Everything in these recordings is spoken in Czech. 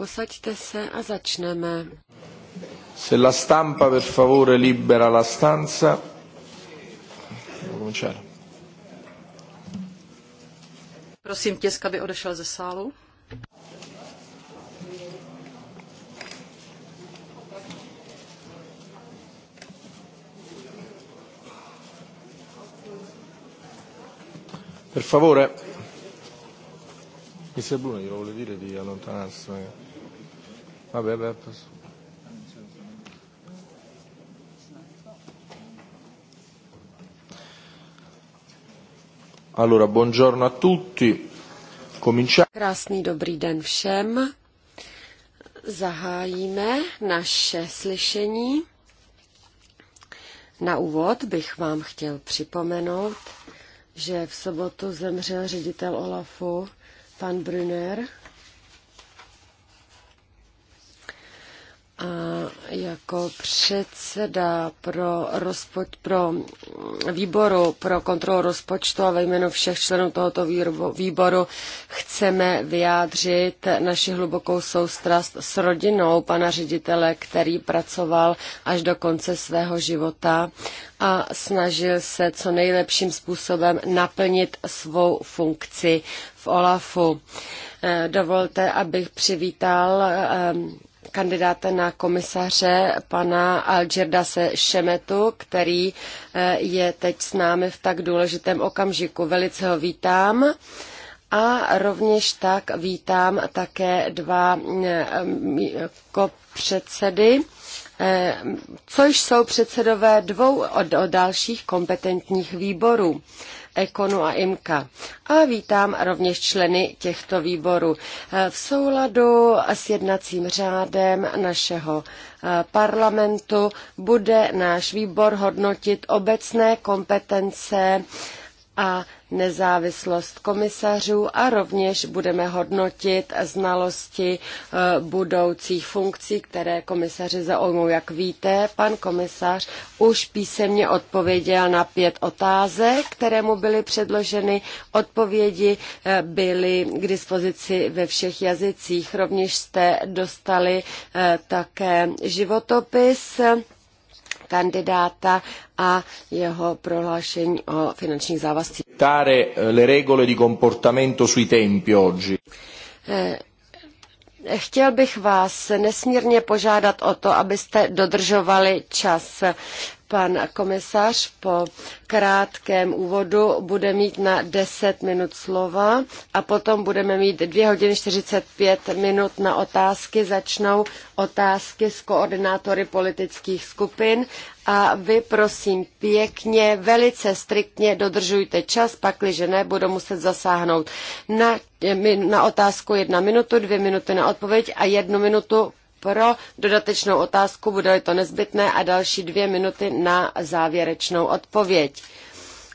Posaďte se a začneme. Se la stampa per favore libera la stanza. Prosím tisk, aby odešel ze sálu. Per favore. Mi se Bruno glielo vuole dire di allontanarsi. Vabbè, vabbè. Allora, buongiorno a tutti. Cominciamo. Krásný dobrý den všem. Zahájíme naše slyšení. Na úvod bych vám chtěl připomenout, že v sobotu zemřel ředitel Olafu, pan Brunner, jako předseda pro, rozpoč, pro výboru pro kontrolu rozpočtu a ve jménu všech členů tohoto výboru chceme vyjádřit naši hlubokou soustrast s rodinou pana ředitele, který pracoval až do konce svého života a snažil se co nejlepším způsobem naplnit svou funkci v OLAFu. Eh, dovolte, abych přivítal eh, kandidáta na komisaře pana Algerda Šemetu, který eh, je teď s námi v tak důležitém okamžiku. Velice ho vítám. A rovněž tak vítám také dva eh, kopředsedy, eh, což jsou předsedové dvou od dalších kompetentních výborů. Ekonu a IMKA. A vítám rovněž členy těchto výborů. V souladu s jednacím řádem našeho eh, parlamentu bude náš výbor hodnotit obecné kompetence a nezávislost komisařů a rovněž budeme hodnotit znalosti eh, budoucích funkcí, které komisaři zaujmou. Jak víte, pan komisař už písemně odpověděl na pět otázek, které mu byly předloženy. Odpovědi eh, byly k dispozici ve všech jazycích. Rovněž jste dostali eh, také životopis kandidáta a jeho prohlášení o finančních závazcích. Tare eh, le regole di comportamento sui tempi oggi. Eh, chtěl bych vás nesmírně požádat o to, abyste dodržovali čas. Pan komisař po krátkém úvodu bude mít na 10 minut slova a potom budeme mít 2 hodiny 45 minut na otázky. Začnou otázky s koordinátory politických skupin a vy prosím pěkně, velice striktně dodržujte čas, pakliže ne, budu muset zasáhnout na, na otázku jedna minutu, dvě minuty na odpověď a jednu minutu pro dodatečnou otázku, bude to nezbytné, a další dvě minuty na závěrečnou odpověď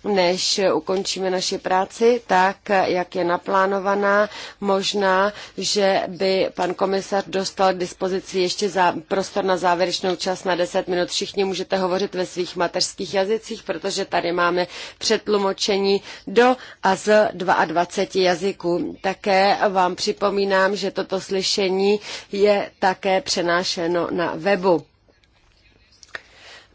než ukončíme naši práci, tak jak je naplánovaná, možná, že by pan komisař dostal k dispozici ještě za, prostor na závěrečnou čas na 10 minut. Všichni můžete hovořit ve svých mateřských jazycích, protože tady máme přetlumočení do a z 22 jazyků. Také vám připomínám, že toto slyšení je také přenášeno na webu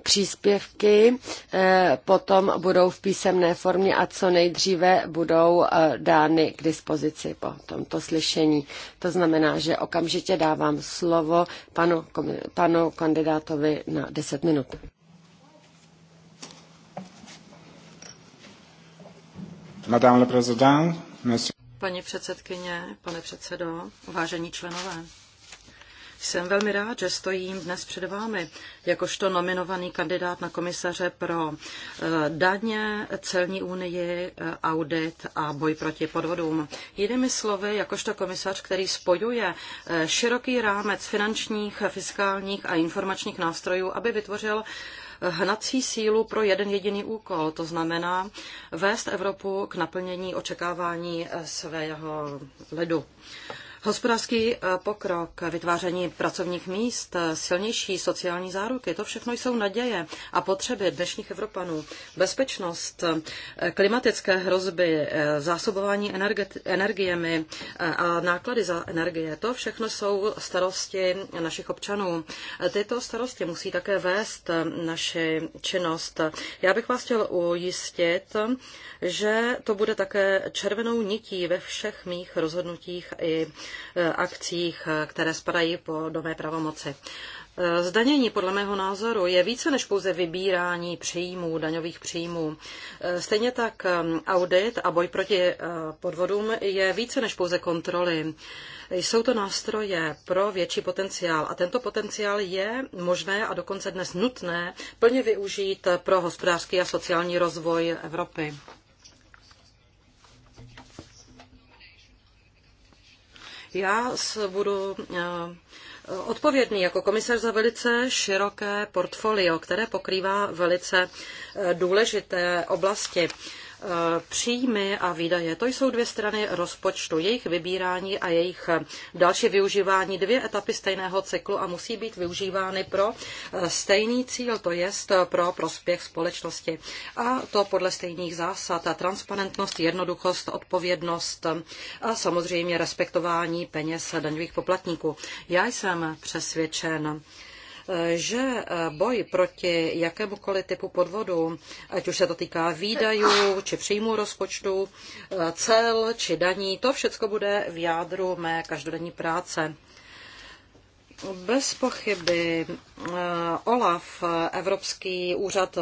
příspěvky eh, potom budou v písemné formě a co nejdříve budou eh, dány k dispozici po tomto slyšení. To znamená, že okamžitě dávám slovo panu, panu kandidátovi na 10 minut. Madame la Paní předsedkyně, pane předsedo, vážení členové. Jsem velmi rád, že stojím dnes před vámi jakožto nominovaný kandidát na komisaře pro eh, daně, celní unii, eh, audit a boj proti podvodům. Jinými slovy, jakožto komisař, který spojuje eh, široký rámec finančních, fiskálních a informačních nástrojů, aby vytvořil hnací sílu pro jeden jediný úkol, to znamená vést Evropu k naplnění očekávání svého lidu. Hospodářský eh, pokrok, vytváření pracovních míst, eh, silnější sociální záruky, to všechno jsou naděje a potřeby dnešních Evropanů. Bezpečnost, eh, klimatické hrozby, zásobování energiemi a náklady za energie, to všechno jsou starosti našich občanů. Tyto starosti musí také vést naši činnost. Já bych vás chtěl ujistit, že to bude také červenou nití ve všech mých rozhodnutích i Eh, akcích, eh, které spadají po nové pravomoci. Eh, zdanění podle mého názoru je více než pouze vybírání příjmů, daňových příjmů. Stejně tak audit a boj proti podvodům je více než pouze kontroly. Jsou to nástroje pro větší potenciál a tento potenciál je možné a dokonce dnes nutné plně využít pro hospodářský a sociální rozvoj Evropy. Já budu eh, odpovědný jako komisař za velice široké portfolio, které pokrývá velice eh, důležité oblasti. Eh, příjmy a výdaje, to jsou dvě strany rozpočtu, jejich vybírání a jejich eh, další využívání, dvě etapy stejného cyklu a musí být využívány pro eh, stejný cíl, to jest pro prospěch společnosti. A to podle stejných zásad, a transparentnost, jednoduchost, odpovědnost a samozřejmě respektování peněz daňových poplatníků. Já jsem přesvědčen, že eh, boj proti jakémukoliv typu podvodu, ať už se to týká výdajů, či příjmů rozpočtu, eh, cel, či daní, to všechno bude v jádru mé každodenní práce. Bez pochyby eh, OLAF, Evropský úřad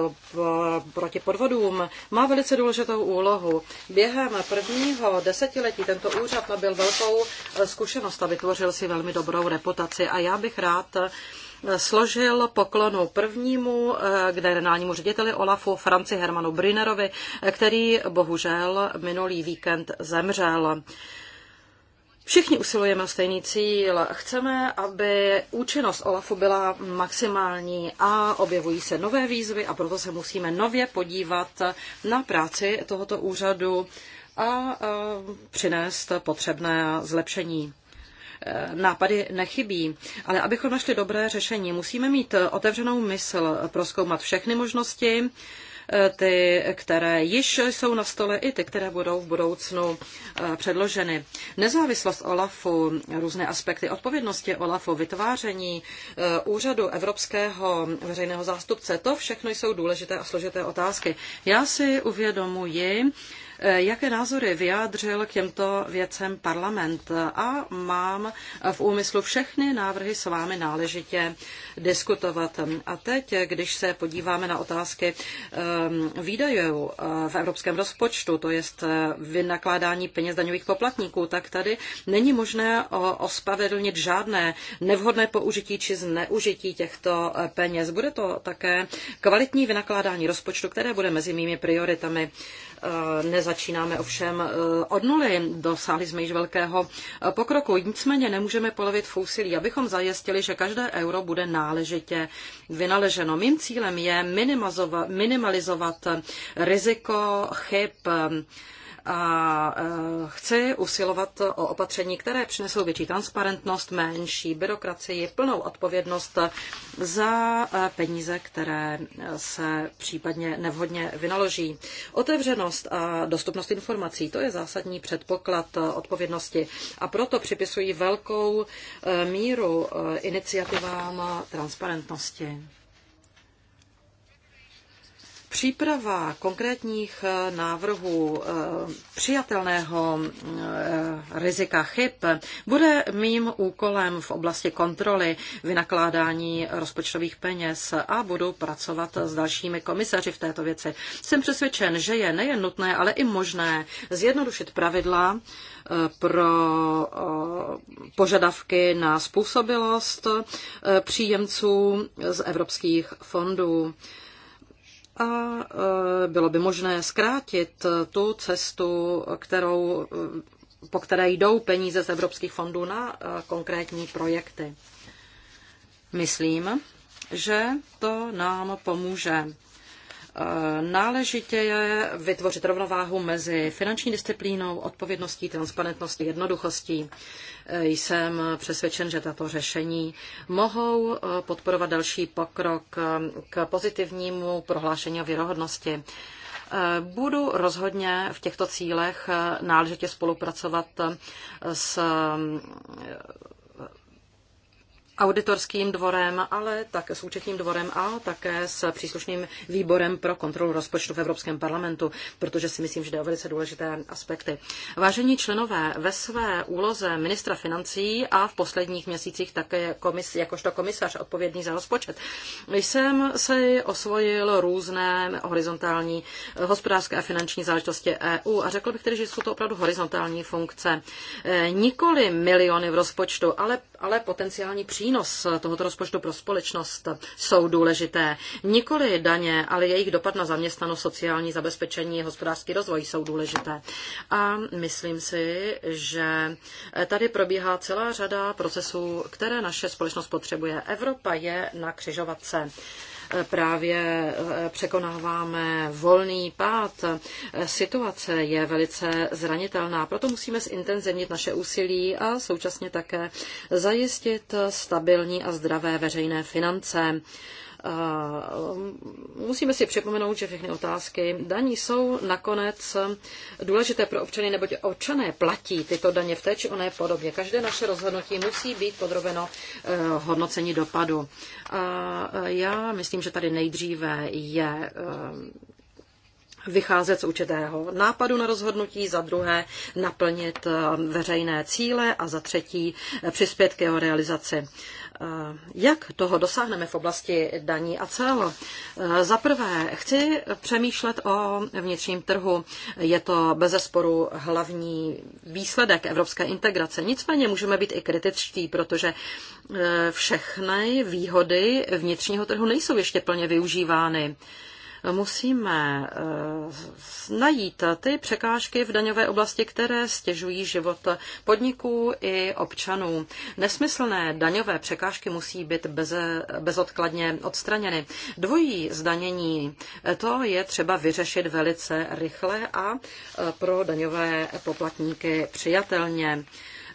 proti podvodům, má velice důležitou úlohu. Během prvního desetiletí tento úřad nabil velkou zkušenost a vytvořil si velmi dobrou reputaci. A já bych rád složil poklonu prvnímu eh, generálnímu řediteli Olafu Franci Hermanu Brinerovi, eh, který bohužel minulý víkend zemřel. Všichni usilujeme o stejný cíl. Chceme, aby účinnost OLAFu byla maximální a objevují se nové výzvy a proto se musíme nově podívat na práci tohoto úřadu a eh, přinést potřebné zlepšení. Eh, nápady nechybí, ale abychom našli dobré řešení, musíme mít otevřenou mysl, eh, proskoumat všechny možnosti, eh, ty, které již jsou na stole, i ty, které budou v budoucnu předloženy. Nezávislost OLAFu, různé aspekty odpovědnosti OLAFu, vytváření úřadu Evropského veřejného zástupce, to všechno jsou důležité a složité otázky. Já si uvědomuji, Eh, jaké názory vyjádřil k těmto věcem parlament? A mám v úmyslu všechny návrhy s vámi náležitě diskutovat. A teď, když se podíváme na otázky ehm, výdajů eh, v evropském rozpočtu, to je eh, vynakládání peněz daňových poplatníků, tak tady není možné ospravedlnit žádné nevhodné použití či zneužití těchto peněz. Bude to také kvalitní vynakládání rozpočtu, které bude mezi mými prioritami. Eh, nezačínáme ovšem eh, od nuly, dosáhli jsme již velkého eh, pokroku. Nicméně nemůžeme polevit v úsilí, abychom zajistili, že každé euro bude náležitě vynaleženo. Mým cílem je minimalizovat riziko chyb a e, chci usilovat o opatření, které přinesou větší transparentnost, menší byrokracii, plnou odpovědnost za e, peníze, které e, se případně nevhodně vynaloží. Otevřenost a dostupnost informací, to je zásadní předpoklad odpovědnosti a proto připisují velkou míru iniciativám transparentnosti. Příprava konkrétních eh, návrhů eh, přijatelného eh, rizika chyb bude mým úkolem v oblasti kontroly vynakládání rozpočtových peněz a budu pracovat s dalšími komisaři v této věci. Jsem přesvědčen, že je nejen nutné, ale i možné zjednodušit pravidla pro požadavky na způsobilost příjemců z evropských fondů a e, bylo by možné zkrátit e, tu cestu, kterou, e, po které jdou peníze z evropských fondů na konkrétní projekty. Myslím, že to nám pomůže Náležitě je vytvořit rovnováhu mezi finanční disciplínou, odpovědností, transparentností, jednoduchostí. Jsem přesvědčen, že tato řešení mohou eh, podporovat další pokrok eh, k pozitivnímu prohlášení o věrohodnosti. Eh, budu rozhodně v těchto cílech náležitě spolupracovat s auditorským dvorem, ale také s účetním dvorem a také s příslušným výborem pro kontrolu rozpočtu v Evropském parlamentu, protože si myslím, že jde o velice důležité aspekty. Vážení členové, ve své úloze ministra financí a v posledních měsících také komis, jakožto komisař odpovědný za rozpočet, jsem si osvojil různé horizontální eh, hospodářské a finanční záležitosti EU a řekl bych tedy, že jsou to opravdu horizontální funkce. Eh, nikoli miliony v rozpočtu, ale ale potenciální přínos tohoto rozpočtu pro společnost jsou důležité. Nikoli daně, ale jejich dopad na zaměstnanost, sociální zabezpečení, hospodářský rozvoj jsou důležité. A myslím si, že tady probíhá celá řada procesů, které naše společnost potřebuje. Evropa je na křižovatce právě eh, překonáváme volný pád. Situace je velice zranitelná, proto musíme zintenzivnit naše úsilí a současně také zajistit stabilní a zdravé veřejné finance. A um, musíme si připomenout, že všechny otázky daní jsou nakonec důležité pro občany, neboť občané platí tyto daně v té či oné podobě. Každé naše rozhodnutí musí být podrobeno eh, hodnocení dopadu. A eh, já myslím, že tady nejdříve je eh, vycházet z určitého nápadu na rozhodnutí, za druhé naplnit veřejné cíle a za třetí přispět k jeho realizaci. Eh, jak toho dosáhneme v oblasti daní a cel? Eh, za prvé, chci přemýšlet o vnitřním trhu. Je to bezesporu hlavní výsledek evropské integrace. Nicméně můžeme být i kritičtí, protože eh, všechny výhody vnitřního trhu nejsou ještě plně využívány. Musíme eh, najít ty překážky v daňové oblasti, které stěžují život podniků i občanů. Nesmyslné daňové překážky musí být bez, bezodkladně odstraněny. Dvojí zdanění, eh, to je třeba vyřešit velice rychle a eh, pro daňové poplatníky přijatelně.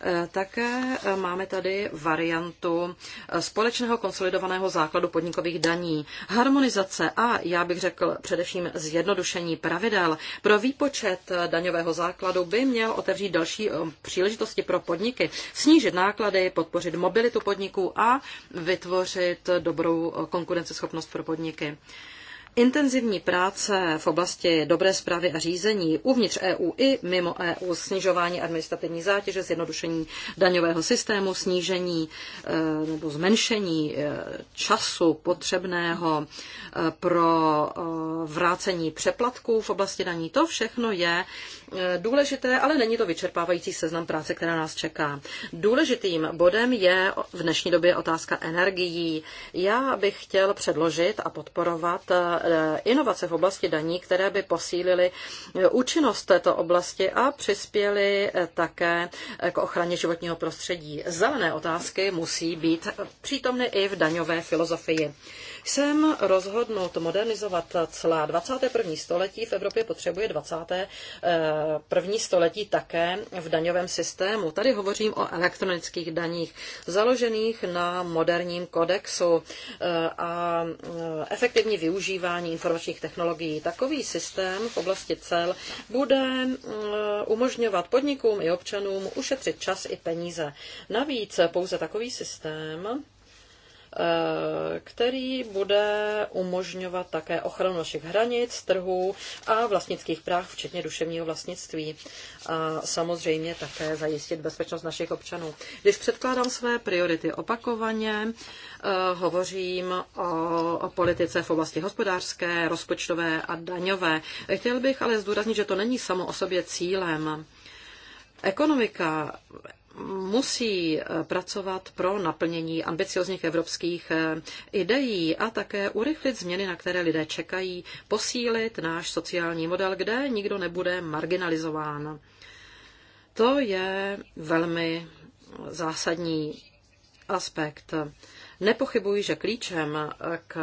Eh, také eh, máme tady variantu eh, společného konsolidovaného základu podnikových daní, harmonizace a já bych řekl především zjednodušení pravidel pro výpočet daňového základu by měl otevřít další příležitosti pro podniky, snížit náklady, podpořit mobilitu podniků a vytvořit dobrou konkurenceschopnost pro podniky. Intenzivní práce v oblasti dobré zprávy a řízení uvnitř EU i mimo EU, snižování administrativní zátěže, zjednodušení daňového systému, snížení eh, nebo zmenšení eh, času potřebného eh, pro vrácení přeplatků v oblasti daní, to všechno je důležité, ale není to vyčerpávající seznam práce, která nás čeká. Důležitým bodem je v dnešní době otázka energií. Já bych chtěl předložit a podporovat Eh, inovace v oblasti daní, které by posílily eh, účinnost této oblasti a přispěly eh, také k ochraně životního prostředí. Zelené otázky musí být přítomny i v daňové filozofii. Jsem rozhodnut modernizovat celá 21. století. V Evropě potřebuje 21. Eh, století také v daňovém systému. Tady hovořím o elektronických daních založených na moderním kodexu eh, a eh, efektivní využívání informačních technologií. Takový systém v oblasti cel bude umožňovat podnikům i občanům ušetřit čas i peníze. Navíc pouze takový systém který bude umožňovat také ochranu našich hranic, trhů a vlastnických práv, včetně duševního vlastnictví. A samozřejmě také zajistit bezpečnost našich občanů. Když předkládám své priority opakovaně, eh, hovořím o politice v oblasti hospodářské, rozpočtové a daňové. Chtěl bych ale zdůraznit, že to není samo o sobě cílem. Ekonomika musí eh, pracovat pro naplnění ambiciozních evropských eh, ideí a také urychlit změny, na které lidé čekají, posílit náš sociální model, kde nikdo nebude marginalizován. To je velmi zásadní aspekt. Nepochybuji, že klíčem eh, k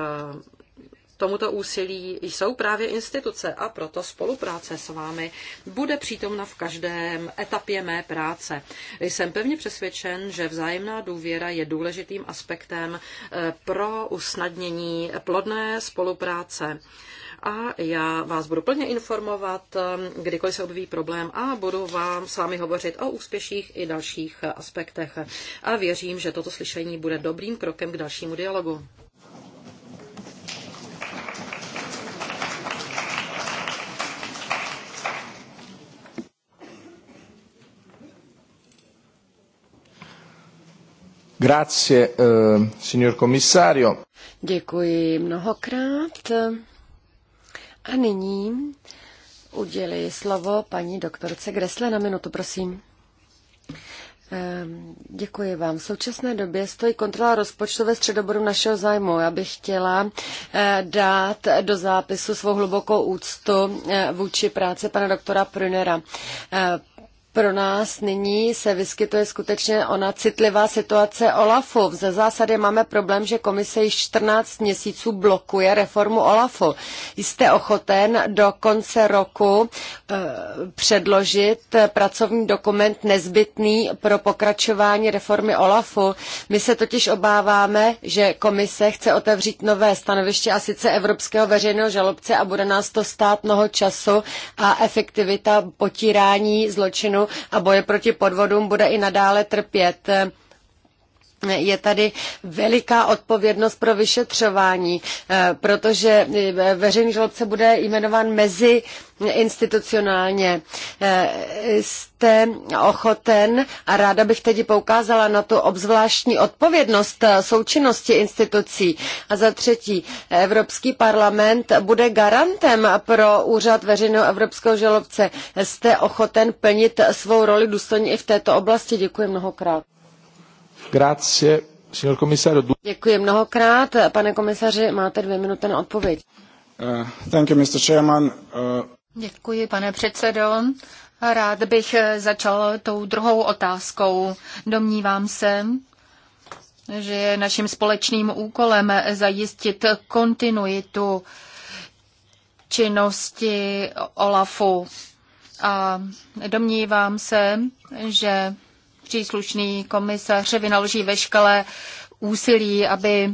tomuto úsilí jsou právě instituce a proto spolupráce s vámi bude přítomna v každém etapě mé práce. Jsem pevně přesvědčen, že vzájemná důvěra je důležitým aspektem eh, pro usnadnění plodné spolupráce a já vás budu plně informovat, eh, kdykoliv se objeví problém a budu vám s vámi hovořit o úspěších i dalších aspektech. A věřím, že toto slyšení bude dobrým krokem k dalšímu dialogu. Grazie, eh, signor commissario. Děkuji mnohokrát. A nyní udělí slovo paní doktorce Gresle na minutu, prosím. Eh, děkuji vám. V současné době stojí kontrola rozpočtu ve středoboru našeho zájmu. Já bych chtěla eh, dát do zápisu svou hlubokou úctu eh, vůči práci pana doktora Prunera pro nás nyní se vyskytuje skutečně ona citlivá situace OLAFu. Ze zásady máme problém, že komise již 14 měsíců blokuje reformu OLAFu. Jste ochoten do konce roku eh, předložit pracovní dokument nezbytný pro pokračování reformy OLAFu. My se totiž obáváme, že komise chce otevřít nové stanoviště a sice Evropského veřejného žalobce a bude nás to stát mnoho času a efektivita potírání zločinu a boje proti podvodům bude i nadále trpět je tady veliká odpovědnost pro vyšetřování, eh, protože eh, veřejný žalobce bude jmenován mezi institucionálně. Eh, jste ochoten a ráda bych tedy poukázala na tu obzvláštní odpovědnost součinnosti institucí. A za třetí, Evropský parlament bude garantem pro úřad veřejného evropského žalobce. Jste ochoten plnit svou roli důstojně i v této oblasti? Děkuji mnohokrát. Grazie. Signor Děkuji mnohokrát. Pane komisaři, máte dvě minuty na odpověď. Uh, thank you, Mr. Chairman. Uh... Děkuji, pane předsedo. Rád bych začal tou druhou otázkou. Domnívám se, že je naším společným úkolem zajistit kontinuitu činnosti OLAFu. A domnívám se, že příslušný komisař vynaloží veškeré úsilí, aby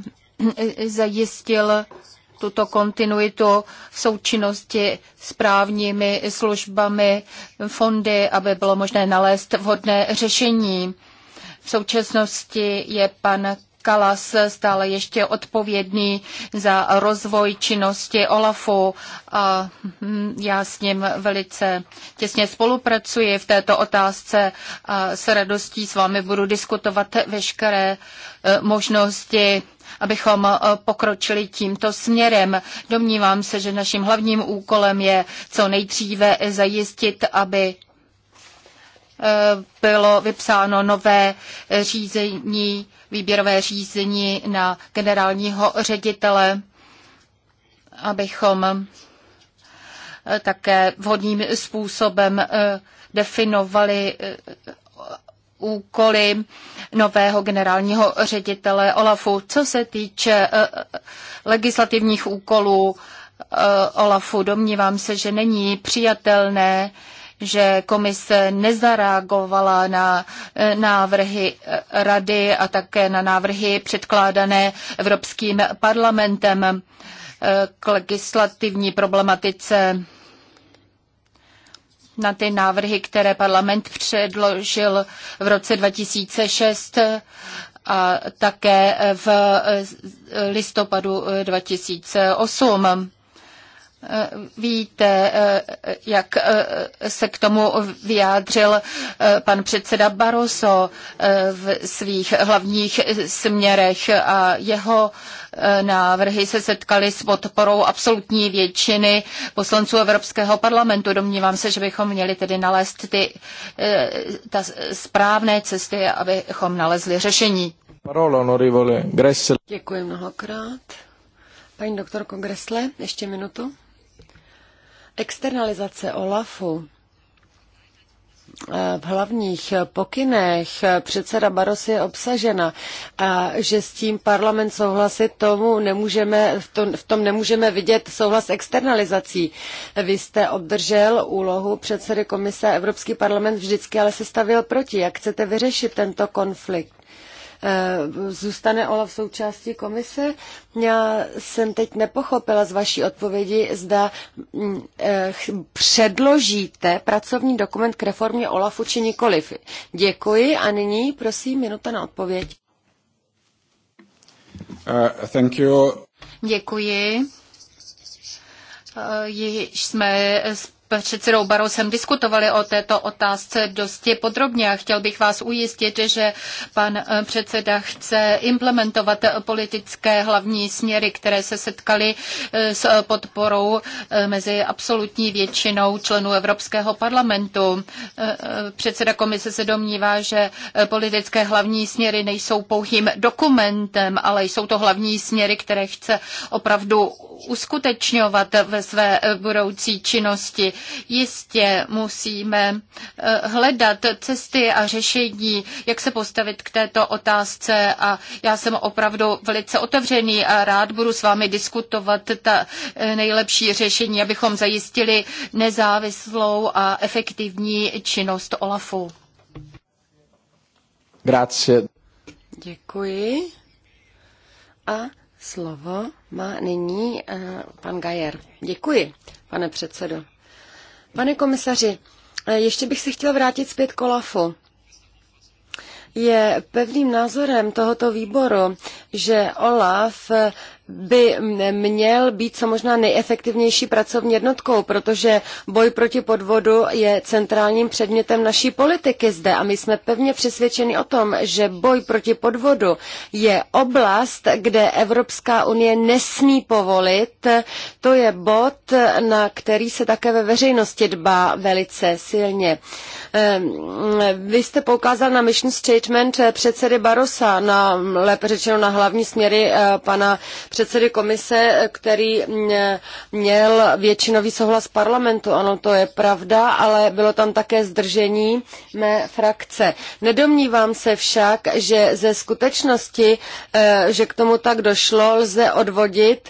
zajistil tuto kontinuitu v součinnosti s právními službami fondy, aby bylo možné nalézt vhodné řešení. V současnosti je pan Kalas stále ještě odpovědný za rozvoj činnosti OLAFu a hm, já s ním velice těsně spolupracuji v této otázce a s radostí s vámi budu diskutovat veškeré e, možnosti abychom e, pokročili tímto směrem. Domnívám se, že naším hlavním úkolem je co nejdříve zajistit, aby Eh, bylo vypsáno nové řízení, výběrové řízení na generálního ředitele, abychom eh, také vhodným způsobem eh, definovali úkoly nového generálního ředitele Olafu. Co se týče legislativních úkolů Olafu, domnívám se, že není přijatelné, že komise nezareagovala na eh, návrhy eh, rady a také na návrhy předkládané Evropským parlamentem eh, k legislativní problematice na ty návrhy, které parlament předložil v roce 2006 a také v listopadu 2008. Eh, víte, eh, jak eh, se k tomu vyjádřil pan předseda Barroso v svých hlavních směrech a jeho návrhy se setkaly s podporou absolutní většiny poslanců Evropského parlamentu. Domnívám se, že bychom měli tedy nalézt ty ta správné cesty, abychom nalezli řešení. Děkuji mnohokrát. Paní doktorko Gresle, ještě minutu. Externalizace OLAFu eh, v hlavních pokynech eh, předseda Baros je obsažena a že s tím parlament souhlasit tomu nemůžeme, v tom, v tom nemůžeme vidět souhlas externalizací. Vy jste obdržel úlohu předsedy komise Evropský parlament vždycky ale se stavil proti. Jak chcete vyřešit tento konflikt? Eh, zůstane Olaf součástí komise? Já jsem teď nepochopila z vaší odpovědi, zda mm, eh, předložíte pracovní dokument k reformě Olafu či nikoliv. Děkuji a nyní prosím minuta na odpověď. Uh, thank you. Děkuji. Již jsme předsedou Barou diskutovali o této otázce dosti podrobně a chtěl bych vás ujistit, že pan eh, předseda chce implementovat politické hlavní směry, které se setkaly eh, s podporou eh, mezi absolutní většinou členů Evropského parlamentu. Předseda komise se domnívá, že politické hlavní směry nejsou pouhým dokumentem, ale jsou to hlavní směry, které chce opravdu uskutečňovat ve své budoucí činnosti Jistě musíme eh, hledat cesty a řešení, jak se postavit k této otázce a já jsem opravdu velice otevřený a rád budu s vámi diskutovat ta eh, nejlepší řešení, abychom zajistili nezávislou a efektivní činnost OLAFu. Grazie. Děkuji. A slovo má nyní eh, pan Gajer. Děkuji, pane předsedo. Pane komisaři, eh, ještě bych se chtěl vrátit zpět k Olafu. Je pevným názorem tohoto výboru, že Olaf eh, by měl být co možná nejefektivnější pracovní jednotkou, protože boj proti podvodu je centrálním předmětem naší politiky zde a my jsme pevně přesvědčeni o tom, že boj proti podvodu je oblast, kde Evropská unie nesmí povolit. To je bod, na který se také ve veřejnosti dbá velice silně. Ehm, vy jste poukázal na mission statement eh, předsedy Barosa, na, lépe řečeno na hlavní směry eh, pana předsedy komise, který měl většinový souhlas parlamentu. Ano, to je pravda, ale bylo tam také zdržení mé frakce. Nedomnívám se však, že ze skutečnosti, eh, že k tomu tak došlo, lze odvodit,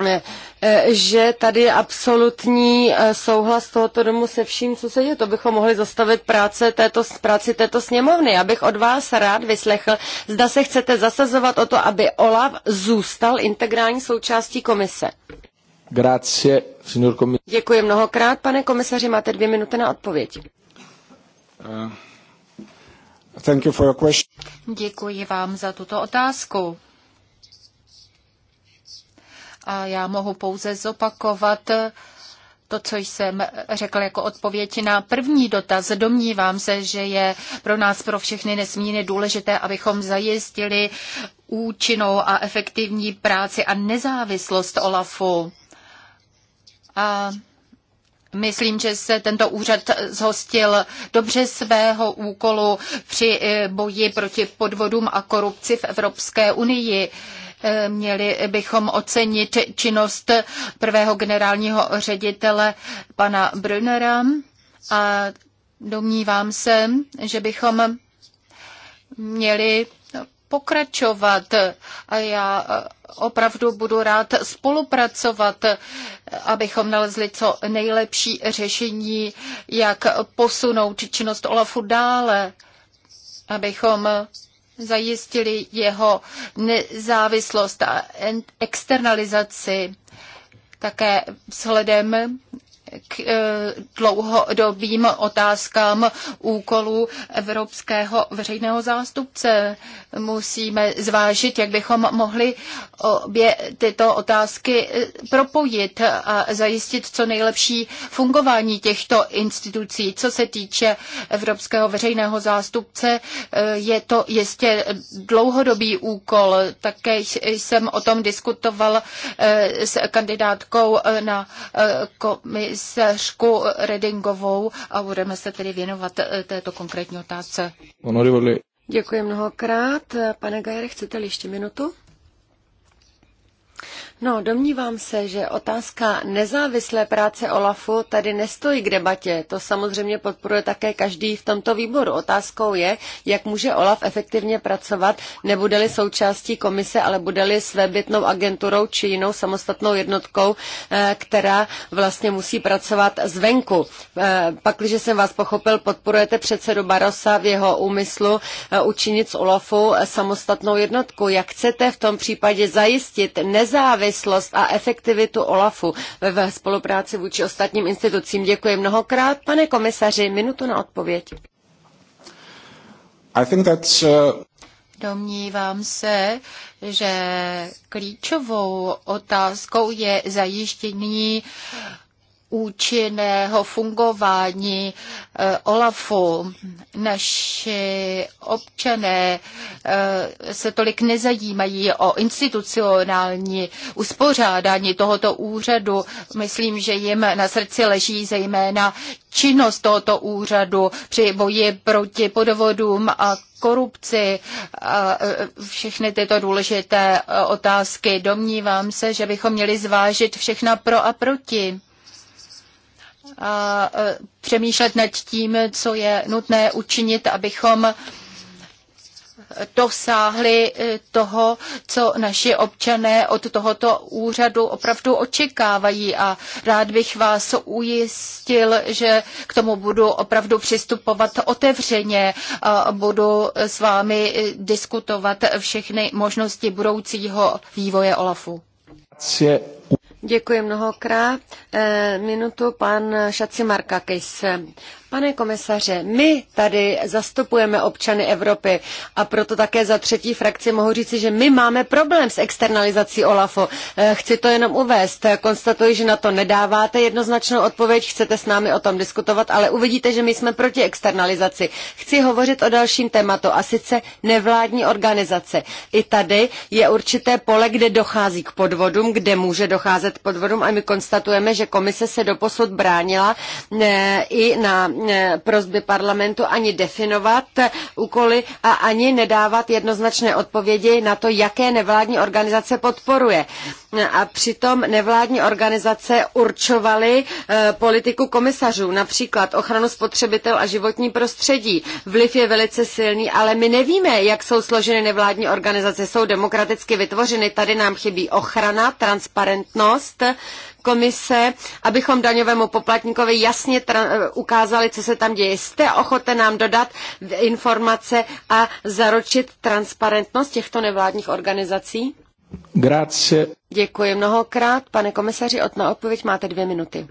Eh, eh, že tady je absolutní eh, souhlas tohoto domu se vším, co se děje. To bychom mohli zastavit práce této, práci této sněmovny. Já bych od vás rád vyslechl, zda se chcete zasazovat o to, aby OLAV zůstal integrální součástí komise. Grazie, signor komis- Děkuji mnohokrát, pane komisaři, máte dvě minuty na odpověď. Uh, thank you for your question. Děkuji vám za tuto otázku a já mohu pouze zopakovat to, co jsem řekl jako odpověď na první dotaz. Domnívám se, že je pro nás, pro všechny nesmírně důležité, abychom zajistili účinnou a efektivní práci a nezávislost OLAFu. A Myslím, že se tento úřad zhostil dobře svého úkolu při eh, boji proti podvodům a korupci v Evropské unii. Eh, měli bychom ocenit činnost prvého generálního ředitele pana Brunera a domnívám se, že bychom měli pokračovat a já eh, opravdu budu rád spolupracovat, abychom nalezli co nejlepší řešení, jak posunout činnost Olafu dále, abychom zajistili jeho nezávislost a externalizaci také vzhledem k e, dlouhodobým otázkám úkolů evropského veřejného zástupce. Musíme zvážit, jak bychom mohli obě tyto otázky e, propojit a zajistit co nejlepší fungování těchto institucí. Co se týče evropského veřejného zástupce, e, je to jistě dlouhodobý úkol. Také jsem o tom diskutoval s kandidátkou na komisi Škou Redingovou a budeme se tedy věnovat eh, této konkrétní otázce. Děkuji mnohokrát. Pane Gajer, chcete ještě minutu? No, domnívám se, že otázka nezávislé práce OLAFu tady nestojí k debatě. To samozřejmě podporuje také každý v tomto výboru. Otázkou je, jak může OLAF efektivně pracovat, nebude-li součástí komise, ale bude-li svébytnou agenturou či jinou samostatnou jednotkou, eh, která vlastně musí pracovat zvenku. Eh, Pak, když jsem vás pochopil, podporujete předsedu Barosa v jeho úmyslu eh, učinit z OLAFu samostatnou jednotku. Jak chcete v tom případě zajistit nezávislé nezávislost a efektivitu OLAFu ve spolupráci vůči ostatním institucím. Děkuji mnohokrát. Pane komisaři, minutu na odpověď. I think that's, uh... Domnívám se, že klíčovou otázkou je zajištění účinného fungování eh, OLAFu. Naši občané eh, se tolik nezajímají o institucionální uspořádání tohoto úřadu. Myslím, že jim na srdci leží zejména činnost tohoto úřadu při boji proti podvodům a korupci, a e, všechny tyto důležité e, otázky. Domnívám se, že bychom měli zvážit všechna pro a proti a e, přemýšlet nad tím, co je nutné učinit, abychom dosáhli e, toho, co naši občané od tohoto úřadu opravdu očekávají a rád bych vás ujistil, že k tomu budu opravdu přistupovat otevřeně a budu s vámi e, diskutovat všechny možnosti budoucího vývoje OLAFu. Děkuji mnohokrát. Eh, minutu pan Šaci Markakis. Pane komisaře, my tady zastupujeme občany Evropy a proto také za třetí frakci mohu říci, že my máme problém s externalizací OLAFu. Eh, chci to jenom uvést. Konstatuji, že na to nedáváte jednoznačnou odpověď, chcete s námi o tom diskutovat, ale uvidíte, že my jsme proti externalizaci. Chci hovořit o dalším tématu a sice nevládní organizace. I tady je určité pole, kde dochází k podvodům, kde může docházet podvodům a my konstatujeme, že komise se doposud bránila eh, i na Eh, prozby parlamentu ani definovat úkoly a ani nedávat jednoznačné odpovědi na to, jaké nevládní organizace podporuje. A přitom nevládní organizace určovaly eh, politiku komisařů, například ochranu spotřebitel a životní prostředí. Vliv je velice silný, ale my nevíme, jak jsou složeny nevládní organizace. Jsou demokraticky vytvořeny, tady nám chybí ochrana, transparentnost, komise, abychom daňovému poplatníkovi jasně eh, ukázali, co se tam děje. Jste ochoten nám dodat informace a zaručit transparentnost těchto nevládních organizací? Grazie. Děkuji mnohokrát. Pane komisaři, od na odpověď máte dvě minuty.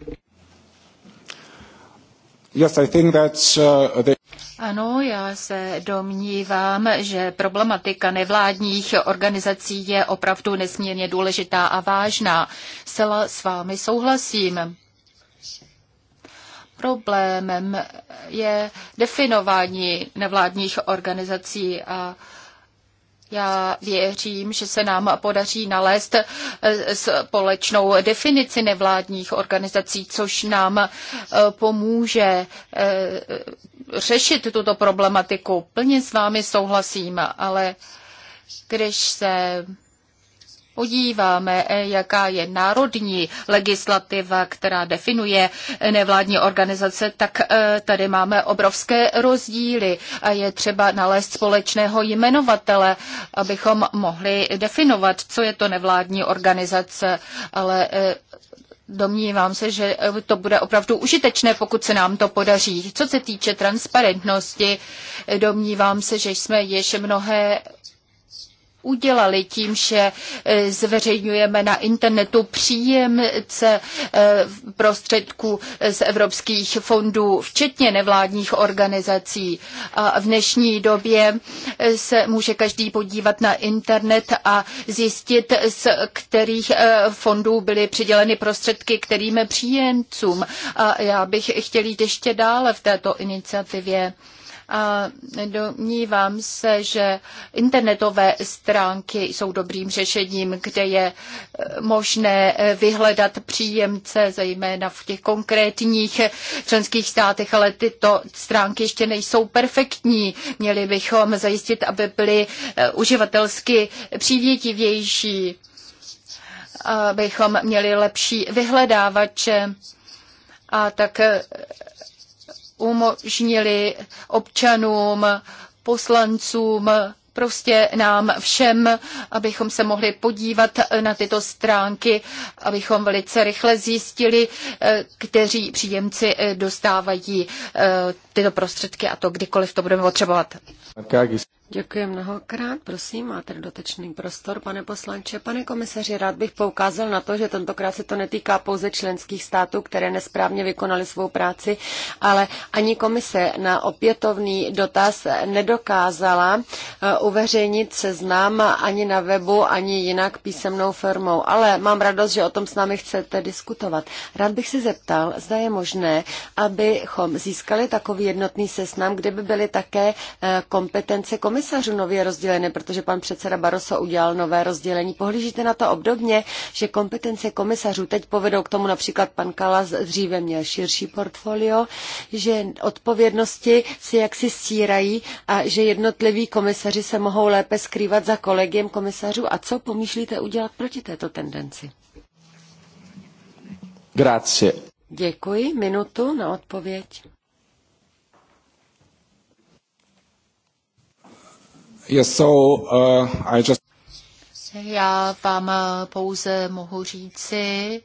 Yes, I think that's, uh, the... Ano, já se domnívám, že problematika nevládních organizací je opravdu nesmírně důležitá a vážná. Zcela s vámi souhlasím. Problémem je definování nevládních organizací a uh, já věřím, že se nám podaří nalézt eh, společnou definici nevládních organizací, což nám eh, pomůže eh, řešit tuto problematiku. Plně s vámi souhlasím, ale když se podíváme, jaká je národní legislativa, která definuje nevládní organizace, tak eh, tady máme obrovské rozdíly a je třeba nalézt společného jmenovatele, abychom mohli definovat, co je to nevládní organizace, ale eh, Domnívám se, že eh, to bude opravdu užitečné, pokud se nám to podaří. Co se týče transparentnosti, domnívám se, že jsme ještě mnohé udělali tím, že e, zveřejňujeme na internetu příjemce e, prostředků z evropských fondů, včetně nevládních organizací. A v dnešní době e, se může každý podívat na internet a zjistit, z kterých fondů byly přiděleny prostředky kterým příjemcům. A já bych chtěl jít ještě dále v této iniciativě. A domnívám se, že internetové stránky jsou dobrým řešením, kde je eh, možné eh, vyhledat příjemce, zejména v těch konkrétních eh, členských státech, ale tyto stránky ještě nejsou perfektní. Měli bychom zajistit, aby byly uživatelsky přívětivější, abychom měli lepší vyhledávače a tak umožnili občanům, poslancům, prostě nám všem, abychom se mohli podívat na tyto stránky, abychom velice rychle zjistili, eh, kteří příjemci eh, dostávají eh, tyto prostředky a to kdykoliv to budeme potřebovat. Děkuji mnohokrát. Prosím, máte dotečný prostor, pane poslanče. Pane komisaři, rád bych poukázal na to, že tentokrát se to netýká pouze členských států, které nesprávně vykonaly svou práci, ale ani komise na opětovný dotaz nedokázala eh, uveřejnit seznam ani na webu, ani jinak písemnou firmou. Ale mám radost, že o tom s námi chcete diskutovat. Rád bych se zeptal, zda je možné, abychom získali takový jednotný seznam, kde by byly také eh, kompetence komise komisařů nově rozděleny, protože pan předseda Barroso udělal nové rozdělení. Pohlížíte na to obdobně, že kompetence komisařů teď povedou k tomu například pan Kalas dříve měl širší portfolio, že odpovědnosti si jaksi stírají a že jednotliví komisaři se mohou lépe skrývat za kolegiem komisařů. A co pomýšlíte udělat proti této tendenci? Grazie. Děkuji. Minutu na odpověď. Yes, so, uh, I just... Já vám uh, pouze mohu říci,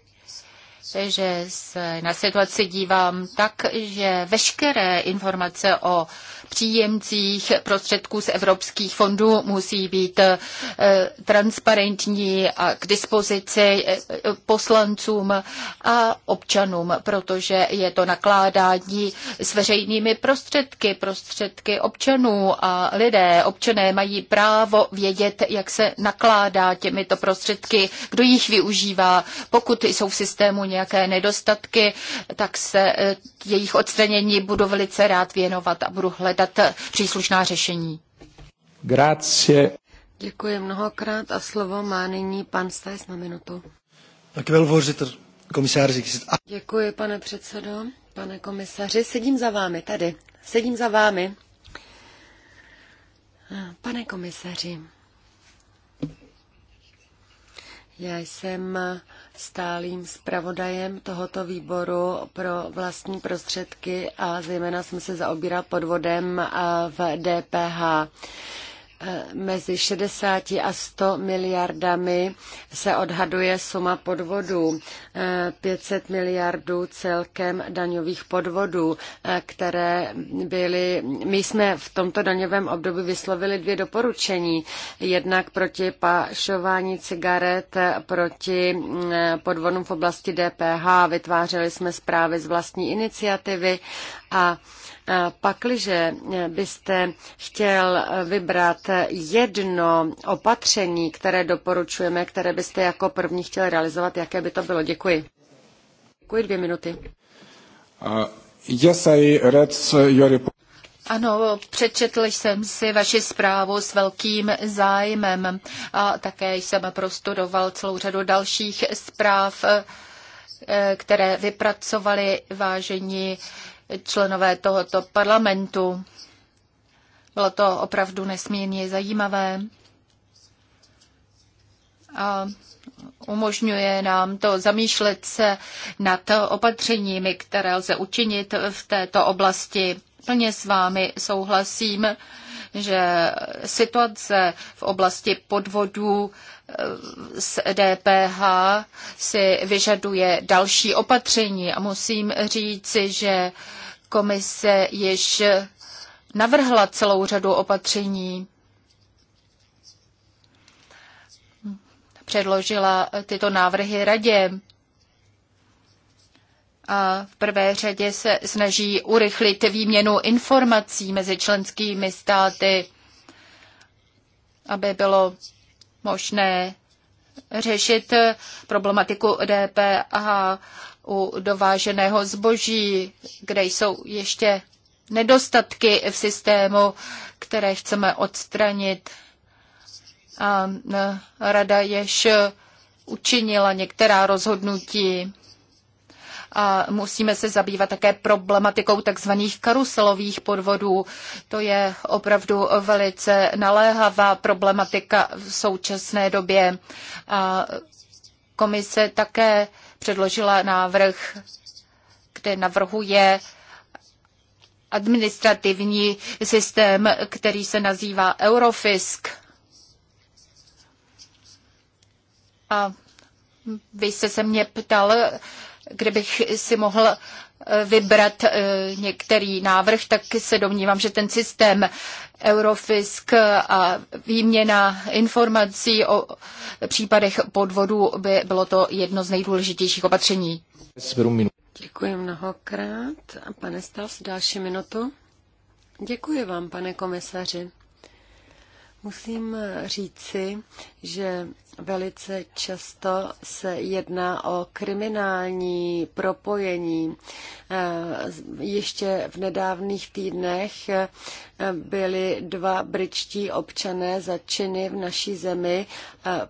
že se na situaci dívám tak, že veškeré informace o uh, příjemcích prostředků z evropských fondů musí být eh, transparentní a k dispozici eh, poslancům a občanům, protože je to nakládání s veřejnými prostředky, prostředky občanů a lidé. Občané mají právo vědět, jak se nakládá těmito prostředky, kdo jich využívá. Pokud jsou v systému nějaké nedostatky, tak se eh, jejich odstranění budu velice rád věnovat a budu hledat hledat příslušná řešení. Grazie. Děkuji mnohokrát a slovo má nyní pan Stajs na minutu. Děkuji, pane předsedo, pane komisaři. Sedím za vámi tady. Sedím za vámi. Pane komisaři, já jsem stálým zpravodajem tohoto výboru pro vlastní prostředky a zejména jsem se zaobíral podvodem v DPH. Mezi 60 a 100 miliardami se odhaduje suma podvodů, 500 miliardů celkem daňových podvodů, které byly, my jsme v tomto daňovém období vyslovili dvě doporučení, jednak proti pašování cigaret, proti eh, podvodům v oblasti DPH, vytvářeli jsme zprávy z vlastní iniciativy a Pakliže byste chtěl vybrat jedno opatření, které doporučujeme, které byste jako první chtěl realizovat, jaké by to bylo? Děkuji. Děkuji dvě minuty. Uh, yes, I read your report. Ano, přečetl jsem si vaši zprávu s velkým zájmem a také jsem prostudoval celou řadu dalších zpráv, eh, které vypracovali vážení členové tohoto parlamentu. Bylo to opravdu nesmírně zajímavé a umožňuje nám to zamýšlet se nad opatřeními, které lze učinit v této oblasti. Plně s vámi souhlasím, že situace v oblasti podvodů z DPH si vyžaduje další opatření a musím říci, že komise již navrhla celou řadu opatření. Předložila tyto návrhy radě. A v prvé řadě se snaží urychlit výměnu informací mezi členskými státy, aby bylo možné řešit problematiku DPH u dováženého zboží, kde jsou ještě nedostatky v systému, které chceme odstranit. A rada jež učinila některá rozhodnutí a musíme se zabývat také problematikou takzvaných karuselových podvodů. To je opravdu velice naléhavá problematika v současné době. A komise také předložila návrh, kde navrhuje administrativní systém, který se nazývá Eurofisk. A vy jste se mě ptal, kdybych si mohl eh, vybrat eh, některý návrh, tak se domnívám, že ten systém Eurofisk a výměna informací o případech podvodů by bylo to jedno z nejdůležitějších opatření. Děkuji mnohokrát. A pane Stas, další minutu. Děkuji vám, pane komisaři. Musím říci, že Velice často se jedná o kriminální propojení. Eh, ještě v nedávných týdnech eh, byli dva britští občané začeny v naší zemi eh,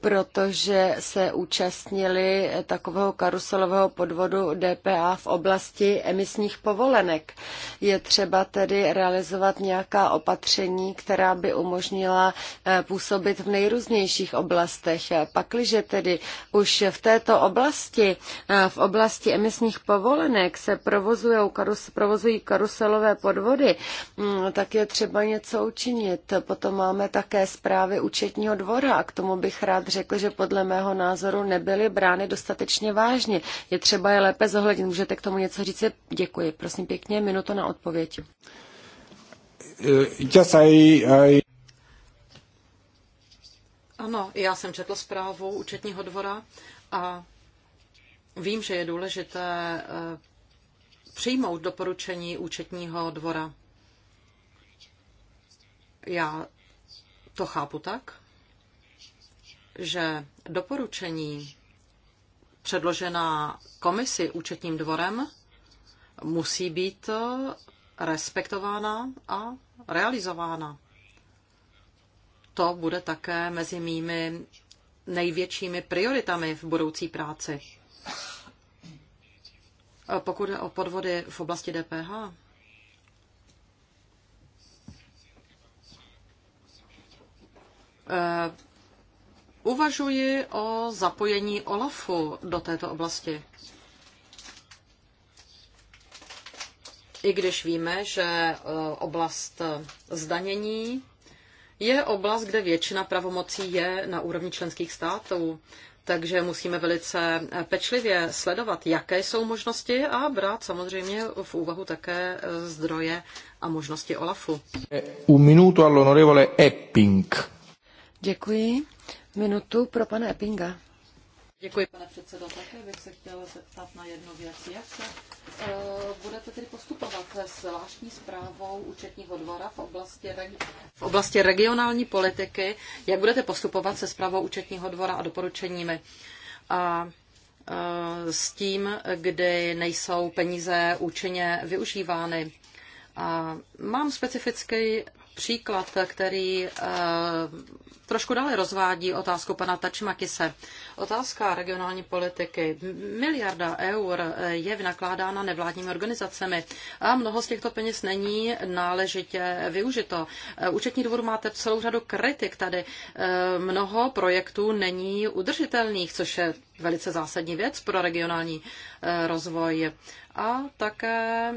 protože se účastnili takového karuselového podvodu DPA v oblasti emisních povolenek. Je třeba tedy realizovat nějaká opatření, která by umožnila eh, působit v nejrůznějších oblastech. Pakliže tedy už v této oblasti, eh, v oblasti emisních povolenek se karus, provozují karuselové podvody, mm, tak je třeba něco učinit. Potom máme také zprávy účetního dvora a k tomu bych rád řekl, že podle mého názoru nebyly brány dostatečně vážně. Je třeba je lépe zohlednit. Můžete k tomu něco říct? Děkuji. Prosím pěkně, minuto na odpověď. Yes, eh, I, I... Ano, já jsem četl zprávu účetního dvora a vím, že je důležité eh, přijmout doporučení účetního dvora. Já to chápu tak, že doporučení předložená komisi účetním dvorem musí být respektována a realizována. To bude také mezi mými největšími prioritami v budoucí práci. Pokud je o podvody v oblasti DPH, eh, Uvažuji o zapojení OLAFu do této oblasti. I když víme, že e, oblast zdanění je oblast, kde většina pravomocí je na úrovni členských států, takže musíme velice e, pečlivě sledovat, jaké jsou možnosti a brát samozřejmě v úvahu také e, zdroje a možnosti OLAFu. Un minuto all'onorevole Epping. Děkuji minutu pro pana Eppinga. Děkuji, pane předsedo. Také bych se chtěla zeptat na jednu věc. Jak se eh, budete tedy postupovat se zvláštní zprávou účetního dvora v oblasti, v oblasti regionální politiky? Jak budete postupovat se zprávou účetního dvora a doporučeními? A eh, s tím, kdy nejsou peníze účinně využívány. A mám specifický příklad, který eh, trošku dále rozvádí otázku pana Tačmakise. Otázka regionální politiky. Miliarda eur eh, je vynakládána nevládními organizacemi a mnoho z těchto peněz není náležitě využito. Eh, účetní dvůr máte celou řadu kritik tady. Mnoho projektů není udržitelných, což je velice zásadní věc pro regionální rozvoj. A také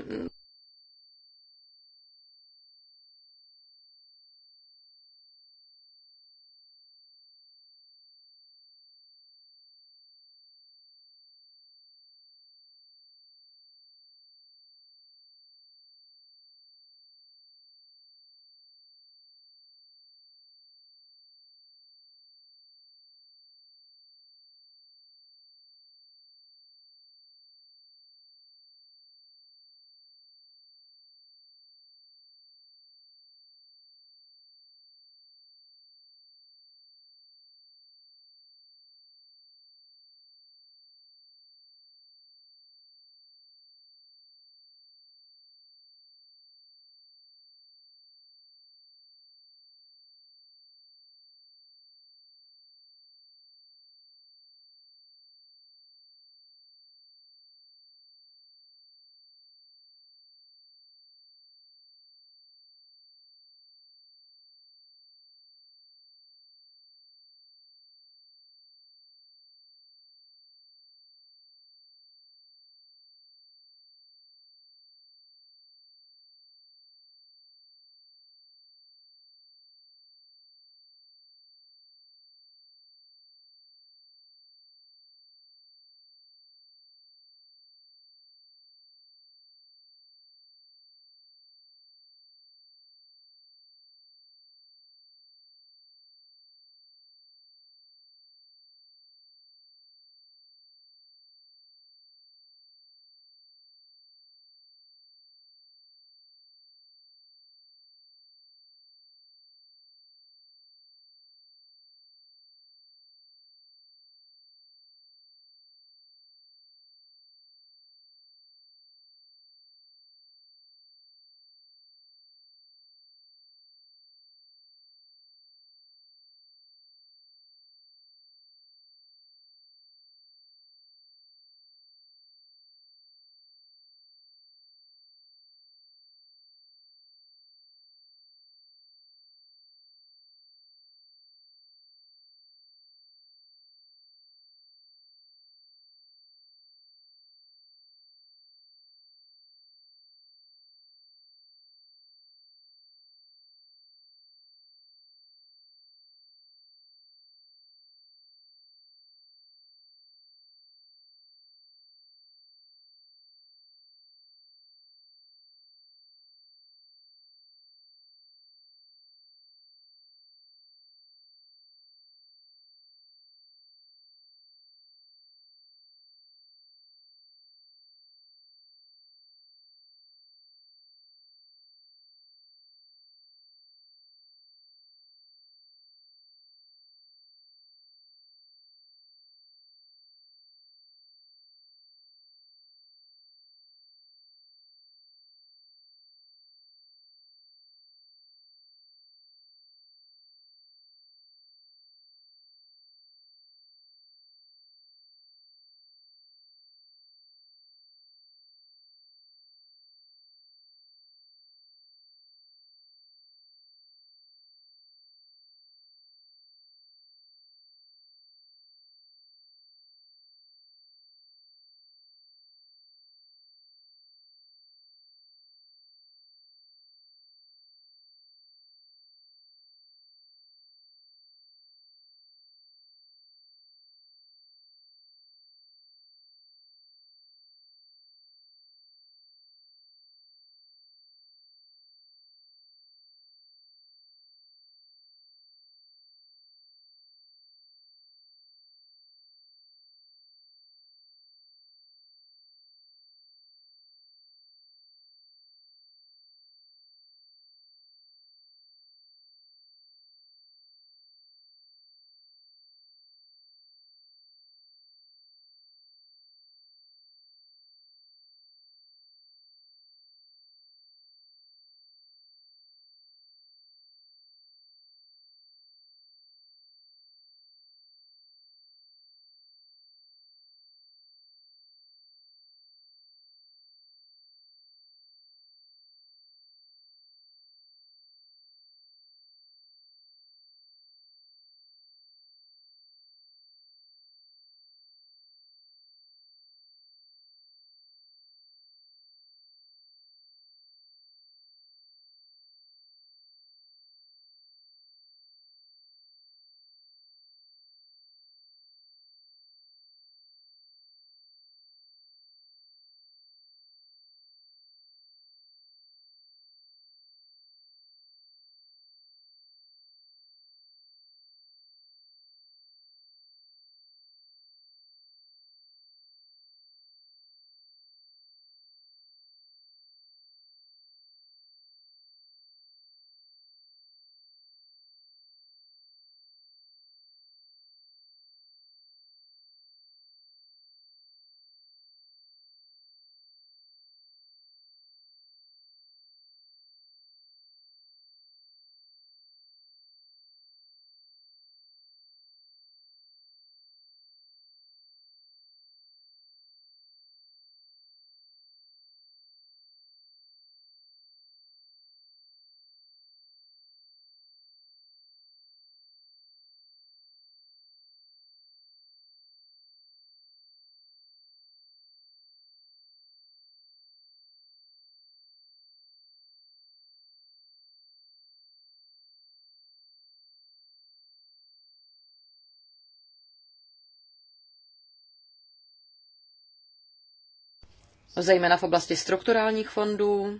zejména v oblasti strukturálních fondů.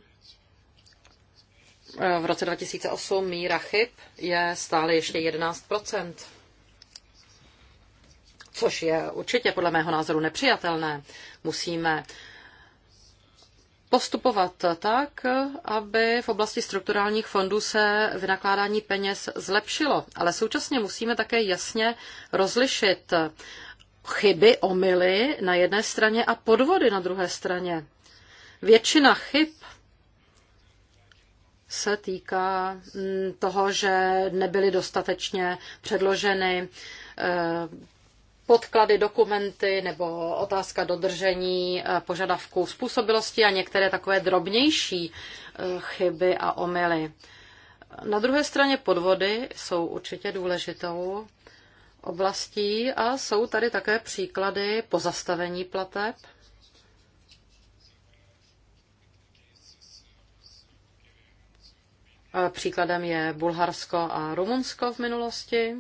E, v roce 2008 míra chyb je stále ještě 11 což je určitě podle mého názoru nepřijatelné. Musíme postupovat tak, aby v oblasti strukturálních fondů se vynakládání peněz zlepšilo. Ale současně musíme také jasně rozlišit chyby, omily na jedné straně a podvody na druhé straně. Většina chyb se týká mm, toho, že nebyly dostatečně předloženy eh, podklady, dokumenty nebo otázka dodržení eh, požadavků způsobilosti a některé takové drobnější eh, chyby a omily. Na druhé straně podvody jsou určitě důležitou oblastí a jsou tady také příklady pozastavení plateb. Příkladem je Bulharsko a Rumunsko v minulosti.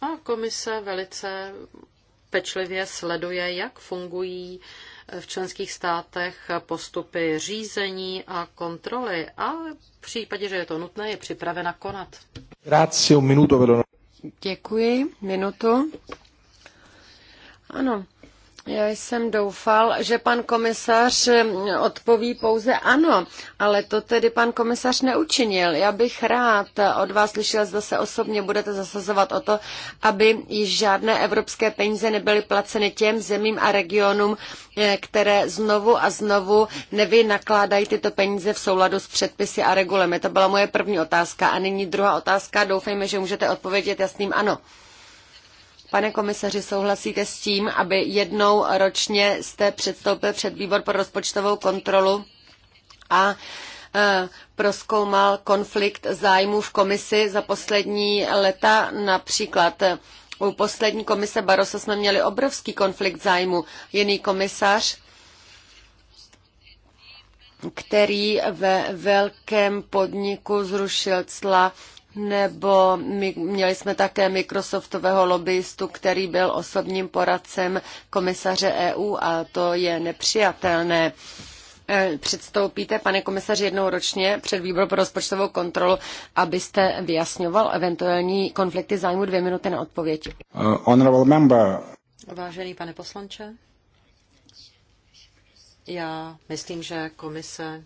A komise velice pečlivě sleduje, jak fungují v členských státech postupy řízení a kontroly a v případě, že je to nutné, je připravena konat. Grazie, un minuto, Děkuji. Minutu. Ano, já jsem doufal, že pan komisař eh, odpoví pouze ano, ale to tedy pan komisař neučinil. Já bych rád od vás slyšel, zda se osobně budete zasazovat o to, aby již žádné evropské peníze nebyly placeny těm zemím a regionům, eh, které znovu a znovu nevynakládají tyto peníze v souladu s předpisy a regulemi. To byla moje první otázka. A nyní druhá otázka. Doufejme, že můžete odpovědět jasným ano. Pane komisaři, souhlasíte s tím, aby jednou ročně jste předstoupil před výbor pro rozpočtovou kontrolu a e, proskoumal konflikt zájmů v komisi za poslední léta, například e, u poslední komise Barroso jsme měli obrovský konflikt zájmu. Jiný komisař, který ve velkém podniku zrušil cla nebo my, měli jsme také Microsoftového lobbyistu, který byl osobním poradcem komisaře EU a to je nepřijatelné. E, předstoupíte, pane komisaři, jednou ročně před výbor pro rozpočtovou kontrolu, abyste vyjasňoval eventuální konflikty zájmu dvě minuty na odpověď. Uh, honorable member. Vážený pane poslanče, já myslím, že komise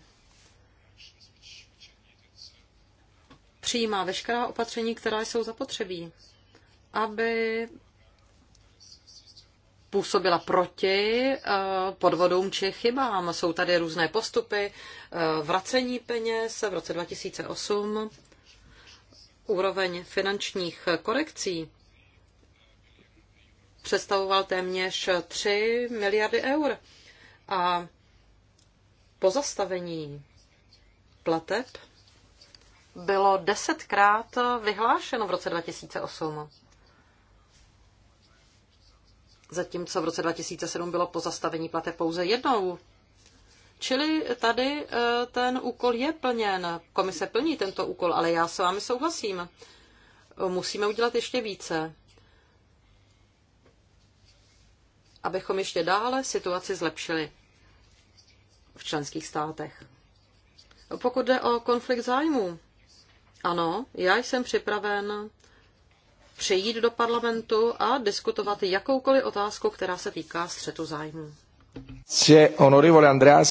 přijímá veškerá opatření, která jsou zapotřebí, aby působila proti eh, podvodům či chybám. Jsou tady různé postupy eh, vracení peněz v roce 2008, úroveň finančních korekcí představoval téměř 3 miliardy eur. A pozastavení plateb bylo desetkrát vyhlášeno v roce 2008. Zatímco v roce 2007 bylo po zastavení plate pouze jednou. Čili tady eh, ten úkol je plněn. Komise plní tento úkol, ale já s vámi souhlasím. Musíme udělat ještě více, abychom ještě dále situaci zlepšili v členských státech. Pokud jde o konflikt zájmů, ano, já jsem připraven přijít do parlamentu a diskutovat jakoukoliv otázku, která se týká střetu zájmů.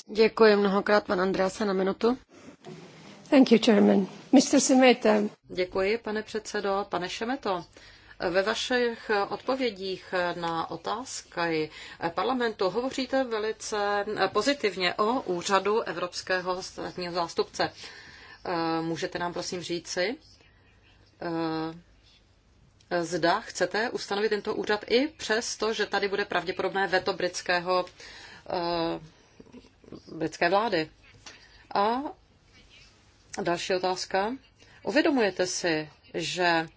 Děkuji mnohokrát, pan Andreas, na minutu. Thank you, Chairman. Mr. Semeta. Děkuji, pane předsedo. Pane Šemeto, ve vašich odpovědích na otázky parlamentu hovoříte velice pozitivně o úřadu Evropského státního zástupce. Eh, můžete nám prosím říci, eh, zda chcete ustanovit tento úřad i přes to, že tady bude pravděpodobné veto britského, eh, britské vlády. A další otázka. Uvědomujete si, že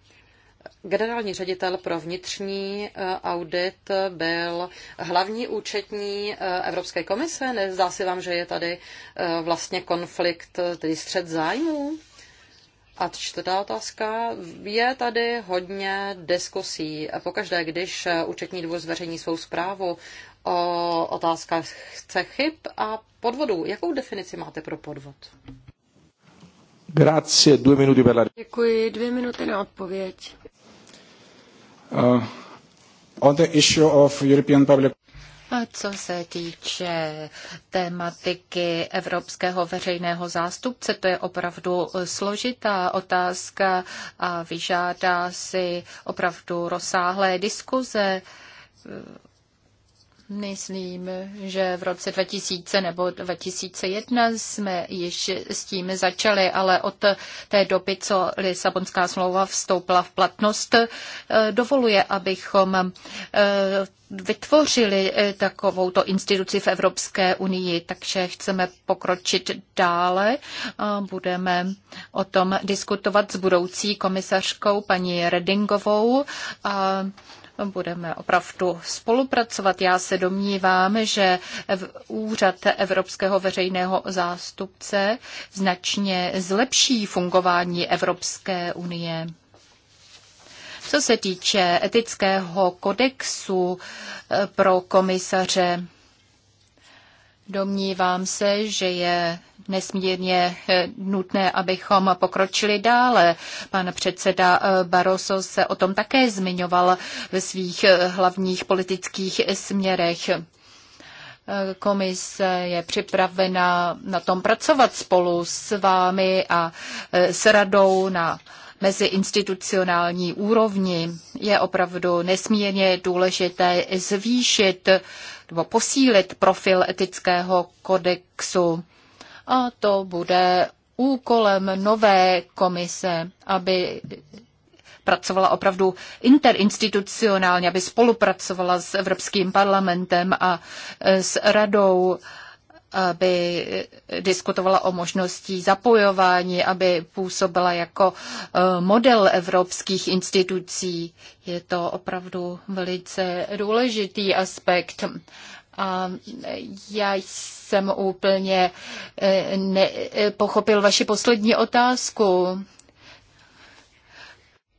generální ředitel pro vnitřní eh, audit byl hlavní účetní eh, Evropské komise. Nezdá se vám, že je tady eh, vlastně konflikt, tedy střed zájmů? A čtvrtá otázka. Je tady hodně diskusí. Pokaždé, když účetní dvůr zveřejní svou zprávu o otázkách chce chyb a podvodů. Jakou definici máte pro podvod? Grazie, dvě minuty per la... Děkuji, dvě minuty na odpověď. Uh, on the issue of European public co se týče tématiky evropského veřejného zástupce, to je opravdu složitá otázka a vyžádá si opravdu rozsáhlé diskuze Myslím, že v roce 2000 nebo 2001 jsme již s tím začali, ale od té doby, co Lisabonská smlouva vstoupila v platnost, eh, dovoluje, abychom eh, vytvořili eh, takovouto instituci v Evropské unii, takže chceme pokročit dále. Budeme o tom diskutovat s budoucí komisařkou paní Redingovou a budeme opravdu spolupracovat. Já se domnívám, že úřad Evropského veřejného zástupce značně zlepší fungování Evropské unie. Co se týče etického kodexu eh, pro komisaře, Domnívám se, že je nesmírně eh, nutné, abychom pokročili dále. Pan předseda eh, Barroso se o tom také zmiňoval ve svých eh, hlavních politických směrech. Komise je připravena na tom pracovat spolu s vámi a s radou na meziinstitucionální úrovni. Je opravdu nesmírně důležité zvýšit nebo posílit profil etického kodexu. A to bude úkolem nové komise, aby pracovala opravdu interinstitucionálně, aby spolupracovala s Evropským parlamentem a s radou aby diskutovala o možnosti zapojování, aby působila jako eh, model evropských institucí. Je to opravdu velice důležitý aspekt. A já jsem úplně eh, eh, pochopil vaši poslední otázku.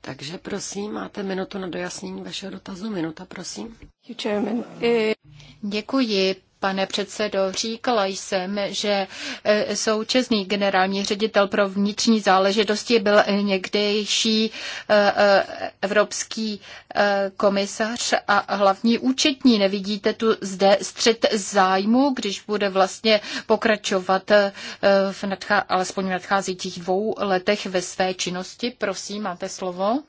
Takže prosím, máte minutu na dojasnění vašeho dotazu. Minuta, prosím. Děkuji, Pane předsedo, říkala jsem, že e, současný generální ředitel pro vnitřní záležitosti byl někdejší e, e, evropský komisař a hlavní účetní. Nevidíte tu zde střed zájmu, když bude vlastně pokračovat v nadchá, alespoň v nadcházejících dvou letech ve své činnosti? Prosím, máte slovo.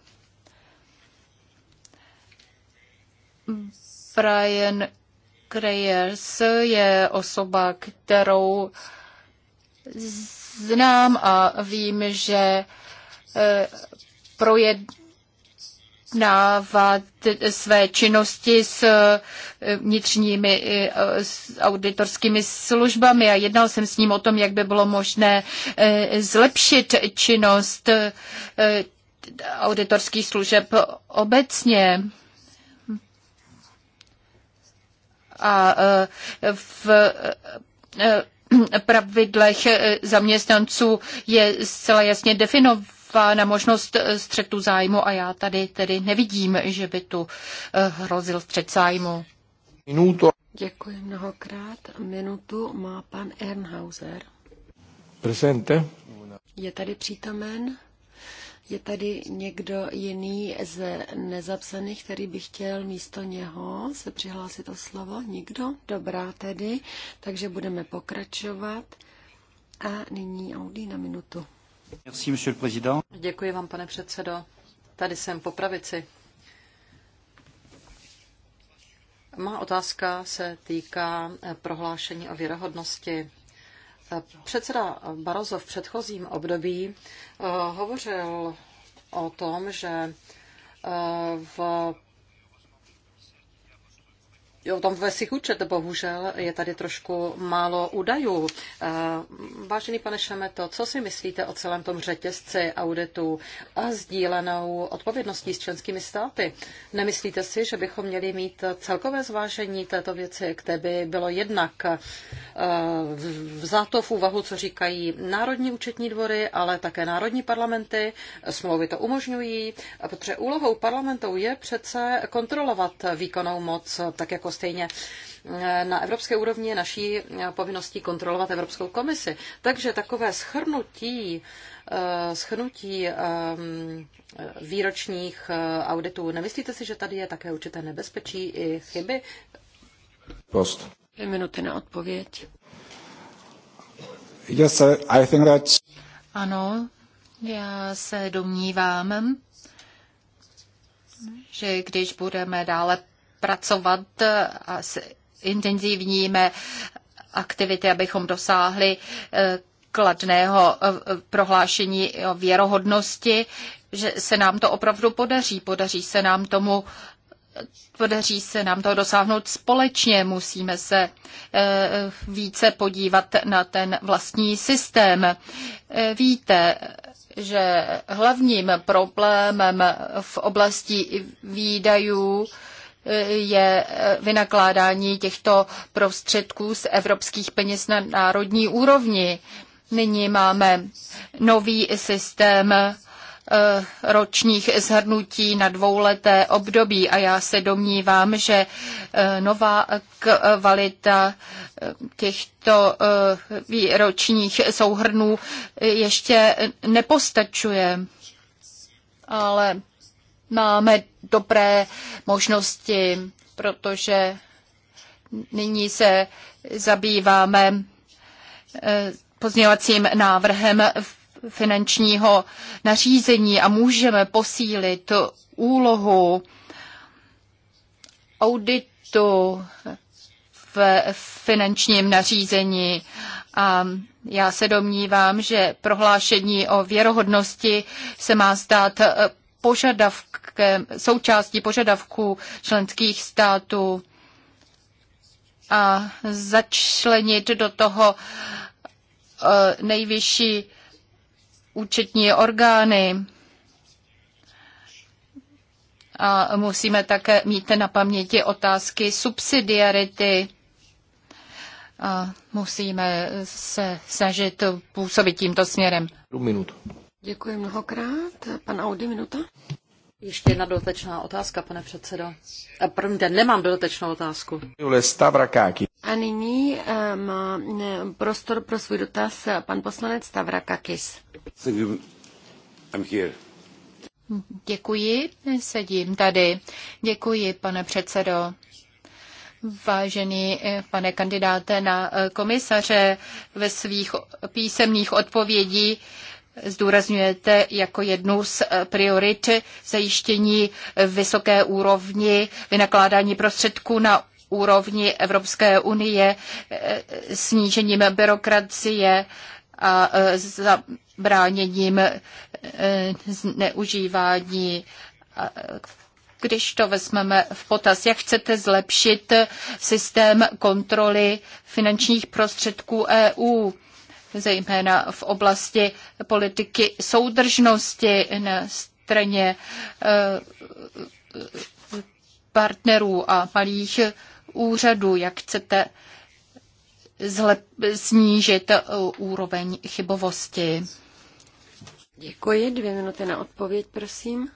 Brian Krejers je osoba, kterou znám a vím, že eh, projednávat své činnosti s eh, vnitřními eh, s auditorskými službami a jednal jsem s ním o tom, jak by bylo možné zlepšit činnost auditorských služeb obecně. a e, v e, pravidlech zaměstnanců je zcela jasně definována možnost střetu zájmu a já tady tedy nevidím, že by tu e, hrozil střet zájmu. Minuto. Děkuji mnohokrát. Minutu má pan Ernhauser. Presente. Je tady přítomen? Je tady někdo jiný z nezapsaných, který by chtěl místo něho se přihlásit o slovo? Nikdo? Dobrá tedy, takže budeme pokračovat. A nyní Audi na minutu. Merci, monsieur le président. Děkuji vám, pane předsedo. Tady jsem po pravici. Má otázka se týká prohlášení o věrohodnosti Předseda Barozo v předchozím období eh, hovořil o tom, že eh, v o tom ve svých účet, bohužel je tady trošku málo údajů. Eh, vážený pane Šemeto, co si myslíte o celém tom řetězci auditu a sdílenou odpovědností s členskými státy? Nemyslíte si, že bychom měli mít celkové zvážení této věci, které by bylo jednak eh, vzato v úvahu, co říkají národní účetní dvory, ale také národní parlamenty, smlouvy to umožňují, protože úlohou parlamentů je přece kontrolovat výkonnou moc, tak jako stejně eh, na evropské úrovni je naší eh, povinností kontrolovat Evropskou komisi. Takže takové schrnutí, eh, schrnutí výročních auditů, nemyslíte si, že tady je také určité nebezpečí i chyby? Post. Dvě minuty na odpověď. Yes, I think that... Ano, já se domnívám, že když budeme dále pracovat s intenzivními aktivity, abychom dosáhli eh, kladného eh, prohlášení o věrohodnosti, že se nám to opravdu podaří. Podaří se nám tomu podaří se nám to dosáhnout společně. Musíme se eh, více podívat na ten vlastní systém. Víte, že hlavním problémem v oblasti výdajů je eh, vynakládání těchto prostředků z evropských peněz na národní úrovni. Nyní máme nový systém eh, ročních zhrnutí na dvouleté období a já se domnívám, že eh, nová kvalita těchto výročních souhrnů ještě nepostačuje. Ale máme dobré možnosti, protože nyní se zabýváme eh, pozměňovacím návrhem finančního nařízení a můžeme posílit úlohu auditu v finančním nařízení. A já se domnívám, že prohlášení o věrohodnosti se má stát požadavkem, součástí požadavků členských států a začlenit do toho eh, nejvyšší účetní orgány. A musíme také mít na paměti otázky subsidiarity. A musíme se snažit působit tímto směrem. Minutu. Děkuji mnohokrát. Pan Audi, minuta. Ještě jedna dodatečná otázka, pane předsedo. Eh, Promiňte, nemám dodatečnou otázku. A nyní eh, má prostor pro svůj dotaz eh, pan poslanec Stavrakakis. I'm here. Děkuji, sedím tady. Děkuji, pane předsedo. Vážený pane kandidáte na komisaře, ve svých písemných odpovědích zdůrazňujete jako jednu z eh, priorit zajištění vysoké úrovni vynakládání prostředků na úrovni Evropské unie eh, snížením byrokracie a eh, zabráněním neužívání. Když to vezmeme v potaz, jak chcete zlepšit systém kontroly finančních prostředků EU? zejména v oblasti politiky soudržnosti na straně eh, partnerů a malých úřadů, jak chcete zlep, snížit eh, úroveň chybovosti. Děkuji. Dvě minuty na odpověď, prosím.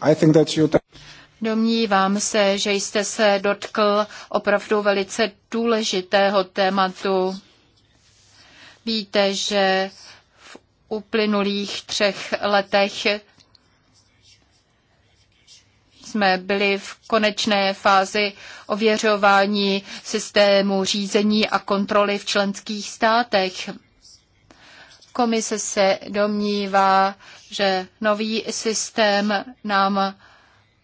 I think that you... Domnívám se, že jste se dotkl opravdu velice důležitého tématu. Víte, že v uplynulých třech letech jsme byli v konečné fázi ověřování systému řízení a kontroly v členských státech. Komise se domnívá, že nový systém nám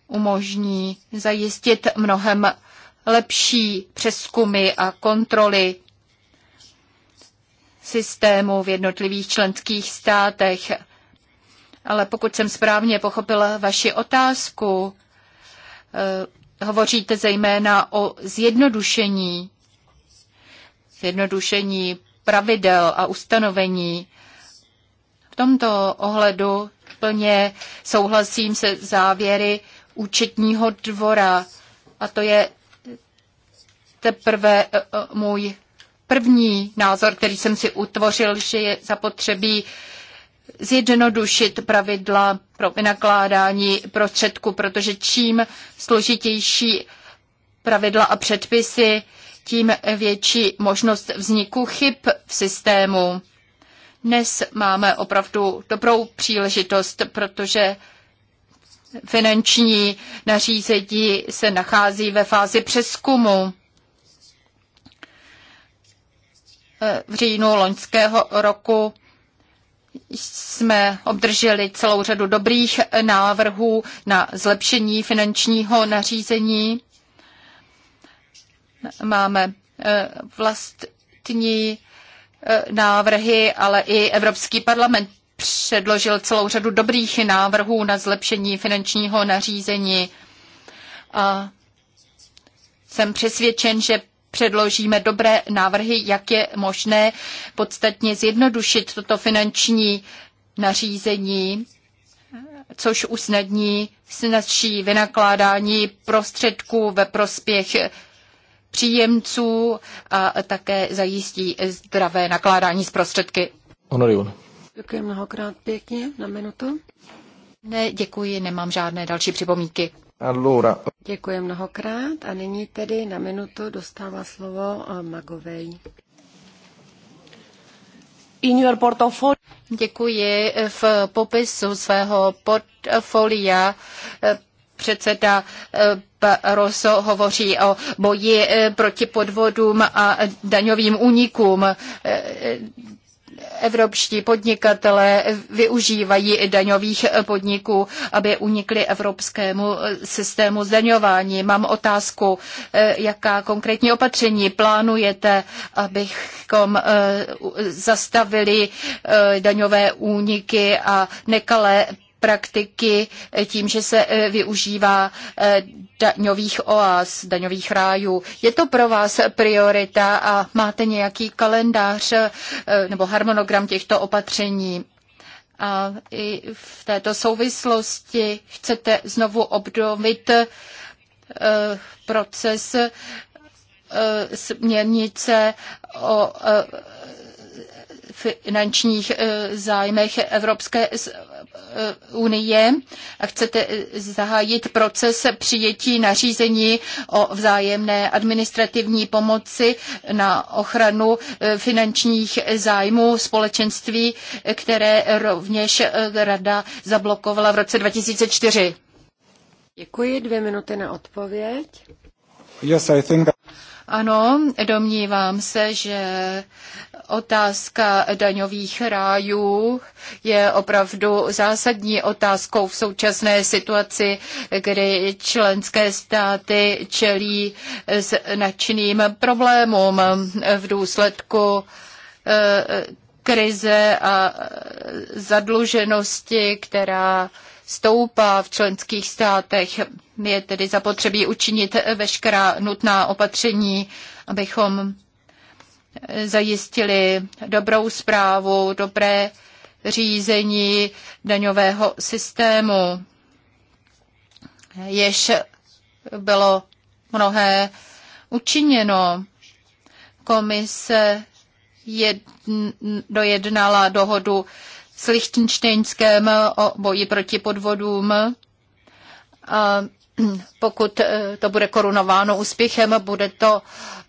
umožní zajistit mnohem lepší přeskumy a kontroly systému v jednotlivých členských státech. Ale pokud jsem správně pochopila vaši otázku, eh, hovoříte zejména o zjednodušení, zjednodušení pravidel a ustanovení. V tomto ohledu plně souhlasím se závěry účetního dvora a to je teprve eh, eh, můj první názor, který jsem si utvořil, že je zapotřebí zjednodušit pravidla pro vynakládání prostředku, protože čím složitější pravidla a předpisy, tím větší možnost vzniku chyb v systému. Dnes máme opravdu dobrou příležitost, protože finanční nařízení se nachází ve fázi přeskumu. Eh, v říjnu loňského roku jsme obdrželi celou řadu dobrých eh, návrhů na zlepšení finančního nařízení. Máme eh, vlastní návrhy, ale i Evropský parlament předložil celou řadu dobrých návrhů na zlepšení finančního nařízení. A jsem přesvědčen, že předložíme dobré návrhy, jak je možné podstatně zjednodušit toto finanční nařízení, což usnadní snadší vynakládání prostředků ve prospěch příjemců a také zajistí zdravé nakládání s prostředky. Honorion. Děkuji mnohokrát pěkně na minutu. Ne, děkuji, nemám žádné další připomínky. Allora. Děkuji mnohokrát a nyní tedy na minutu dostává slovo eh, Magovej. In your portfolio. Děkuji. V popisu svého portfolia eh, předseda eh, Barroso hovoří o boji proti podvodům a daňovým únikům. Evropští podnikatelé využívají daňových podniků, aby unikli evropskému systému zdaňování. Mám otázku, eh, jaká konkrétní opatření plánujete, abychom eh, zastavili eh, daňové úniky a nekalé praktiky tím, že se eh, využívá eh, daňových oáz, daňových rájů. Je to pro vás priorita a máte nějaký kalendář eh, nebo harmonogram těchto opatření? A i v této souvislosti chcete znovu obdovit proces směrnice o finančních eh, zájmech Evropské eh, unie a chcete eh, zahájit proces přijetí nařízení o vzájemné administrativní pomoci na ochranu finančních zájmů společenství, které rovněž Rada zablokovala v roce 2004. Děkuji, dvě minuty na odpověď. Yes, I think that... Ano, domnívám se, že otázka daňových rájů je opravdu zásadní otázkou v současné situaci, kdy členské státy čelí značným problémům v důsledku eh, krize a zadluženosti, která stoupá v členských státech. Je tedy zapotřebí učinit veškerá nutná opatření, abychom zajistili dobrou zprávu, dobré řízení daňového systému, jež bylo mnohé učiněno. Komise jedn, dojednala dohodu s Lichtensteinském o boji proti podvodům. A pokud eh, to bude korunováno úspěchem, bude to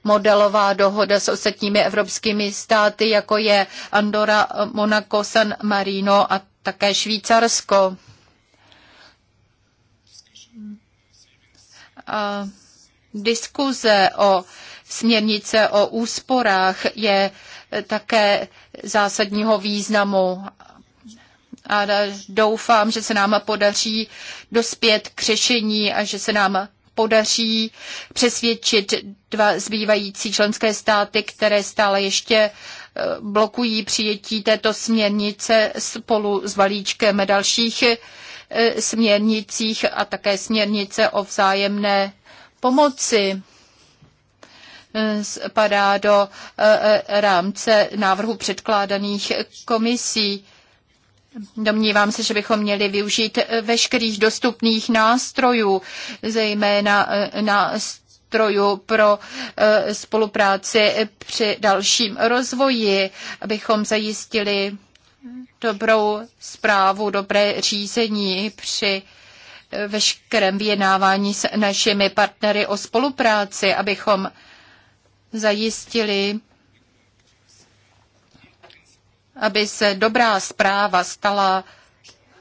modelová dohoda s ostatními evropskými státy, jako je Andora, Monaco, San Marino a také Švýcarsko. A diskuze o směrnice o úsporách je také zásadního významu a doufám, že se nám podaří dospět k řešení a že se nám podaří přesvědčit dva zbývající členské státy, které stále ještě e, blokují přijetí této směrnice spolu s valíčkem dalších e, směrnicích a také směrnice o vzájemné pomoci e, spadá do rámce návrhu předkládaných komisí. Domnívám se, že bychom měli využít eh, veškerých dostupných nástrojů, zejména eh, nástrojů pro eh, spolupráci při dalším rozvoji, abychom zajistili dobrou zprávu, dobré řízení při veškerém vyjednávání s našimi partnery o spolupráci, abychom zajistili aby se dobrá zpráva stala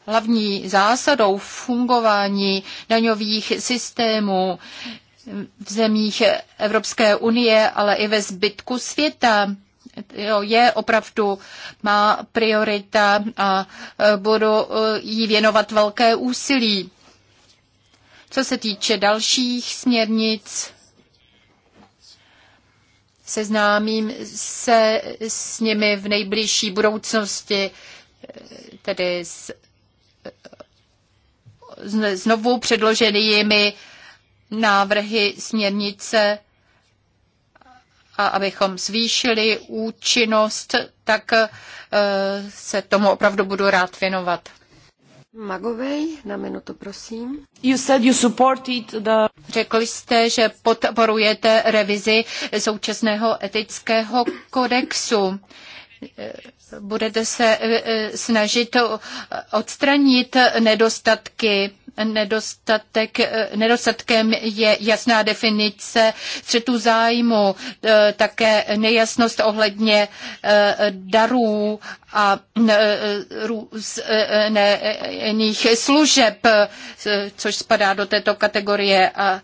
hlavní zásadou fungování daňových systémů v zemích Evropské unie, ale i ve zbytku světa. Jo, je opravdu má priorita a e, budu e, jí věnovat velké úsilí. Co se týče dalších směrnic, seznámím se s nimi v nejbližší budoucnosti, tedy s znovu předloženými návrhy směrnice, a abychom zvýšili účinnost, tak eh, se tomu opravdu budu rád věnovat. Magovej, na minutu prosím. You said you supported the... Řekl jste, že podporujete revizi současného etického kodexu. Budete se eh, eh, snažit eh, odstranit nedostatky Nedostatek, eh, nedostatkem je jasná definice střetu zájmu, eh, také nejasnost ohledně eh, darů a různých služeb, což spadá do této kategorie a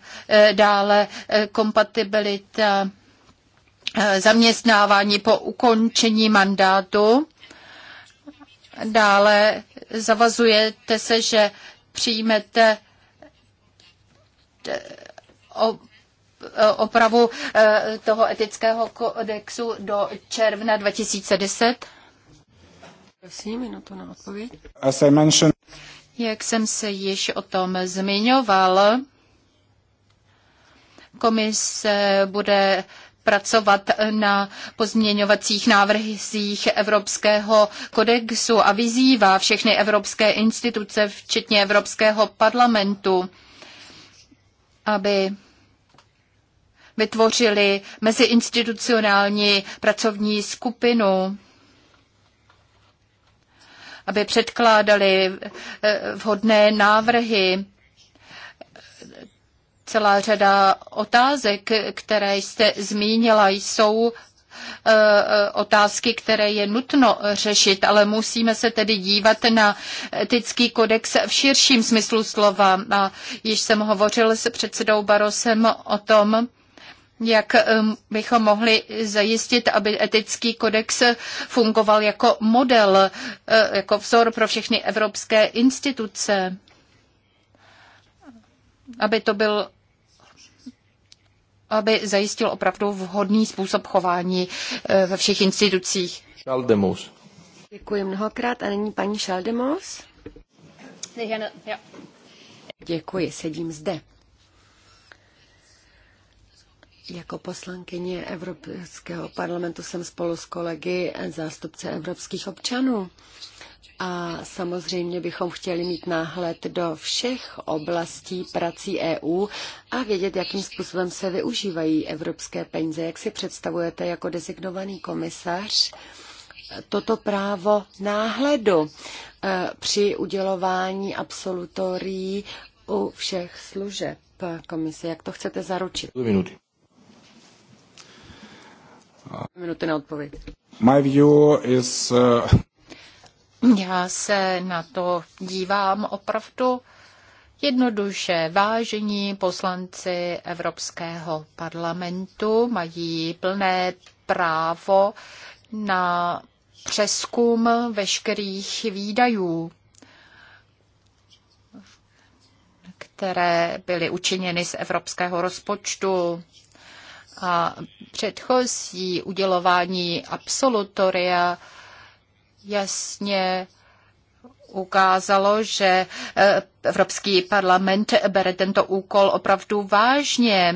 dále kompatibilita zaměstnávání po ukončení mandátu. Dále zavazujete se, že přijmete e, opravu e, toho etického kodexu do června 2010? Prosím, minutu na odpověď. As I mentioned... Jak jsem se již o tom zmiňoval, komise bude pracovat na pozměňovacích návrzích Evropského kodexu a vyzývá všechny evropské instituce, včetně Evropského parlamentu, aby vytvořili meziinstitucionální pracovní skupinu, aby předkládali eh, vhodné návrhy Celá řada otázek, které jste zmínila, jsou e, e, otázky, které je nutno řešit, ale musíme se tedy dívat na etický kodex v širším smyslu slova. A již jsem hovořil s předsedou Barosem o tom, jak e, bychom mohli zajistit, aby etický kodex fungoval jako model, jako vzor pro všechny evropské instituce, aby to byl aby zajistil opravdu vhodný způsob chování eh, ve všech institucích. Šaldemus. Děkuji mnohokrát a není paní Šaldemus? Děkuji, sedím zde. Jako poslankyně Evropského parlamentu jsem spolu s kolegy zástupce evropských občanů. A samozřejmě bychom chtěli mít náhled do všech oblastí prací EU a vědět, jakým způsobem se využívají evropské peníze. Jak si představujete jako designovaný komisař toto právo náhledu e, při udělování absolutorií u všech služeb komise? Jak to chcete zaručit? Dvě minuty. Minuty na odpověď. My view is, uh... Já se na to dívám opravdu Jednoduše vážení poslanci Evropského parlamentu mají plné právo na přeskum veškerých výdajů, které byly učiněny z evropského rozpočtu. A předchozí udělování absolutoria jasně ukázalo, že eh, Evropský parlament bere tento úkol opravdu vážně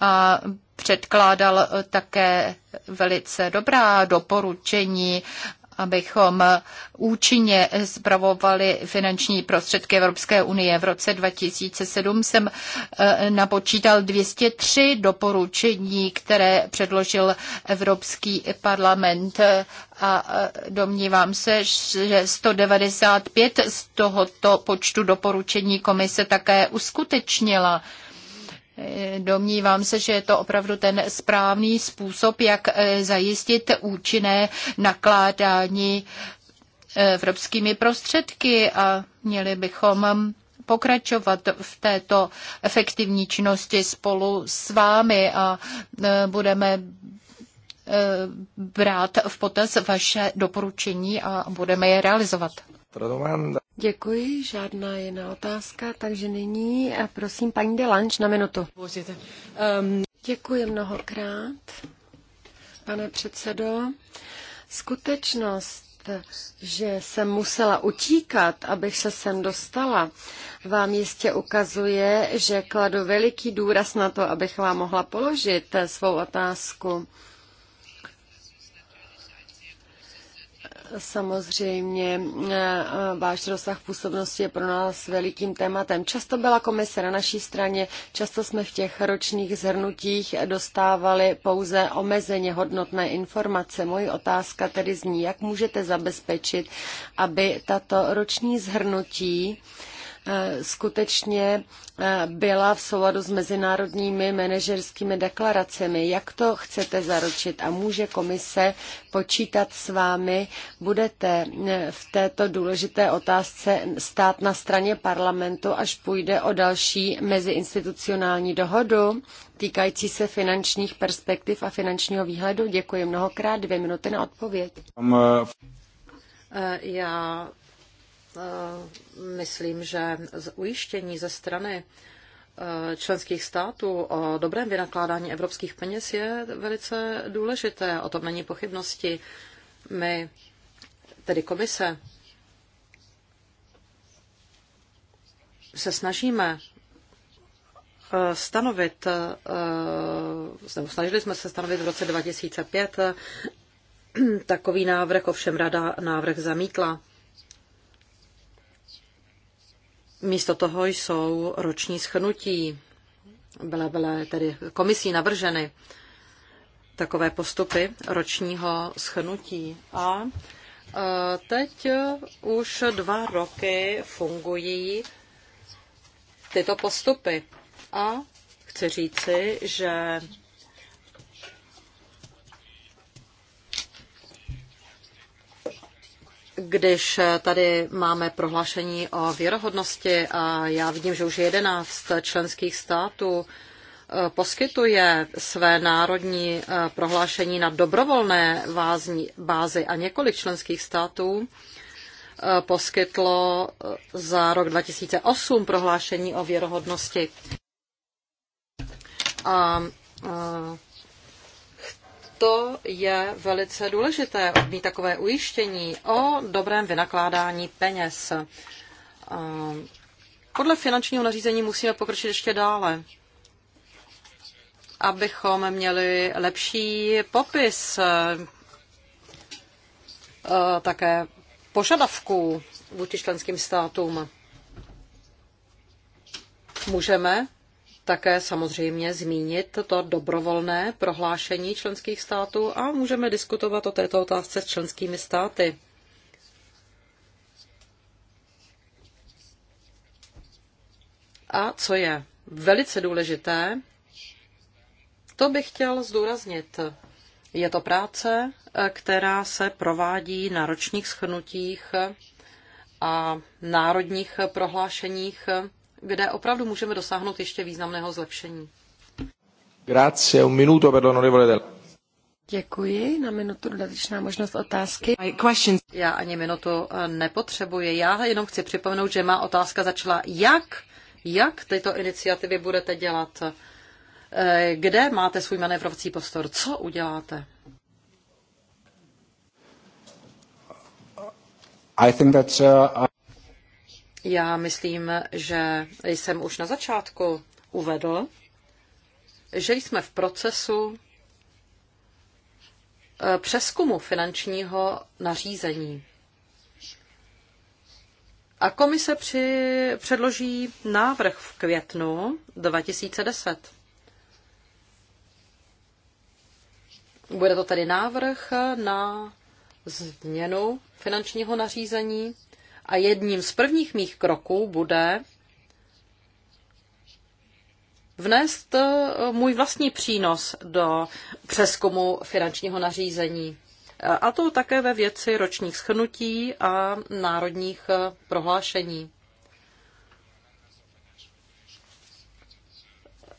a předkládal také velice dobrá doporučení abychom účinně zpravovali finanční prostředky Evropské unie. V roce 2007 jsem eh, napočítal 203 doporučení, které předložil Evropský parlament a eh, domnívám se, že 195 z tohoto počtu doporučení komise také uskutečnila. Domnívám se, že je to opravdu ten správný způsob, jak eh, zajistit účinné nakládání eh, evropskými prostředky a měli bychom pokračovat v této efektivní činnosti spolu s vámi a eh, budeme brát v potaz vaše doporučení a budeme je realizovat. Děkuji, žádná jiná otázka, takže nyní a eh, prosím paní Delanč na minutu. Um, Děkuji mnohokrát, pane předsedo. Skutečnost, že jsem musela utíkat, abych se sem dostala, vám jistě ukazuje, že kladu veliký důraz na to, abych vám mohla položit eh, svou otázku. Samozřejmě eh, váš rozsah působnosti je pro nás velikým tématem. Často byla komise na naší straně, často jsme v těch ročních zhrnutích dostávali pouze omezeně hodnotné informace. Moje otázka tedy zní, jak můžete zabezpečit, aby tato roční zhrnutí Eh, skutečně eh, byla v souladu s mezinárodními manažerskými deklaracemi. Jak to chcete zaručit a může komise počítat s vámi? Budete eh, v této důležité otázce stát na straně parlamentu, až půjde o další meziinstitucionální dohodu? týkající se finančních perspektiv a finančního výhledu. Děkuji mnohokrát. Dvě minuty na odpověď. Já Eh, myslím, že ujištění ze strany eh, členských států o dobrém vynakládání evropských peněz je velice důležité. O tom není pochybnosti. My, tedy komise, se snažíme eh, stanovit, nebo snažili jsme se stanovit v roce 2005 takový návrh, ovšem rada návrh zamítla. Místo toho jsou roční schnutí, byla, byla tedy komisí navrženy takové postupy ročního schnutí. A e, teď už dva roky fungují tyto postupy. A chci říci, že když tady máme prohlášení o věrohodnosti a já vidím, že už 11 členských států eh, poskytuje své národní eh, prohlášení na dobrovolné bázi a několik členských států eh, poskytlo za rok 2008 prohlášení o věrohodnosti. A proto je velice důležité mít takové ujištění o dobrém vynakládání peněz. Podle finančního nařízení musíme pokročit ještě dále, abychom měli lepší popis e, také požadavků vůči členským státům. Můžeme také samozřejmě zmínit to dobrovolné prohlášení členských států a můžeme diskutovat o této otázce s členskými státy. A co je velice důležité, to bych chtěl zdůraznit. Je to práce, která se provádí na ročních schrnutích a národních prohlášeních kde opravdu můžeme dosáhnout ještě významného zlepšení. Grazie, un minuto per l'onorevole Del. Děkuji. Na minutu dodatečná možnost otázky. Já ani minutu eh, nepotřebuji. Já jenom chci připomenout, že má otázka začala, jak, jak tyto iniciativy budete dělat? Eh, kde máte svůj manévrovací prostor? Co uděláte? I think that, uh, já myslím, že jsem už na začátku uvedl, že jsme v procesu eh, přeskumu finančního nařízení. A komise při, předloží návrh v květnu 2010. Bude to tedy návrh na změnu finančního nařízení a jedním z prvních mých kroků bude vnést eh, můj vlastní přínos do přeskumu finančního nařízení. Eh, a to také ve věci ročních schnutí a národních eh, prohlášení.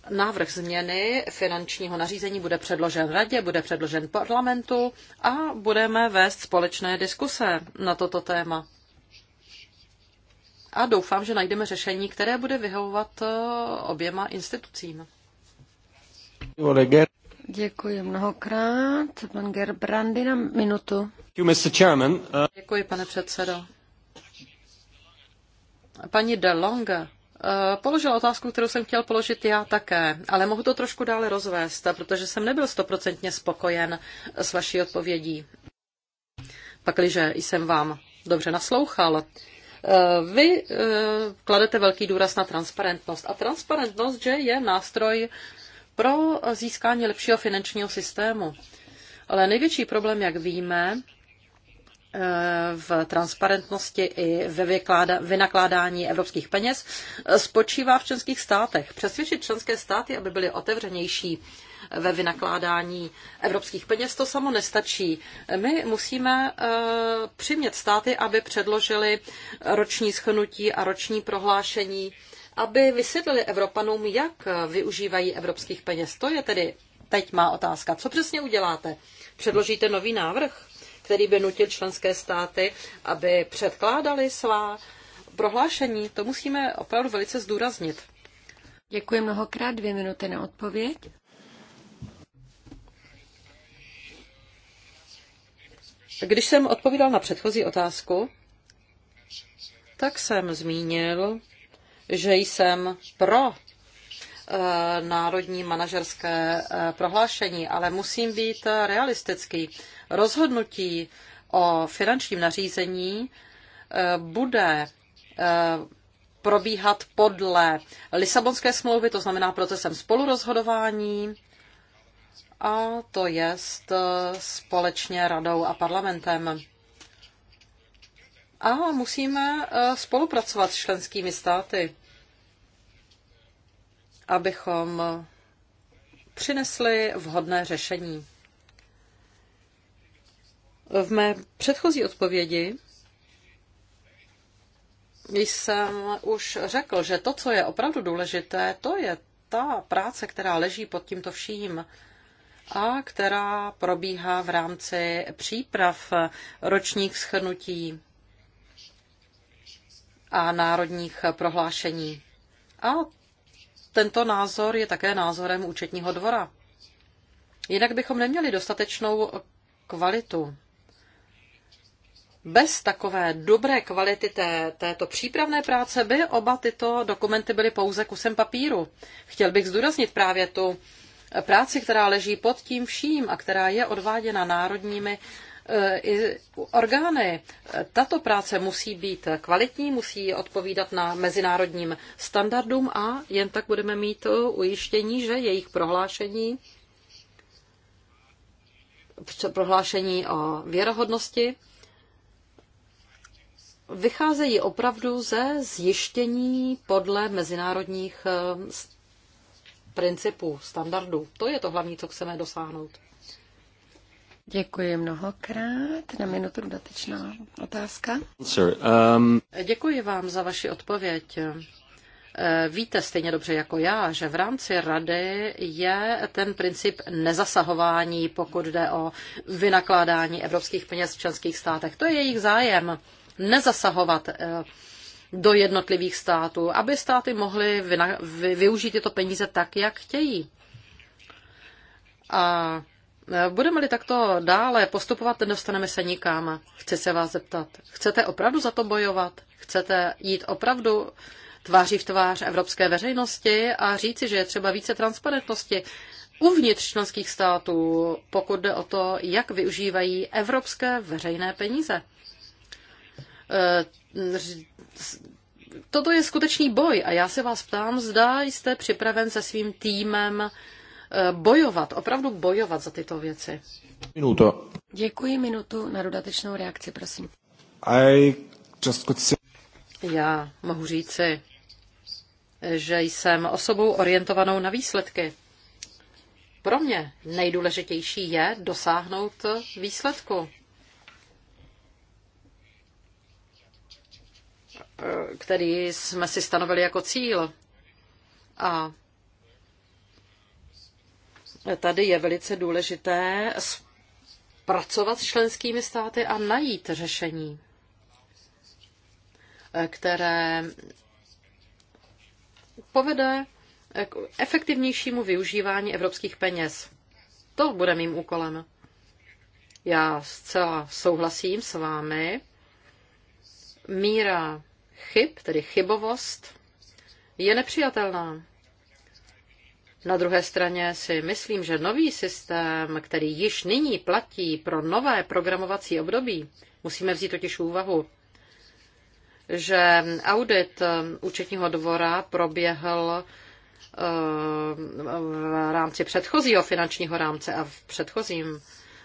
Návrh změny finančního nařízení bude předložen radě, bude předložen parlamentu a budeme vést společné diskuse na toto téma a doufám, že najdeme řešení, které bude vyhovovat eh, oběma institucím. Děkuji mnohokrát. Pan Gerbrandy na minutu. Uh, Děkuji, pane předsedo. Paní De Longa eh, položila otázku, kterou jsem chtěl položit já také, ale mohu to trošku dále rozvést, protože jsem nebyl stoprocentně spokojen s vaší odpovědí. Pakliže jsem vám dobře naslouchal, Eh, vy eh, kladete velký důraz na transparentnost a transparentnost, že je nástroj pro získání lepšího finančního systému. Ale největší problém, jak víme, eh, v transparentnosti i ve vynakládání evropských peněz spočívá v členských státech. Přesvědčit členské státy, aby byly otevřenější ve vynakládání evropských peněz, to samo nestačí. My musíme eh, přimět státy, aby předložili roční schnutí a roční prohlášení, aby vysvětlili Evropanům, jak využívají evropských peněz. To je tedy teď má otázka. Co přesně uděláte? Předložíte nový návrh, který by nutil členské státy, aby předkládali svá prohlášení. To musíme opravdu velice zdůraznit. Děkuji mnohokrát. Dvě minuty na odpověď. Když jsem odpovídal na předchozí otázku, tak jsem zmínil, že jsem pro eh, národní manažerské eh, prohlášení, ale musím být eh, realistický. Rozhodnutí o finančním nařízení bude probíhat podle Lisabonské smlouvy, to znamená procesem spolurozhodování a to je eh, společně radou a parlamentem. A musíme eh, spolupracovat s členskými státy, abychom eh, přinesli vhodné řešení. V mé předchozí odpovědi jsem už řekl, že to, co je opravdu důležité, to je ta práce, která leží pod tímto vším a která probíhá v rámci příprav ročních schrnutí a národních prohlášení. A tento názor je také názorem účetního dvora. Jinak bychom neměli dostatečnou kvalitu. Bez takové dobré kvality té, této přípravné práce by oba tyto dokumenty byly pouze kusem papíru. Chtěl bych zdůraznit právě tu práci, která leží pod tím vším a která je odváděna národními e, i orgány. Tato práce musí být kvalitní, musí odpovídat na mezinárodním standardům a jen tak budeme mít ujištění, že jejich prohlášení prohlášení o věrohodnosti vycházejí opravdu ze zjištění podle mezinárodních e, principů, standardů. To je to hlavní, co chceme dosáhnout. Děkuji mnohokrát. Na minutu dodatečná otázka. Sir, um... Děkuji vám za vaši odpověď. Eh, víte stejně dobře jako já, že v rámci rady je ten princip nezasahování, pokud jde o vynakládání evropských peněz v členských státech. To je jejich zájem nezasahovat eh, do jednotlivých států, aby státy mohly využít tyto peníze tak, jak chtějí. A e, budeme-li takto dále postupovat, nedostaneme se nikam. Chci se vás zeptat, chcete opravdu za to bojovat? Chcete jít opravdu tváří v tvář evropské veřejnosti a říci, že je třeba více transparentnosti uvnitř členských států, pokud jde o to, jak využívají evropské veřejné peníze. E, toto je skutečný boj a já se vás ptám, zda jste připraven se svým týmem eh, bojovat, opravdu bojovat za tyto věci. Minuto. Děkuji minutu na dodatečnou reakci, prosím. I just could see... Já mohu říci, že jsem osobou orientovanou na výsledky. Pro mě nejdůležitější je dosáhnout výsledku. Eh, který jsme si stanovili jako cíl. A tady je velice důležité pracovat s členskými státy a najít řešení, eh, které povede k efektivnějšímu využívání evropských peněz. To bude mým úkolem. Já zcela souhlasím s vámi. Míra chyb, tedy chybovost, je nepřijatelná. Na druhé straně si myslím, že nový systém, který již nyní platí pro nové programovací období, musíme vzít totiž úvahu, že audit eh, účetního dvora proběhl eh, v rámci předchozího finančního rámce a v předchozím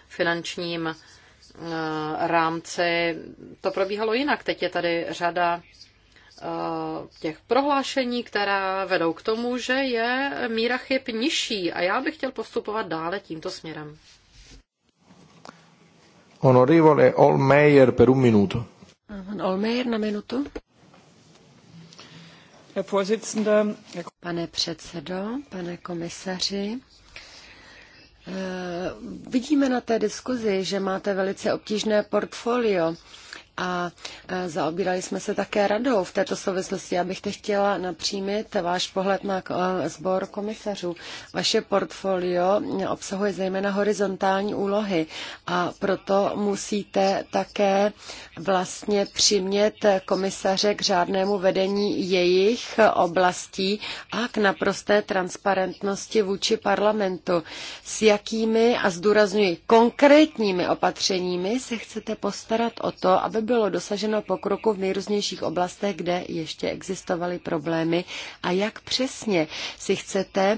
finančním Eh, rámci to probíhalo jinak. Teď je tady řada eh, těch prohlášení, která vedou k tomu, že je míra chyb nižší a já bych chtěl postupovat dále tímto směrem. Honorevole Olmeyer per un minuto. Olmeyer na minutu. Pane předsedo, pane komisaři, Eh, vidíme na té diskuzi, že máte velice obtížné portfolio a zaobírali jsme se také radou v této souvislosti. Já bych te chtěla napřímit váš pohled na eh, sbor komisařů. Vaše portfolio obsahuje zejména horizontální úlohy a proto musíte také vlastně přimět komisaře k řádnému vedení jejich oblastí a k naprosté transparentnosti vůči parlamentu. S jakými, a zdůrazňuji konkrétními opatřeními, se chcete postarat o to, aby bylo dosaženo pokroku v nejrůznějších oblastech, kde ještě existovaly problémy a jak přesně si chcete eh,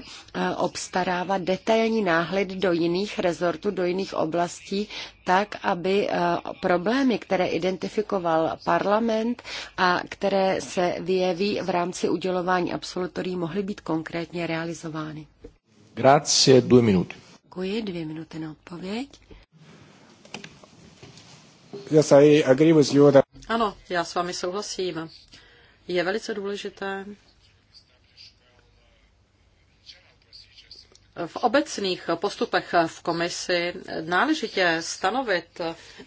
obstarávat detailní náhled do jiných rezortů, do jiných oblastí, tak, aby eh, problémy, které identifikoval parlament a které se vyjeví v rámci udělování absolutorí, mohly být konkrétně realizovány. Grazie, dvě minuty. Děkuji, dvě minuty na odpověď yes, I agree with you that... Ano, já s vámi souhlasím. Je velice důležité v obecných postupech v komisi náležitě stanovit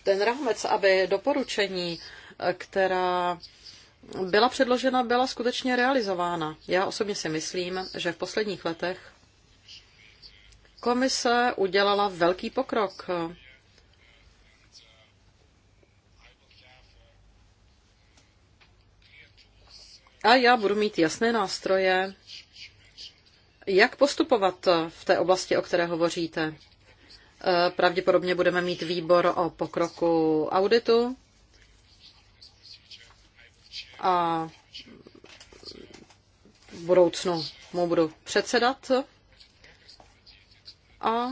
ten rámec, aby doporučení, která byla předložena, byla skutečně realizována. Já osobně si myslím, že v posledních letech komise udělala velký pokrok A já budu mít jasné nástroje, jak postupovat v té oblasti, o které hovoříte. E, pravděpodobně budeme mít výbor o pokroku auditu a v budoucnu mu budu předsedat. A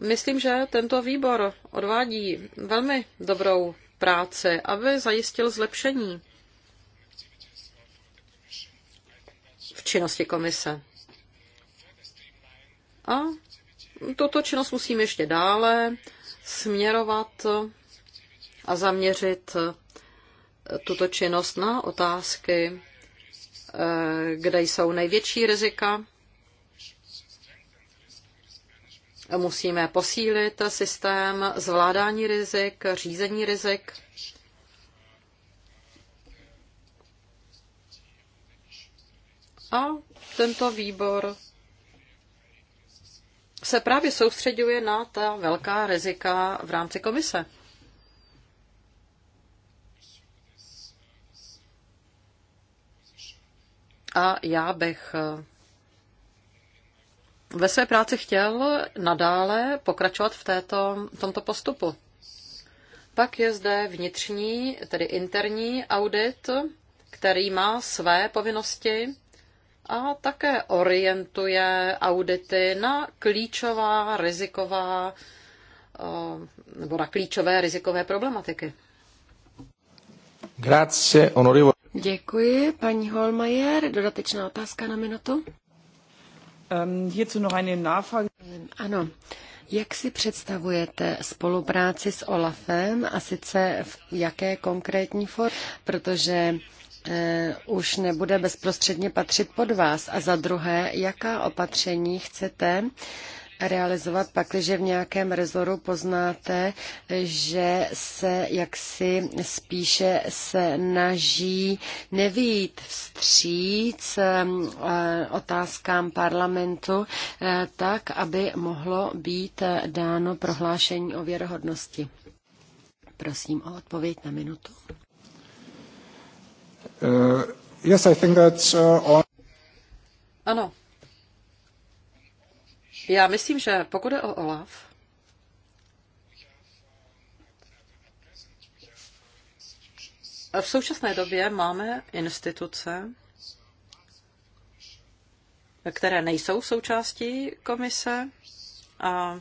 myslím, že tento výbor odvádí velmi dobrou práci, aby zajistil zlepšení činnosti komise. A tuto činnost musím ještě dále směrovat a zaměřit tuto činnost na otázky, kde jsou největší rizika. Musíme posílit systém zvládání rizik, řízení rizik A tento výbor se právě soustředuje na ta velká rizika v rámci komise. A já bych ve své práci chtěl nadále pokračovat v této, tomto postupu. Pak je zde vnitřní, tedy interní audit, který má své povinnosti a také orientuje audity na klíčová riziková eh, nebo na klíčové rizikové problematiky. Grazie, onorivo. Děkuji, paní Holmajer. Dodatečná otázka na minutu. Ähm, ano. Jak si představujete spolupráci s OLAFem a sice v jaké konkrétní formě? Protože Eh, už nebude bezprostředně patřit pod vás? A za druhé, jaká opatření chcete realizovat, pak, když v nějakém rezoru poznáte, že se jaksi spíše se naží nevít vstříc eh, otázkám parlamentu eh, tak, aby mohlo být dáno prohlášení o věrohodnosti. Prosím o odpověď na minutu. Uh, yes, I think that's uh, all. Ano. Já myslím, že pokud je o OLAF, v současné době máme instituce, které nejsou součástí komise a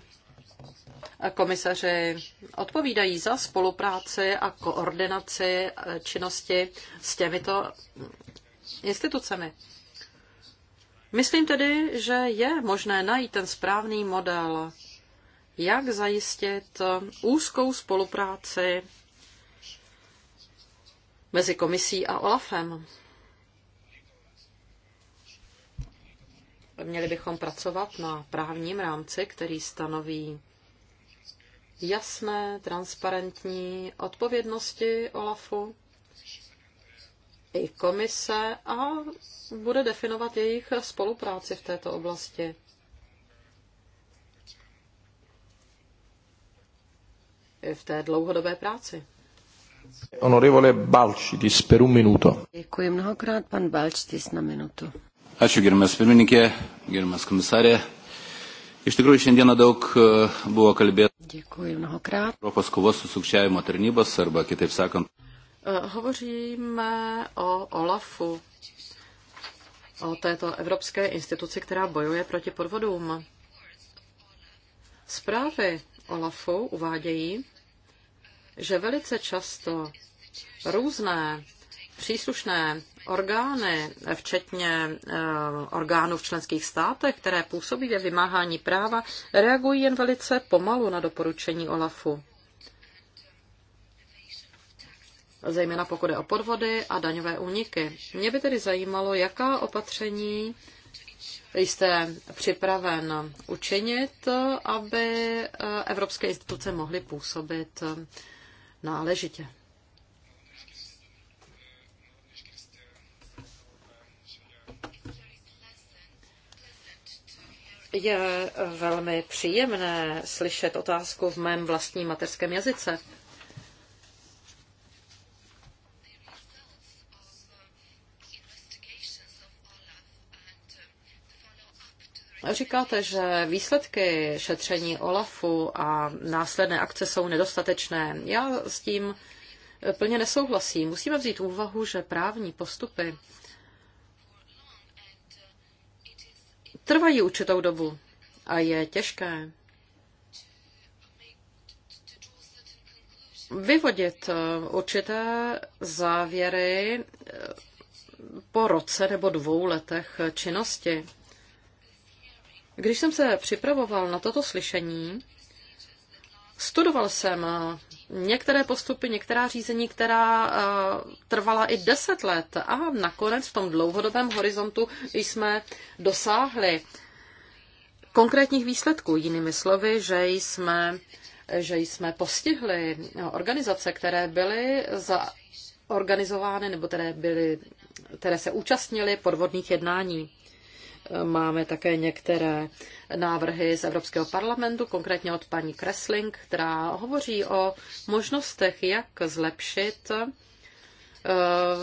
komisaři odpovídají za spolupráci a koordinaci činnosti s těmito institucemi. Myslím tedy, že je možné najít ten správný model, jak zajistit úzkou spolupráci mezi komisí a OLAFem. Měli bychom pracovat na právním rámci, který stanoví jasné, transparentní odpovědnosti OLAFu i komise a bude definovat jejich spolupráci v této oblasti. v té dlouhodobé práci. Honorevole Balčitis, per un minuto. Děkuji mnohokrát, pan Balčitis, na minutu. Ačiū, gerbiamas pirmininkė, gerbiamas komisarė, Iš tikrųjų, šiandieną daug e, buvo kalbėta. Děkuji mnohokrát. Europos kovos su sukčiavimo tarnybos, arba kitaip sakant. E, hovoříme o OLAFu, o této evropské instituci, která bojuje proti podvodům. Zprávy OLAFu uvádějí, že velice často různé příslušné orgány, včetně eh, orgánů v členských státech, které působí ve vymáhání práva, reagují jen velice pomalu na doporučení OLAFu. Zejména pokud je o podvody a daňové úniky. Mě by tedy zajímalo, jaká opatření jste připraven učinit, aby eh, evropské instituce mohly působit eh, náležitě. Je velmi příjemné slyšet otázku v mém vlastním mateřském jazyce. Říkáte, že výsledky šetření OLAFu a následné akce jsou nedostatečné. Já s tím plně nesouhlasím. Musíme vzít úvahu, že právní postupy trvají určitou dobu a je těžké vyvodit eh, určité závěry eh, po roce nebo dvou letech činnosti. Když jsem se připravoval na toto slyšení, studoval jsem některé postupy, některá řízení, která eh, trvala i deset let a nakonec v tom dlouhodobém horizontu jsme dosáhli konkrétních výsledků. Jinými slovy, že jsme, že jsme postihli organizace, které byly za organizovány nebo které, byly, které se účastnily podvodných jednání. Máme také některé návrhy z Evropského parlamentu, konkrétně od paní Kresling, která hovoří o možnostech, jak zlepšit eh,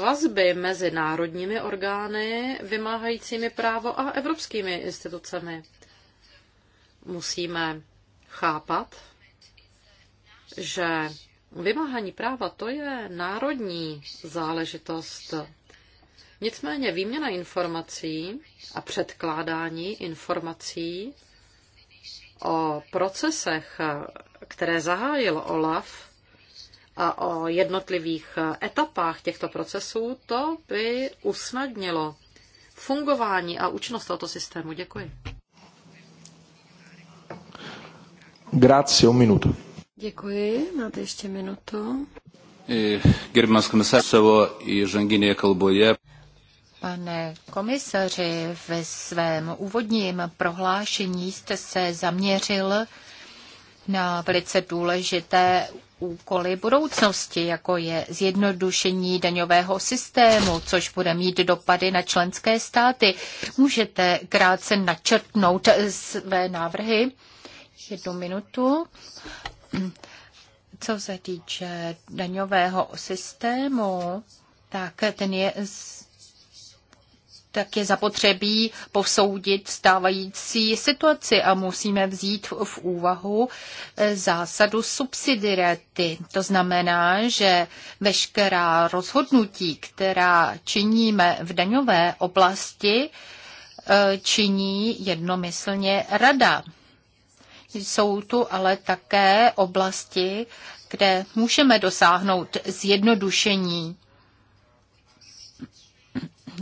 vazby mezi národními orgány vymáhajícími právo a evropskými institucemi. Musíme chápat, že vymáhání práva to je národní záležitost Nicméně výměna informací a předkládání informací o procesech, které zahájil OLAF a o jednotlivých etapách těchto procesů, to by usnadnilo fungování a účinnost tohoto systému. Děkuji. Grazie, un minuto. Děkuji, máte ještě minutu. Eh, komisař komisar savo įžanginėje kalboje Pane komisaři, ve svém úvodním prohlášení jste se zaměřil na velice důležité úkoly budoucnosti, jako je zjednodušení daňového systému, což bude mít dopady na členské státy. Můžete krátce načrtnout své návrhy? Jednu minutu. Co se týče daňového systému, tak ten je tak je zapotřebí posoudit stávající situaci a musíme vzít v úvahu eh, zásadu subsidiarity. To znamená, že veškerá rozhodnutí, která činíme v daňové oblasti, eh, činí jednomyslně rada. Jsou tu ale také oblasti, kde můžeme dosáhnout zjednodušení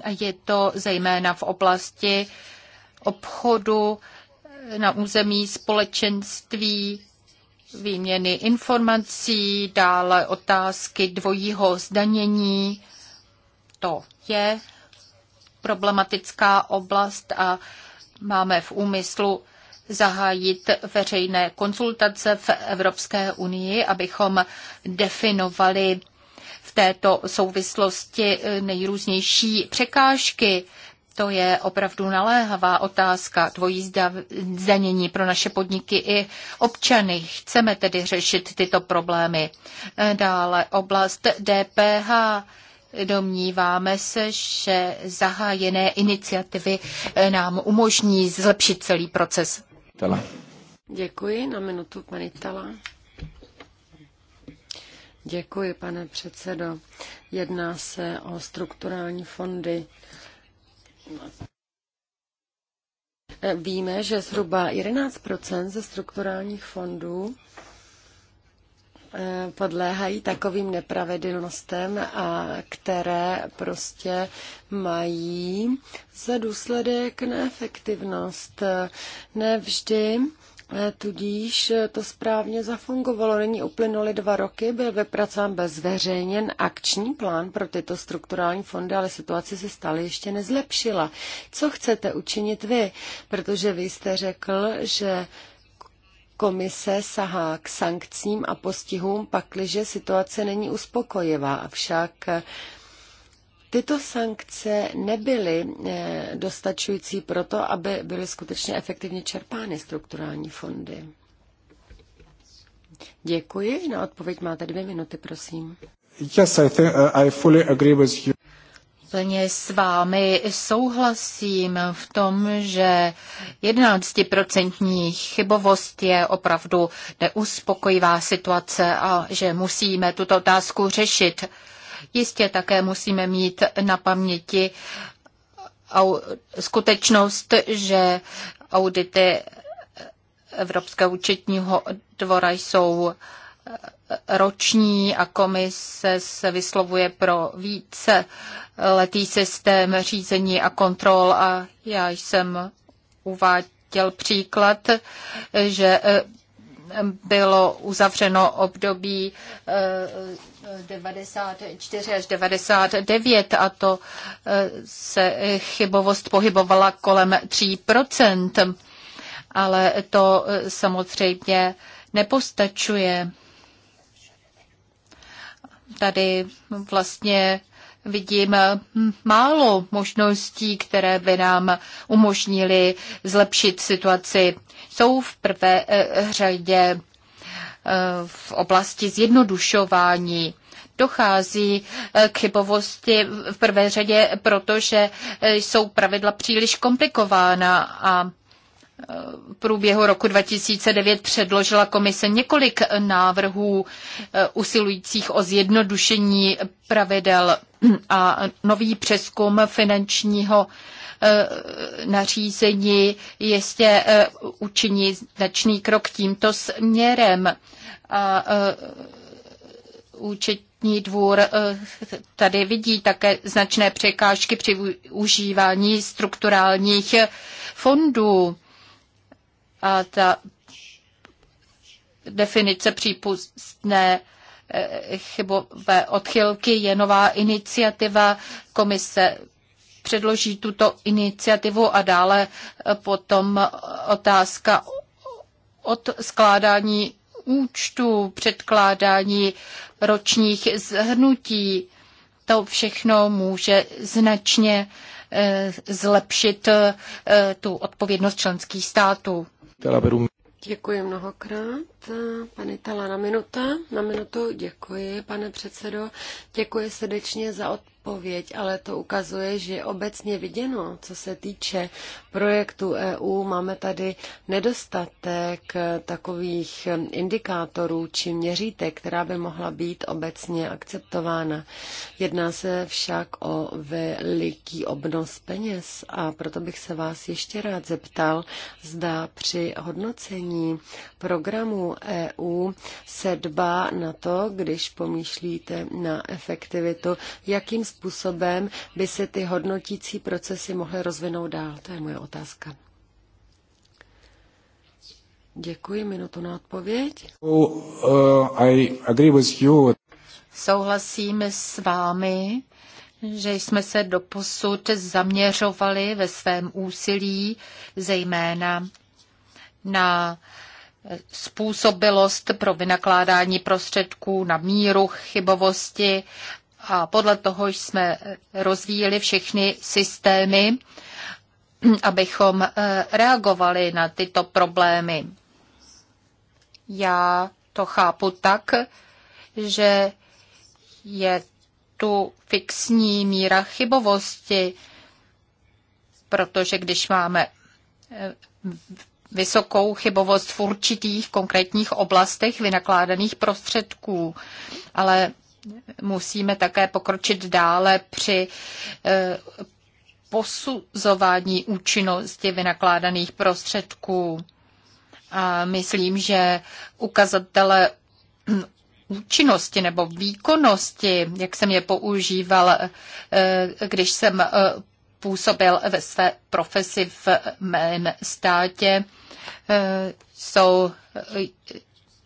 je to zejména v oblasti obchodu na území společenství, výměny informací, dále otázky dvojího zdanění. To je problematická oblast a máme v úmyslu zahájit veřejné konzultace v Evropské unii, abychom definovali této souvislosti e, nejrůznější překážky. To je opravdu naléhavá otázka dvojí zdanění pro naše podniky i občany. Chceme tedy řešit tyto problémy. E, dále oblast DPH. Domníváme se, že zahájené iniciativy e, nám umožní zlepšit celý proces. Děkuji. Na minutu, paní Tala. Děkuji, pane předsedo. Jedná se o strukturální fondy. Víme, že zhruba 11 ze strukturálních fondů eh, podléhají takovým nepravedlnostem, a které prostě mají za důsledek neefektivnost. Nevždy E, tudíž e, to správně zafungovalo. Nyní uplynuly dva roky, byl vypracován bezveřejněn akční plán pro tyto strukturální fondy, ale situace se stále ještě nezlepšila. Co chcete učinit vy? Protože vy jste řekl, že Komise sahá k sankcím a postihům, pakliže situace není uspokojivá. Avšak Tyto sankce nebyly eh, dostačující to, aby byly skutečně efektivně čerpány strukturální fondy. Děkuji. Na odpověď máte dvě minuty, prosím. Yes, I think, uh, I fully agree with you. Plně s vámi souhlasím v tom, že 11% chybovost je opravdu neuspokojivá situace a že musíme tuto otázku řešit. Jistě také musíme mít na paměti skutečnost, že audity Evropského účetního dvora jsou eh, roční a komise se vyslovuje pro více eh, letý systém řízení a kontrol a já jsem uváděl příklad, že eh, bylo uzavřeno období 94 eh, až 99 a to eh, se chybovost pohybovala kolem 3 ale to eh, samozřejmě nepostačuje. Tady vlastně vidím eh, málo možností, které by nám umožnily zlepšit situaci. Jsou v prvé eh, řadě eh, v oblasti zjednodušování dochází k chybovosti v prvé řadě, protože jsou pravidla příliš komplikována a průběhu roku 2009 předložila komise několik návrhů eh, usilujících o zjednodušení pravidel a nový přeskum finančního eh, nařízení jistě eh, učiní značný krok tímto směrem. A účetní dvůr tady vidí také značné překážky při užívání strukturálních fondů a ta definice přípustné eh, chybové odchylky je nová iniciativa. Komise předloží tuto iniciativu a dále potom otázka od skládání účtů, předkládání ročních zhrnutí. To všechno může značně eh, zlepšit eh, tu odpovědnost členských států. Děkuji mnohokrát, pane Tala, na minuta. Na minutu děkuji, pane předsedo. Děkuji srdečně za odpověď odpověď, ale to ukazuje, že obecně viděno, co se týče projektu EU, máme tady nedostatek takových indikátorů či měřítek, která by mohla být obecně akceptována. Jedná se však o veliký obnos peněz a proto bych se vás ještě rád zeptal, zda při hodnocení programu EU se dbá na to, když pomýšlíte na efektivitu, jakým způsobem by se ty hodnotící procesy mohly rozvinout dál? To je moje otázka. Děkuji, minutu na odpověď. Uh, Souhlasím s vámi, že jsme se doposud zaměřovali ve svém úsilí zejména na způsobilost pro vynakládání prostředků na míru chybovosti a podle toho jsme rozvíjeli všechny systémy, abychom eh, reagovali na tyto problémy. Já to chápu tak, že je tu fixní míra chybovosti, protože když máme eh, vysokou chybovost v určitých konkrétních oblastech vynakládaných prostředků, ale musíme také pokročit dále při eh, posuzování účinnosti vynakládaných prostředků. A myslím, že ukazatele účinnosti nebo výkonnosti, jak jsem je používal, eh, když jsem eh, působil ve své profesi v mém státě, jsou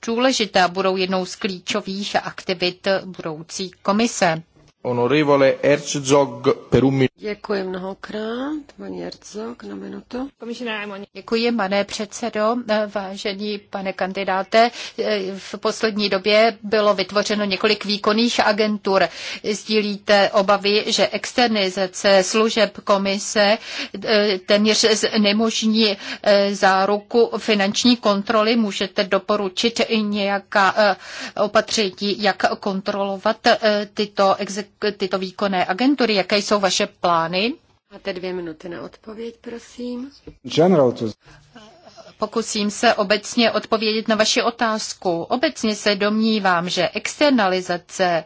důležité a budou jednou z klíčových aktivit budoucí komise. Honorevole Herzog per un Děkuji mnohokrát, paní Herzog, na minutu. Děkuji, pane předsedo. Vážení pane kandidáte, v poslední době bylo vytvořeno několik výkonných agentur. Sdílíte obavy, že externizace služeb komise eh, téměř znemožní eh, záruku finanční kontroly. Můžete doporučit nějaká eh, opatření, jak kontrolovat tyto exekutivní tyto výkonné agentury. Jaké jsou vaše plány? Máte dvě minuty na odpověď, prosím. General to... Pokusím se obecně odpovědět na vaši otázku. Obecně se domnívám, že externalizace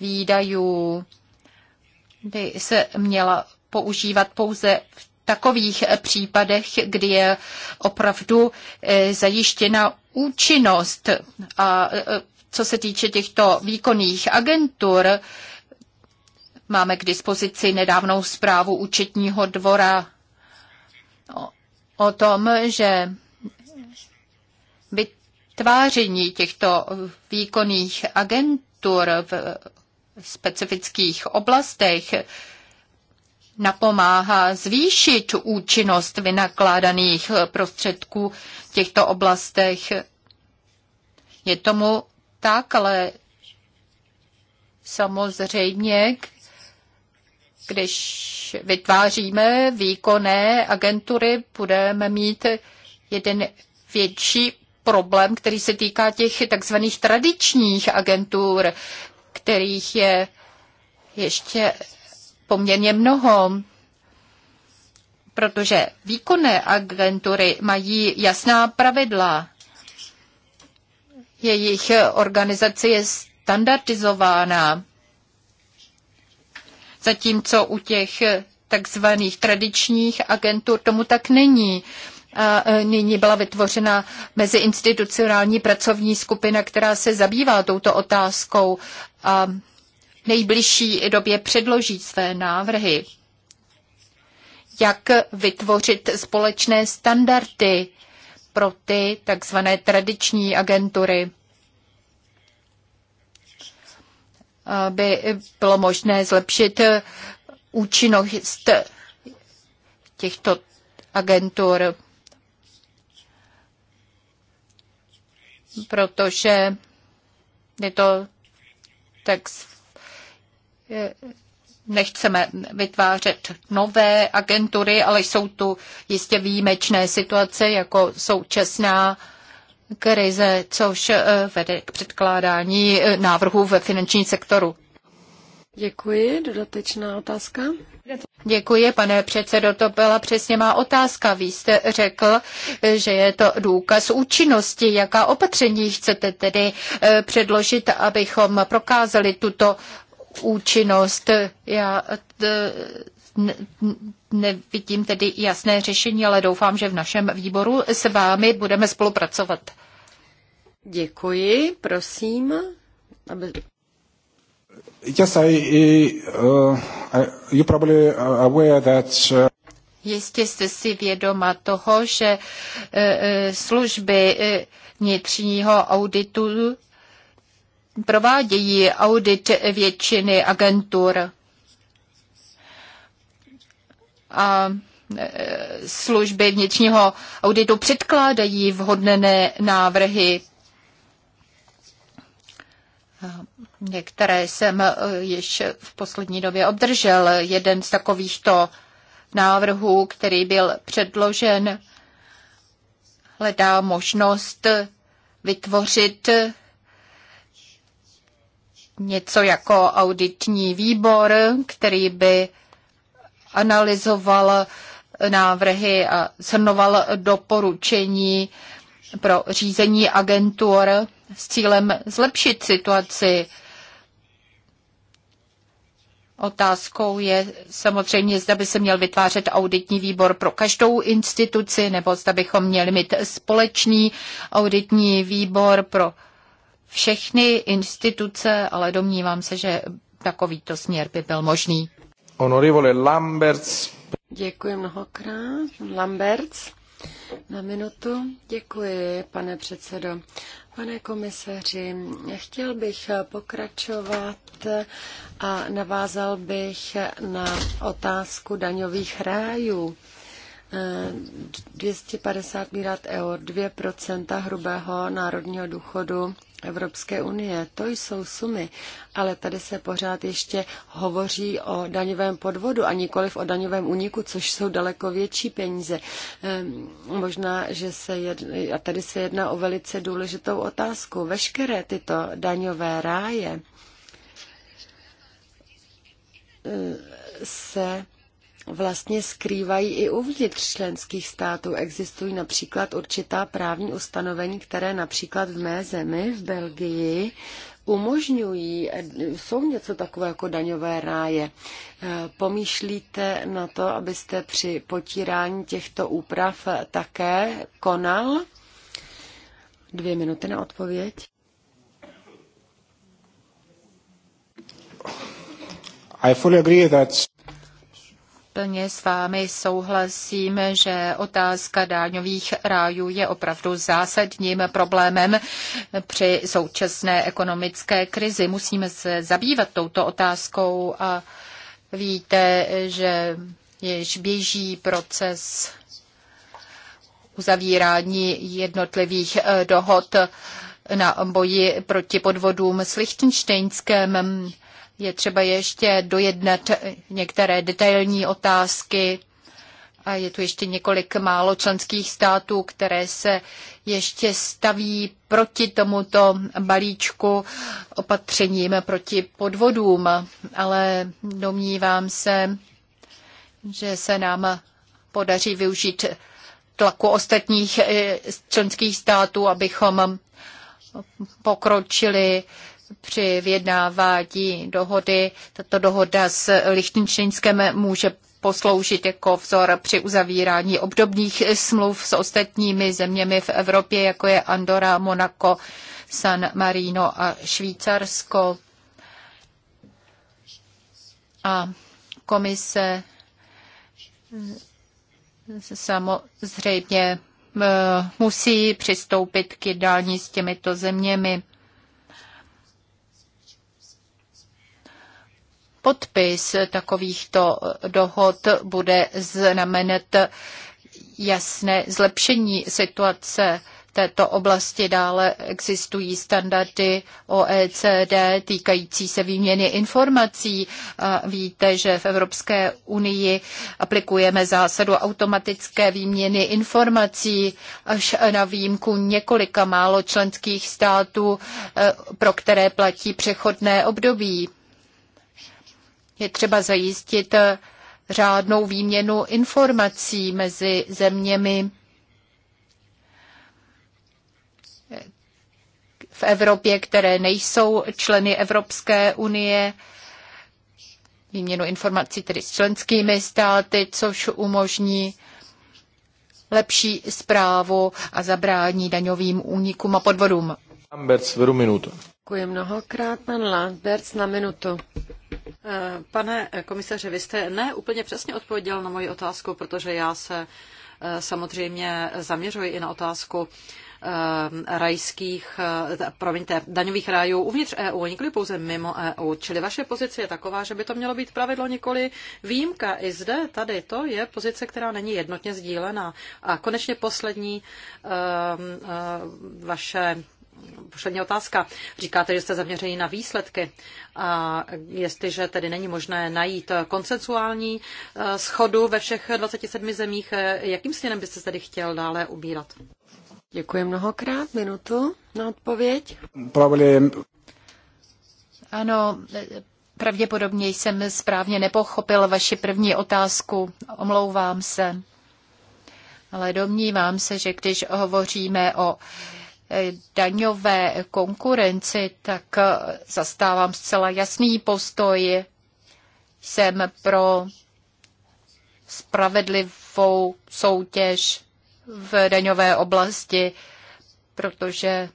výdajů by se měla používat pouze v takových případech, kdy je opravdu eh, zajištěna účinnost. A eh, co se týče těchto výkonných agentur, Máme k dispozici nedávnou zprávu účetního dvora o, o tom, že vytváření těchto výkonných agentur v specifických oblastech napomáhá zvýšit účinnost vynakládaných prostředků v těchto oblastech. Je tomu tak, ale samozřejmě když vytváříme výkonné agentury, budeme mít jeden větší problém, který se týká těch takzvaných tradičních agentur, kterých je ještě poměrně mnoho, protože výkonné agentury mají jasná pravidla. Jejich organizace je standardizována zatímco u těch takzvaných tradičních agentur tomu tak není. A e, nyní byla vytvořena meziinstitucionální pracovní skupina, která se zabývá touto otázkou a v nejbližší době předloží své návrhy. Jak vytvořit společné standardy pro ty takzvané tradiční agentury? by bylo možné zlepšit účinnost těchto agentur, protože je to tak nechceme vytvářet nové agentury, ale jsou tu jistě výjimečné situace, jako současná krize, což eh, vede k předkládání eh, návrhů ve finančním sektoru. Děkuji. Dodatečná otázka. Děkuji, pane předsedo. To byla přesně má otázka. Vy jste řekl, že je to důkaz účinnosti. Jaká opatření chcete tedy eh, předložit, abychom prokázali tuto účinnost? Já nevidím tedy jasné řešení, ale doufám, že v našem výboru s vámi budeme spolupracovat. Děkuji, prosím. Aby... Yes, I, uh, you probably aware that uh... Jistě jste si vědoma toho, že uh, uh, služby uh, vnitřního auditu provádějí audit většiny agentur. A služby vnitřního auditu předkládají vhodné návrhy Některé jsem eh, již v poslední době obdržel. Jeden z takovýchto návrhů, který byl předložen, hledá možnost vytvořit něco jako auditní výbor, který by analyzoval návrhy a shrnoval doporučení pro řízení agentur s cílem zlepšit situaci. Otázkou je samozřejmě, zda by se měl vytvářet auditní výbor pro každou instituci, nebo zda bychom měli mít společný auditní výbor pro všechny instituce, ale domnívám se, že takovýto směr by byl možný. Honorivole Lamberts. Děkuji mnohokrát. Lamberts. Na minutu. Děkuji, pane předsedo. Pane komisaři, chtěl bych pokračovat a navázal bych na otázku daňových rájů. Eh, 250 miliard eur, 2% hrubého národního důchodu Evropské unie. To jsou sumy, ale tady se pořád ještě hovoří o daňovém podvodu a nikoliv o daňovém úniku, což jsou daleko větší peníze. Ehm, možná, že se jedná, a tady se jedná o velice důležitou otázku. Veškeré tyto daňové ráje ehm, se vlastně skrývají i uvnitř členských států. Existují například určitá právní ustanovení, které například v mé zemi, v Belgii, umožňují, jsou něco takové jako daňové ráje. Eh, pomýšlíte na to, abyste při potírání těchto úprav také konal? Dvě minuty na odpověď. I fully agree that plně s vámi souhlasím, že otázka dáňových rájů je opravdu zásadním problémem při současné ekonomické krizi. Musíme se zabývat touto otázkou a víte, že již běží proces uzavírání jednotlivých eh, dohod na boji proti podvodům s Lichtenštejnskem. Je třeba ještě dojednat některé detailní otázky. A je tu ještě několik málo členských států, které se ještě staví proti tomuto balíčku opatřením proti podvodům, ale domnívám se, že se nám podaří využít tlaku ostatních eh, členských států, abychom pokročili při vyjednávání dohody. Tato dohoda s Lichtenštejnskem může posloužit jako vzor při uzavírání obdobných smluv s ostatními zeměmi v Evropě, jako je Andora, Monako, San Marino a Švýcarsko. A komise samozřejmě eh, musí přistoupit k jednání s těmito zeměmi. podpis takovýchto dohod bude znamenat jasné zlepšení situace této oblasti dále existují standardy OECD týkající se výměny informací. A víte, že v Evropské unii aplikujeme zásadu automatické výměny informací až na výjimku několika málo členských států, e, pro které platí přechodné období. Je třeba zajistit eh, řádnou výměnu informací mezi zeměmi v Evropě, které nejsou členy Evropské unie, výměnu informací tedy s členskými státy, což umožní lepší zprávu a zabrání daňovým únikům a podvodům. Lamberts, veru minutu. Děkuji mnohokrát, pan Lamberts, na minutu. Pane komisaře, vy jste ne úplně přesně odpověděl na moji otázku, protože já se eh, samozřejmě zaměřuji i na otázku eh, rajských, eh, promiňte, daňových rájů uvnitř EU, nikoli pouze mimo EU. Čili vaše pozice je taková, že by to mělo být pravidlo nikoli výjimka. I zde, tady, to je pozice, která není jednotně sdílená. A konečně poslední vaše poslední otázka. Říkáte, že jste zaměřeni na výsledky. A jestliže tedy není možné najít konsensuální eh, schodu ve všech 27 zemích, eh, jakým směrem byste tedy chtěl dále ubírat? Děkuji mnohokrát. Minutu na odpověď. Problem. Ano, pravděpodobně jsem správně nepochopil vaši první otázku. Omlouvám se. Ale domnívám se, že když hovoříme o Eh, daňové konkurenci, tak eh, zastávám zcela jasný postoj. Jsem pro spravedlivou soutěž v daňové oblasti, protože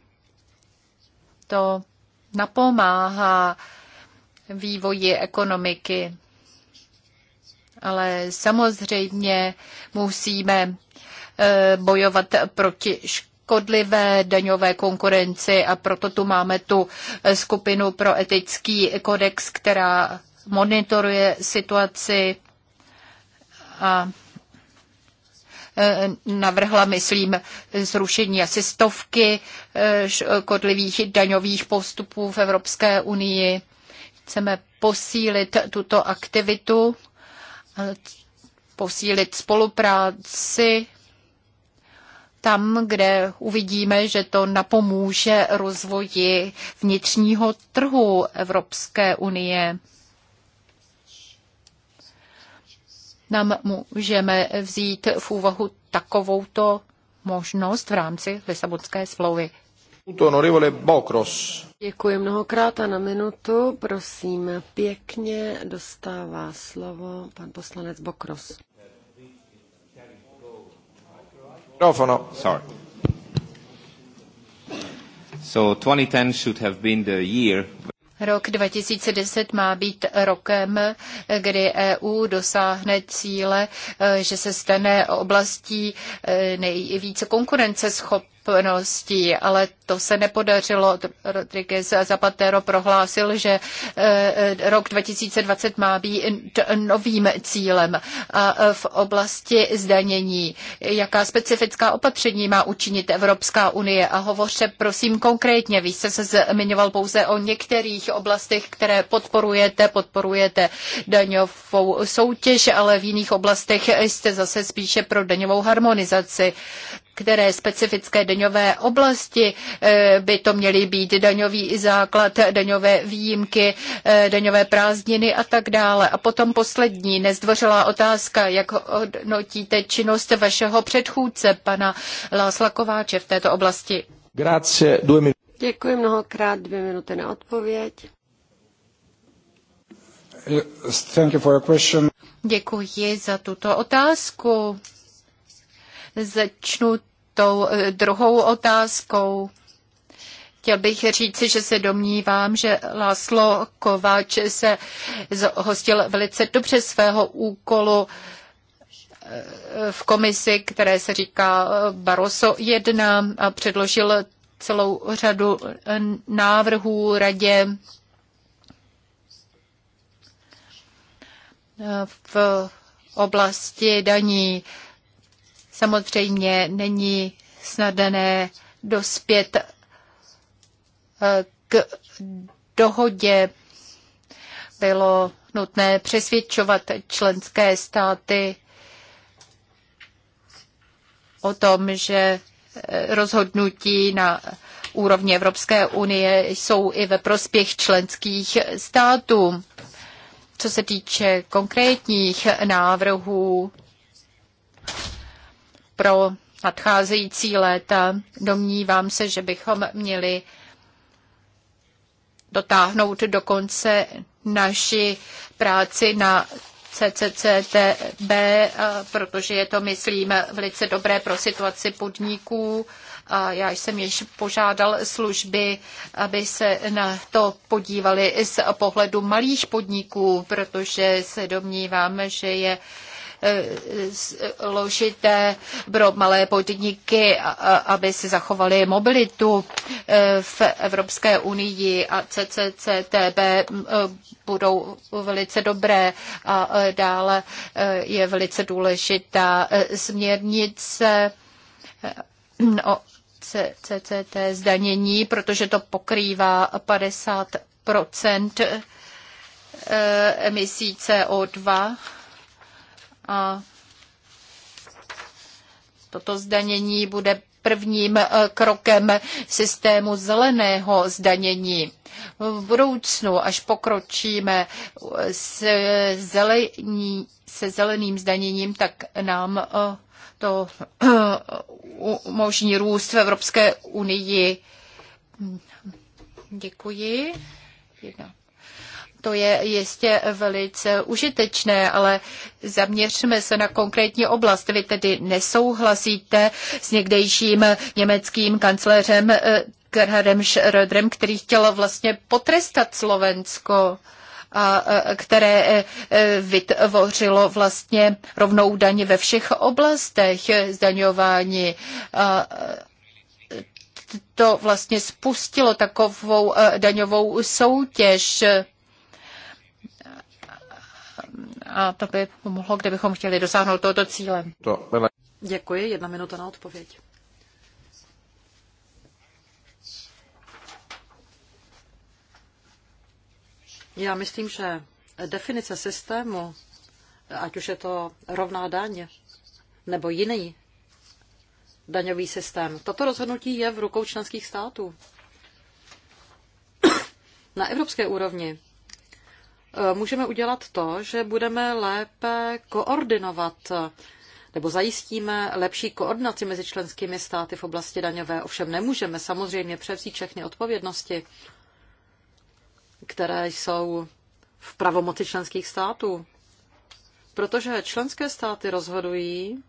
to napomáhá vývoji ekonomiky. Ale samozřejmě musíme eh, bojovat proti škodě škodlivé daňové konkurenci a proto tu máme tu eh, skupinu pro etický kodex, která monitoruje situaci a eh, navrhla, myslím, zrušení asi stovky eh, škodlivých daňových postupů v Evropské unii. Chceme posílit tuto aktivitu, posílit spolupráci tam, kde uvidíme, že to napomůže rozvoji vnitřního trhu Evropské unie. Nám můžeme vzít v úvahu takovouto možnost v rámci Lisabonské smlouvy. Děkuji mnohokrát a na minutu, prosím, pěkně dostává slovo pan poslanec Bokros. Microfono. Sorry. So 2010 should have been the year Rok 2010 má být rokem, kdy EU dosáhne cíle, eh, že se stane oblastí eh, nejvíce konkurenceschopnou povinností, ale to se nepodařilo. Rodriguez Zapatero prohlásil, že eh, rok 2020 má být novým cílem a eh, v oblasti zdanění. Jaká specifická opatření má učinit Evropská unie? A hovoře prosím konkrétně, vy jste se zmiňoval pouze o některých oblastech, které podporujete, podporujete daňovou soutěž, ale v jiných oblastech jste zase spíše pro daňovou harmonizaci které specifické daňové oblasti eh, by to měly být daňový základ, daňové výjimky, eh, daňové prázdniny a tak dále. A potom poslední nezdvořilá otázka, jak hodnotíte činnost vašeho předchůdce, pana Lásla Kováče v této oblasti. Grazie, Děkuji mnohokrát, dvě minuty na odpověď. Thank you for your question. Děkuji za tuto otázku. Začnu tou eh, druhou otázkou. Chtěl bych říci, že se domnívám, že Láslo Kováč se hostil velice dobře svého úkolu eh, v komisi, které se říká eh, Baroso 1 a předložil celou řadu návrhů radě v oblasti daní. Samozřejmě není snadné dospět eh, k dohodě. Bylo nutné přesvědčovat členské státy o tom, že eh, rozhodnutí na úrovni Evropské unie jsou i ve prospěch členských států. Co se týče konkrétních návrhů, pro nadcházející léta. Domnívám se, že bychom měli dotáhnout do konce naši práci na CCCTB, protože je to, myslím, velice dobré pro situaci podniků. A já jsem již požádal služby, aby se na to podívali z pohledu malých podniků, protože se domnívám, že je složité eh, eh, pro malé podniky, aby si zachovali mobilitu eh, v Evropské unii a CCCTB mm, budou velice dobré a dále je velice důležitá směrnice o CCT zdanění, protože to pokrývá 50 emisí CO2 a toto zdanění bude prvním eh, krokem systému zeleného zdanění. V budoucnu, až pokročíme se, zelení, se zeleným zdaněním, tak nám eh, to eh, umožní růst v Evropské unii. Děkuji. Jedna to je jistě velice užitečné, ale zaměřme se na konkrétní oblast. Vy tedy nesouhlasíte s někdejším německým kancléřem eh, Gerhardem Schröderem, který chtěl vlastně potrestat Slovensko a eh, které eh, vytvořilo vlastně rovnou daně ve všech oblastech zdaňování. A to vlastně spustilo takovou daňovou soutěž a to by pomohlo, kdybychom chtěli dosáhnout tohoto cíle. Děkuji, jedna minuta na odpověď. Já myslím, že definice systému, ať už je to rovná daň nebo jiný daňový systém, toto rozhodnutí je v rukou členských států. Na evropské úrovni E, můžeme udělat to, že budeme lépe koordinovat nebo zajistíme lepší koordinaci mezi členskými státy v oblasti daňové. Ovšem nemůžeme samozřejmě převzít všechny odpovědnosti, které jsou v pravomoci členských států. Protože členské státy rozhodují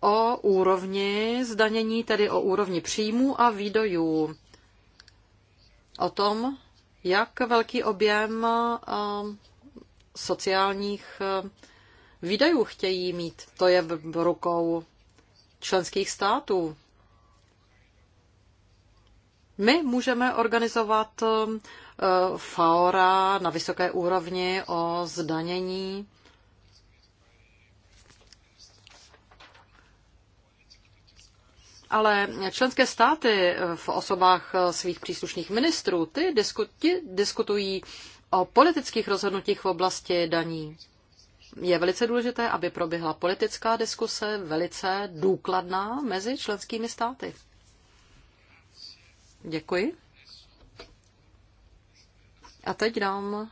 o úrovni zdanění, tedy o úrovni příjmů a výdojů. O tom, jak velký objem eh, sociálních eh, výdajů chtějí mít. To je v rukou členských států. My můžeme organizovat eh, fora na vysoké úrovni o zdanění ale členské státy v osobách svých příslušných ministrů, ty diskutují o politických rozhodnutích v oblasti daní. Je velice důležité, aby proběhla politická diskuse, velice důkladná mezi členskými státy. Děkuji. A teď dám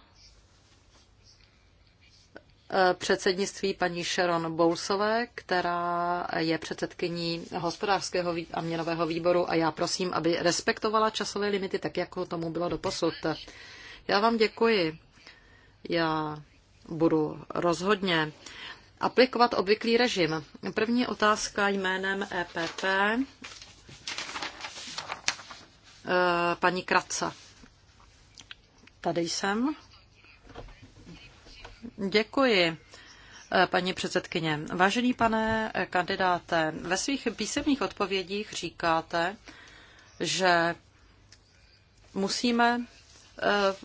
Eh, předsednictví paní Sharon Bousové, která je předsedkyní hospodářského a měnového výboru a já prosím, aby respektovala časové limity, tak jako tomu bylo doposud. Já vám děkuji. Já budu rozhodně aplikovat obvyklý režim. První otázka jménem EPP. Eh, paní Kratca. Tady jsem. Děkuji. Eh, paní předsedkyně, vážený pane eh, kandidáte, ve svých písemných odpovědích říkáte, že musíme eh,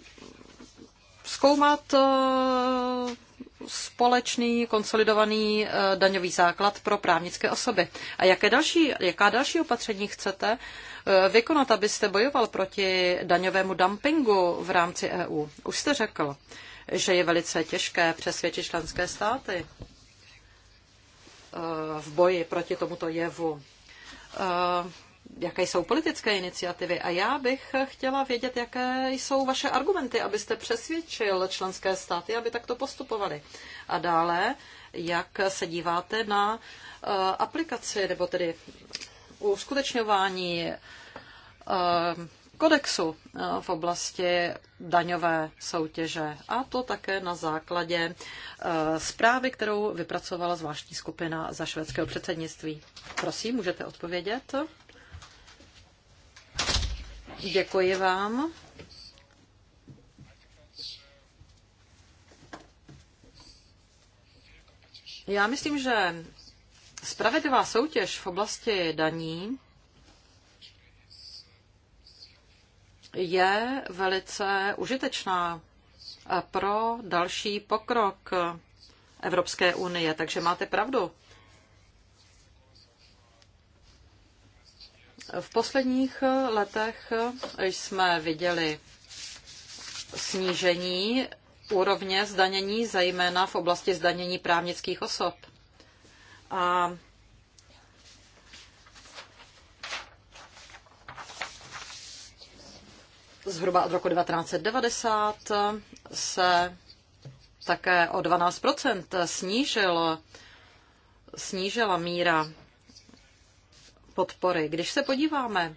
zkoumat společný konsolidovaný daňový základ pro právnické osoby. A jaké další, jaká další opatření chcete vykonat, abyste bojoval proti daňovému dumpingu v rámci EU? Už jste řekl, že je velice těžké přesvědčit členské státy eh, v boji proti tomuto jevu. Eh, jaké jsou politické iniciativy? A já bych chtěla vědět, jaké jsou vaše argumenty, abyste přesvědčil členské státy, aby takto postupovali. A dále, jak se díváte na eh, aplikaci, nebo tedy uskutečňování kodexu eh, v oblasti daňové soutěže. A to také na základě eh, zprávy, kterou vypracovala zvláštní skupina za švédského předsednictví. Prosím, můžete odpovědět. Děkuji vám. Já myslím, že spravedlivá soutěž v oblasti daní je velice užitečná pro další pokrok Evropské unie. Takže máte pravdu. V posledních letech jsme viděli snížení úrovně zdanění, zejména v oblasti zdanění právnických osob. A zhruba od roku 1990 se také o 12 snížil, snížila míra podpory. Když se podíváme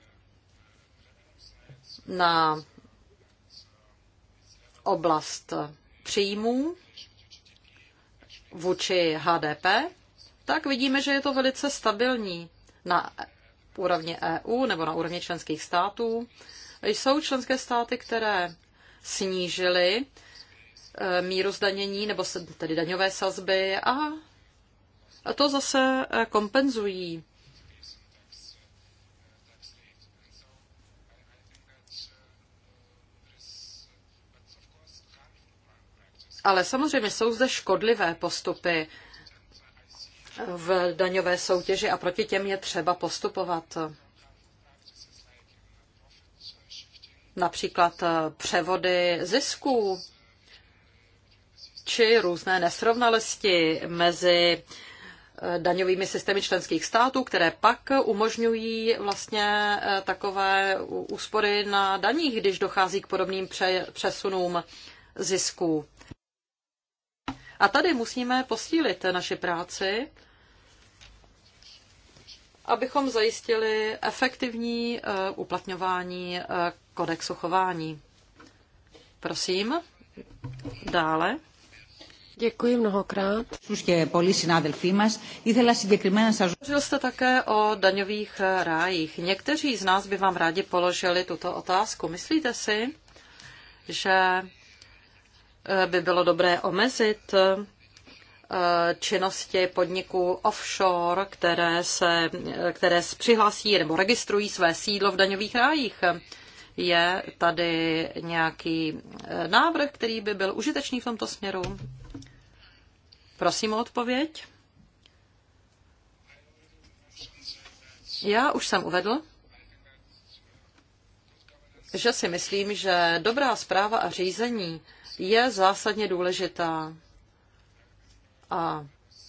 na oblast příjmů vůči HDP, tak vidíme, že je to velice stabilní na úrovni EU nebo na úrovni členských států. Jsou členské státy, které snížily eh, míru zdanění nebo tedy daňové sazby a to zase eh, kompenzují Ale samozřejmě jsou zde škodlivé postupy eh, v daňové soutěži a proti těm je třeba postupovat. například eh, převody zisků či různé nesrovnalosti mezi eh, daňovými systémy členských států, které pak umožňují vlastně eh, takové úspory na daních, když dochází k podobným přesunům zisků. A tady musíme posílit naši práci, abychom zajistili efektivní uplatňování kodexu chování. Prosím, dále. Děkuji mnohokrát. Hovořil jste také o daňových rájích. Někteří z nás by vám rádi položili tuto otázku. Myslíte si, že eh, by bylo dobré omezit eh, činnosti podniků offshore, které, se, eh, které přihlásí nebo registrují své sídlo v daňových rájích. Je tady nějaký eh, návrh, který by byl užitečný v tomto směru? Prosím o odpověď. Já už jsem uvedl, že si myslím, že dobrá zpráva a řízení je zásadně důležitá. A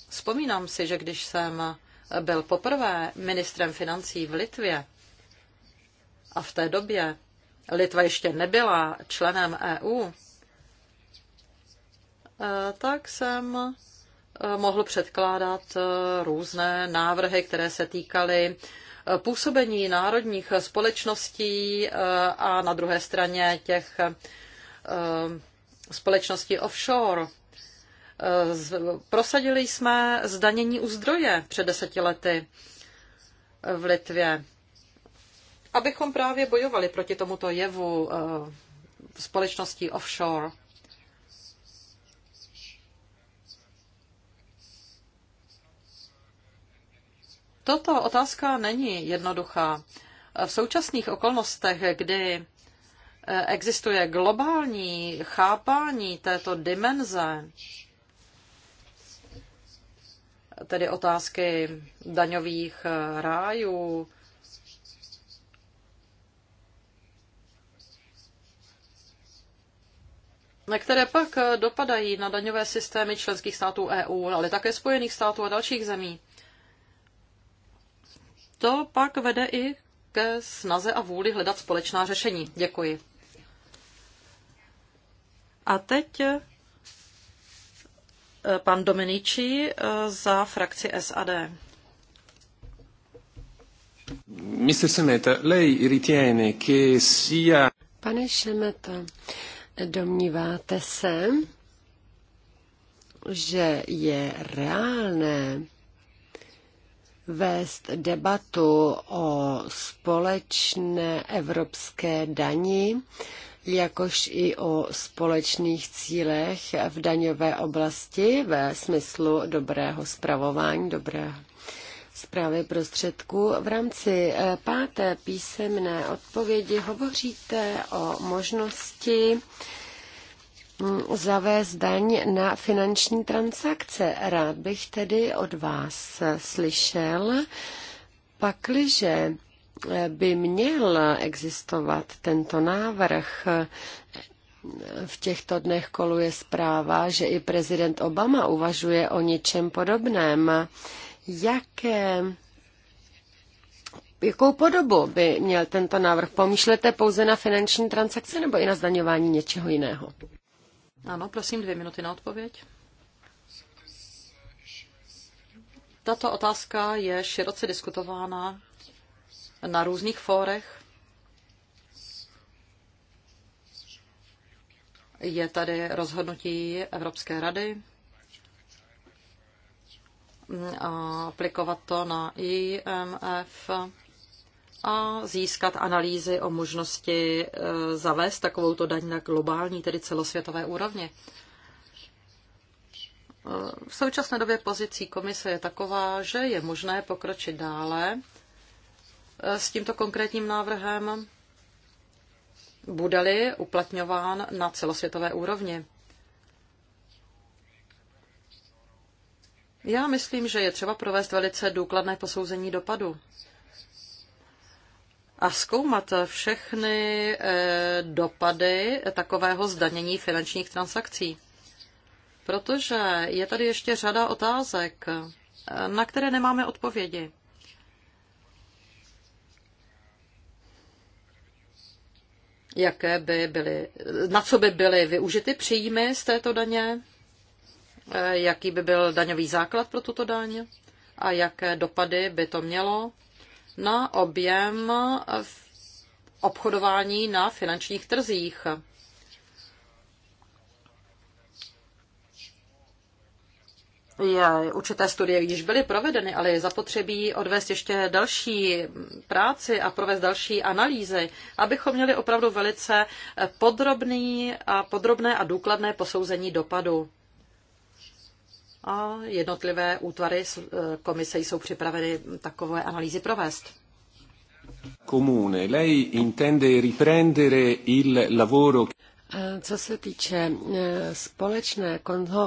vzpomínám si, že když jsem byl poprvé ministrem financí v Litvě a v té době Litva ještě nebyla členem EU, eh, tak jsem eh, mohl předkládat eh, různé návrhy, které se týkaly působení národních společností a na druhé straně těch společností offshore. Prosadili jsme zdanění u zdroje před deseti lety v Litvě abychom právě bojovali proti tomuto jevu eh, společností offshore. Toto otázka není jednoduchá. V současných okolnostech, kdy eh, existuje globální chápání této dimenze, tedy otázky daňových eh, rájů, které pak eh, dopadají na daňové systémy členských států EU, ale také Spojených států a dalších zemí. To pak vede i ke snaze a vůli hledat společná řešení. Děkuji. A teď eh, pan Domenici eh, za frakci SAD. Mr. Semeta, lei ritiene che sia... Pane Šemeta, Domníváte se, že je reálné vést debatu o společné evropské dani, jakož i o společných cílech v daňové oblasti ve smyslu dobrého zpravování, dobrého zprávy prostředků. V rámci eh, páté písemné odpovědi hovoříte o možnosti mm, zavést daň na finanční transakce. Rád bych tedy od vás eh, slyšel, pakliže eh, by měl existovat tento návrh, v těchto dnech koluje zpráva, že i prezident Obama uvažuje o něčem podobném. Jakou podobu by měl tento návrh? Pomýšlete pouze na finanční transakce nebo i na zdaňování něčeho jiného? Ano, prosím, dvě minuty na odpověď. Tato otázka je široce diskutována na různých fórech. Je tady rozhodnutí Evropské rady aplikovat to na IMF a získat analýzy o možnosti eh, zavést takovouto daň na globální, tedy celosvětové úrovni. Eh, v současné době pozicí komise je taková, že je možné pokročit dále eh, s tímto konkrétním návrhem, bude-li uplatňován na celosvětové úrovni. Já myslím, že je třeba provést velice důkladné posouzení dopadu a zkoumat všechny eh, dopady takového zdanění finančních transakcí. Protože je tady ještě řada otázek, eh, na které nemáme odpovědi. Jaké by byly, na co by byly využity příjmy z této daně? Eh, jaký by byl daňový základ pro tuto daň a jaké dopady by to mělo na objem eh, obchodování na finančních trzích. Je, určité studie již byly provedeny, ale je zapotřebí odvést ještě další práci a provést další analýzy, abychom měli opravdu velice eh, podrobný a podrobné a důkladné posouzení dopadu a jednotlivé útvary eh, komise jsou připraveny takové analýzy provést. Comune, lei intende riprendere il lavoro Eh, co se týče eh, společné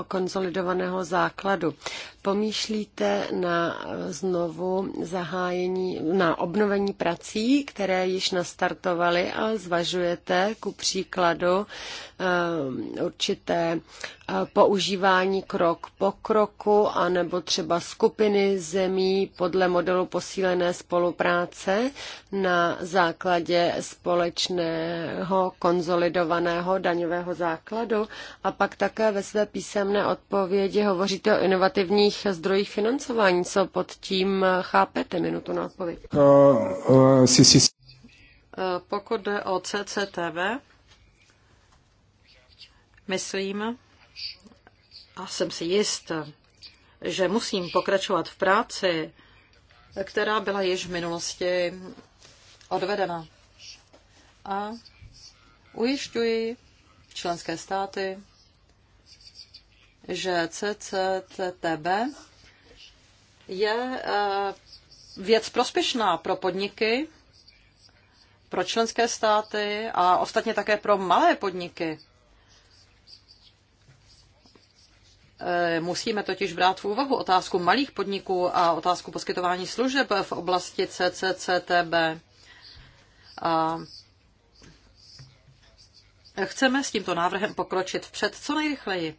konsolidovaného základu, pomýšlíte na eh, znovu zahájení, na obnovení prací, které již nastartovaly a zvažujete ku příkladu určité používání krok po kroku, anebo třeba skupiny zemí podle modelu posílené spolupráce na základě společného konzolidovaného nového daňového základu a pak také ve své písemné odpovědi hovoříte o inovativních zdrojích financování. Co pod tím chápete? Minutu na odpověď. Uh, uh, si, si. Eh, pokud jde o CCTV, myslím a jsem si jist, že musím pokračovat v práci, která byla již v minulosti odvedena. A Ujišťuji členské státy, že CCTB je eh, věc prospěšná pro podniky, pro členské státy a ostatně také pro malé podniky. Eh, musíme totiž brát v úvahu otázku malých podniků a otázku poskytování služeb v oblasti CCCTB. A Chceme s tímto návrhem pokročit vpřed co nejrychleji.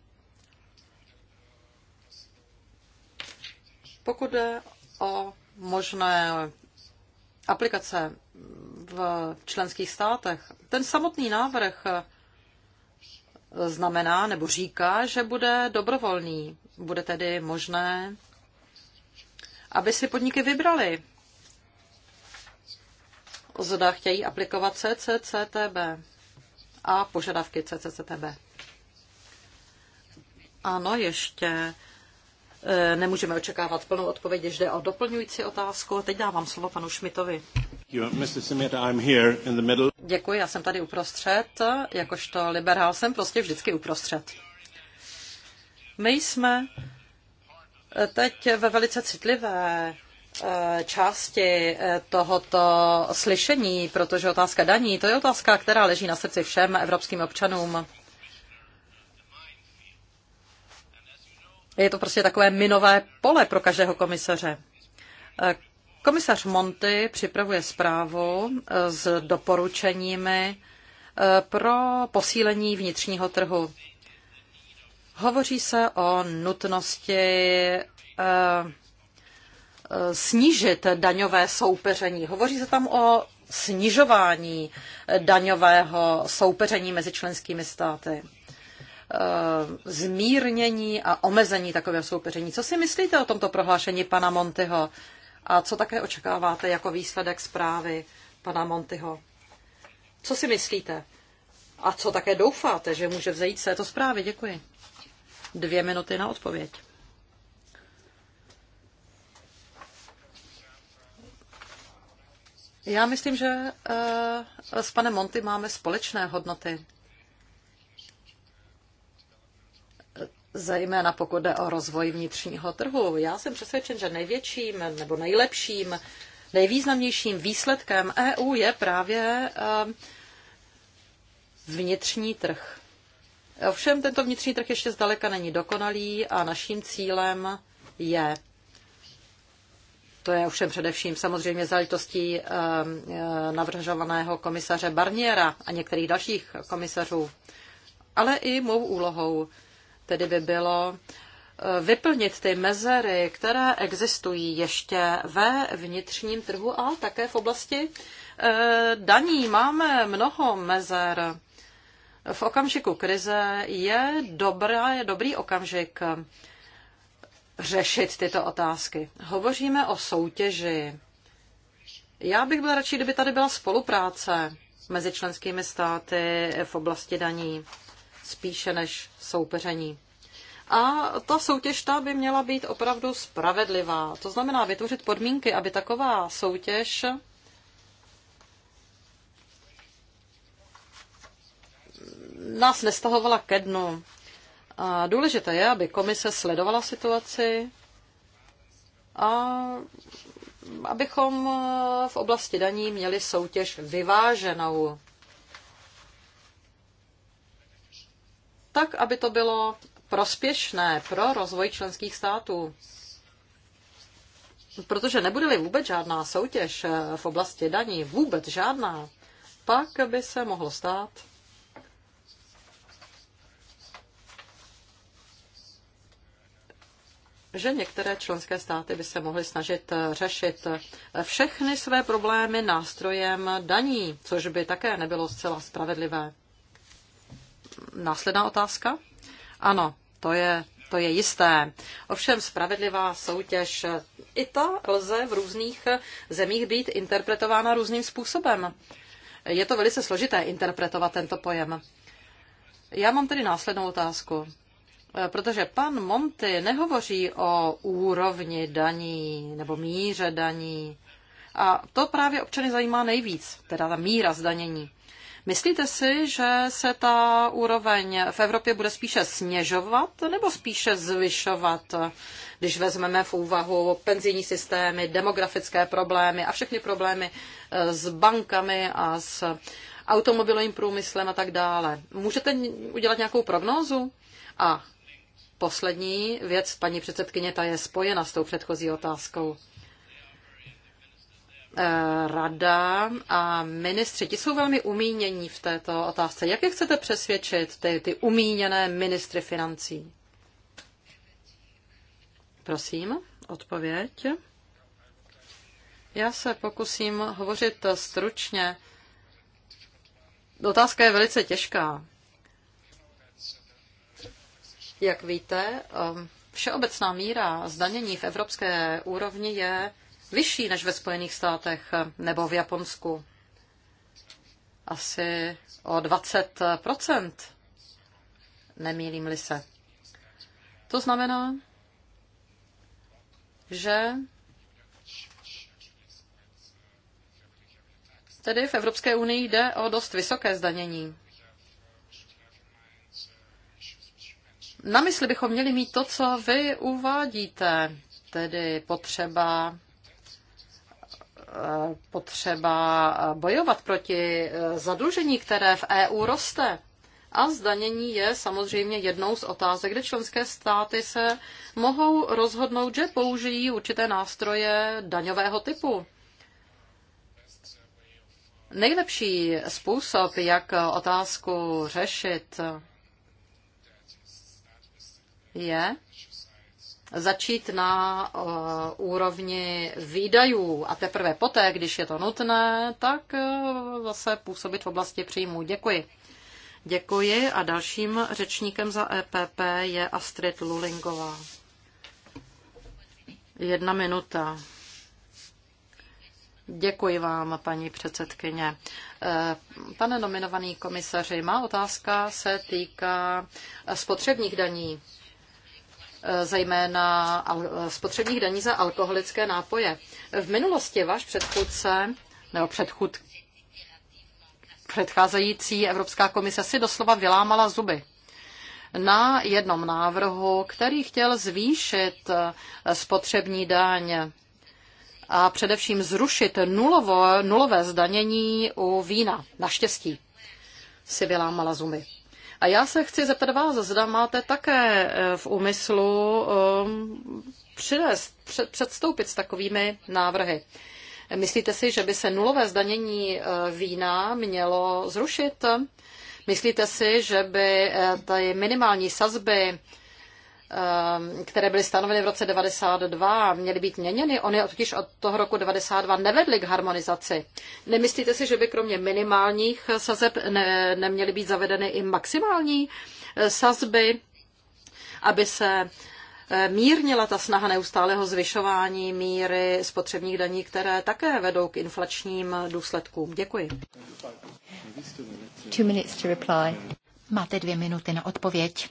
Pokud jde o možné aplikace v členských státech, ten samotný návrh znamená nebo říká, že bude dobrovolný. Bude tedy možné, aby si podniky vybrali, zda chtějí aplikovat CCCTB a požadavky CCCTB. Ano, ještě e, nemůžeme očekávat plnou odpověď, když jde o doplňující otázku. Teď dávám slovo panu Šmitovi. Děkuji, já jsem tady uprostřed. Jakožto liberál jsem prostě vždycky uprostřed. My jsme e, teď ve velice citlivé Eh, části eh, tohoto slyšení, protože otázka daní, to je otázka, která leží na srdci všem evropským občanům. Je to prostě takové minové pole pro každého komisaře. Eh, komisař Monty připravuje zprávu s doporučeními pro posílení vnitřního trhu. Hovoří se o nutnosti snížit daňové soupeření. Hovoří se tam o snižování daňového soupeření mezi členskými státy eh, zmírnění a omezení takového soupeření. Co si myslíte o tomto prohlášení pana Montyho? A co také očekáváte jako výsledek zprávy pana Montyho? Co si myslíte? A co také doufáte, že může vzejít z této zprávy? Děkuji. Dvě minuty na odpověď. Já myslím, že eh, s panem Monty máme společné hodnoty. zejména pokud jde o rozvoj vnitřního trhu. Já jsem přesvědčen, že největším nebo nejlepším, nejvýznamnějším výsledkem EU je právě eh, vnitřní trh. Ovšem tento vnitřní trh ještě zdaleka není dokonalý a naším cílem je to je ovšem především samozřejmě záležitostí eh, navržovaného komisaře Barniera a některých dalších komisařů, ale i mou úlohou. Tedy by bylo eh, vyplnit ty mezery, které existují ještě ve vnitřním trhu a také v oblasti eh, daní. Máme mnoho mezer. V okamžiku krize je dobrá, je dobrý okamžik řešit tyto otázky. Hovoříme o soutěži. Já bych byl radši, kdyby tady byla spolupráce mezi členskými státy v oblasti daní, spíše než soupeření. A ta soutěž ta by měla být opravdu spravedlivá. To znamená vytvořit podmínky, aby taková soutěž nás nestahovala ke dnu. A důležité je, aby komise sledovala situaci a abychom eh, v oblasti daní měli soutěž vyváženou. Tak, aby to bylo prospěšné pro rozvoj členských států. Protože nebude-li vůbec žádná soutěž eh, v oblasti daní, vůbec žádná, pak by se mohlo stát, že některé členské státy by se mohly snažit eh, řešit eh, všechny své problémy nástrojem daní, což by také nebylo zcela spravedlivé. Následná otázka? Ano, to je, to je jisté. Ovšem spravedlivá soutěž, i ta lze v různých eh, zemích být interpretována různým způsobem. Je to velice složité interpretovat tento pojem. Já mám tedy následnou otázku. Eh, protože pan Monty nehovoří o úrovni daní nebo míře daní. A to právě občany zajímá nejvíc, teda ta míra zdanění. Myslíte si, že se ta úroveň v Evropě bude spíše sněžovat nebo spíše zvyšovat, když vezmeme v úvahu penzijní systémy, demografické problémy a všechny problémy eh, s bankami a s automobilovým průmyslem a tak dále? Můžete udělat nějakou prognózu? A poslední věc, paní předsedkyně, ta je spojena s tou předchozí otázkou. E, rada a ministři, ti jsou velmi umínění v této otázce. Jak je chcete přesvědčit, ty, ty umíněné ministry financí? Prosím, odpověď. Já se pokusím hovořit stručně. Otázka je velice těžká. Jak víte, um, všeobecná míra zdanění v evropské úrovni je vyšší než ve Spojených státech nebo v Japonsku. Asi o 20 nemýlím-li se. To znamená, že tedy v Evropské unii jde o dost vysoké zdanění. Na mysli bychom měli mít to, co vy uvádíte, tedy potřeba eh, potřeba eh, bojovat proti eh, zadlužení, které v EU roste. A zdanění je samozřejmě jednou z otázek, kde členské státy se mohou rozhodnout, že použijí určité nástroje daňového typu. Nejlepší způsob, jak otázku řešit, je začít na úrovni výdajů a teprve poté, když je to nutné, tak zase působit v oblasti příjmů. Děkuji. Děkuji a dalším řečníkem za EPP je Astrid Lulingová. Jedna minuta. Děkuji vám, paní předsedkyně. E, pane nominovaný komisaři, má otázka se týká spotřebních daní. Eh, zejména eh, spotřebních daní za alkoholické nápoje. V minulosti váš předchůdce nebo předchůd, předcházející Evropská komise si doslova vylámala zuby na jednom návrhu, který chtěl zvýšit eh, spotřební daň a především zrušit nulovo, nulové zdanění u vína. Naštěstí si vylámala zuby. A já se chci zeptat vás, zda máte také eh, v úmyslu eh, přinést, před, předstoupit s takovými návrhy. Myslíte si, že by se nulové zdanění eh, vína mělo zrušit? Myslíte si, že by ty minimální sazby Ehm, které byly stanoveny v roce 92, měly být měněny. Ony totiž od toho roku 92 nevedly k harmonizaci. Nemyslíte si, že by kromě minimálních sazeb ne, neměly být zavedeny i maximální eh, sazby, aby se eh, mírnila ta snaha neustálého zvyšování míry spotřebních daní, které také vedou k inflačním důsledkům. Děkuji. Two minutes to reply. Máte dvě minuty na odpověď.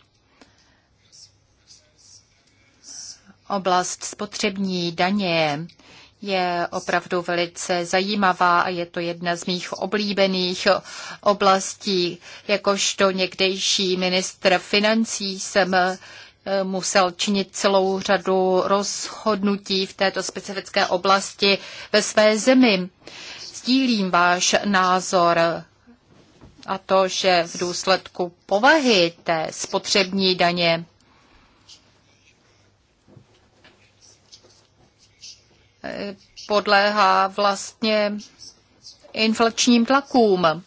Oblast spotřební daně je opravdu velice zajímavá a je to jedna z mých oblíbených oblastí. Jakožto někdejší ministr financí jsem eh, musel činit celou řadu rozhodnutí v této specifické oblasti ve své zemi. Sdílím váš názor a to, že v důsledku povahy té spotřební daně podléhá vlastně inflačním tlakům.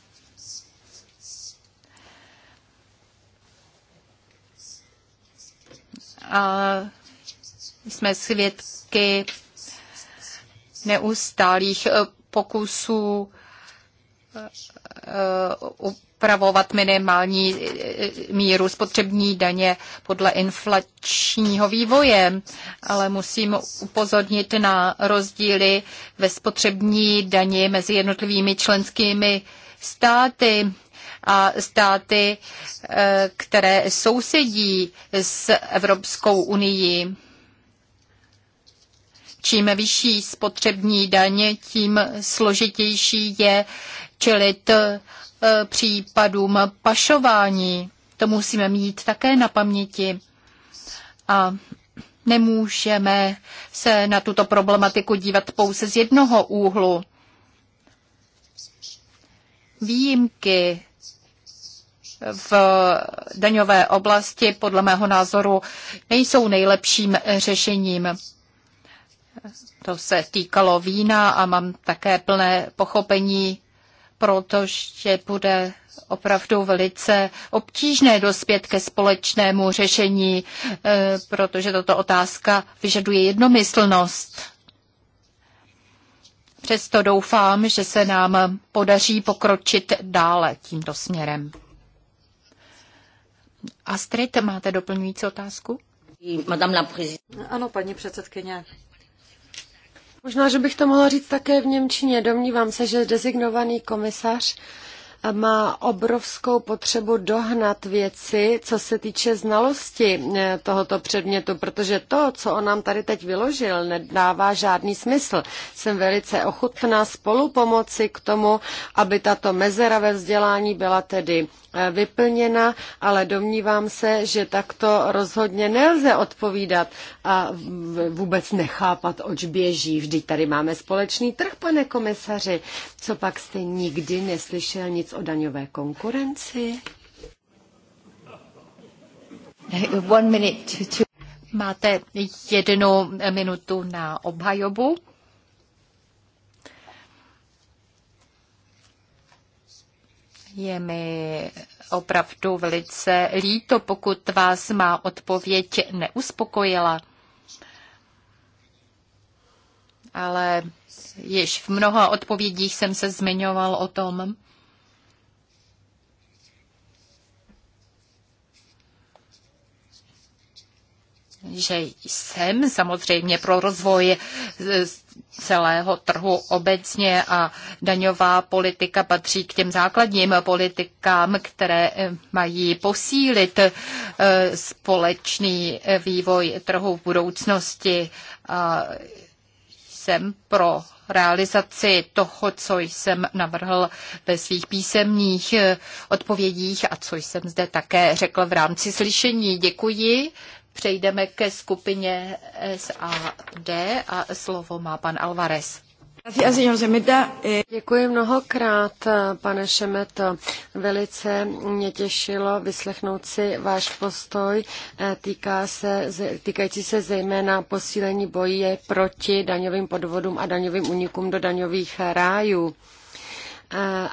A jsme svědky neustálých pokusů eh, upravovat minimální e, e, míru spotřební daně podle inflačního vývoje, ale musím upozornit na rozdíly ve spotřební dani mezi jednotlivými členskými státy a státy, e, které sousedí s Evropskou unii. Čím vyšší spotřební daně, tím složitější je čelit E, případům pašování. To musíme mít také na paměti. A nemůžeme se na tuto problematiku dívat pouze z jednoho úhlu. Výjimky v daňové oblasti podle mého názoru nejsou nejlepším řešením. To se týkalo vína a mám také plné pochopení protože bude opravdu velice obtížné dospět ke společnému řešení, eh, protože tato otázka vyžaduje jednomyslnost. Přesto doufám, že se nám podaří pokročit dále tímto směrem. Astrid, máte doplňující otázku? Ano, paní předsedkyně. Možná, že bych to mohla říct také v Němčině. Domnívám se, že designovaný komisař má obrovskou potřebu dohnat věci, co se týče znalosti eh, tohoto předmětu, protože to, co on nám tady teď vyložil, nedává žádný smysl. Jsem velice ochutná spolupomoci k tomu, aby tato mezera ve vzdělání byla tedy eh, vyplněna, ale domnívám se, že takto rozhodně nelze odpovídat a vůbec nechápat, oč běží. Vždyť tady máme společný trh, pane komisaři. Co pak jste nikdy neslyšel nic o daňové konkurenci. One minute to, Máte jednu minutu na obhajobu. Je mi opravdu velice líto, pokud vás má odpověď neuspokojila. Ale již v mnoha odpovědích jsem se zmiňoval o tom, že jsem samozřejmě pro rozvoj e, celého trhu obecně a daňová politika patří k těm základním politikám, které e, mají posílit e, společný vývoj trhu v budoucnosti. A jsem pro realizaci toho, co jsem navrhl ve svých písemných odpovědích a co jsem zde také řekl v rámci slyšení. Děkuji přejdeme ke skupině SAD a slovo má pan Alvarez. Eh, Děkuji mnohokrát, pane Šemeto. Velice mě těšilo vyslechnout si váš postoj eh, týká se, týkající se zejména posílení boje proti daňovým podvodům a daňovým unikům do daňových rájů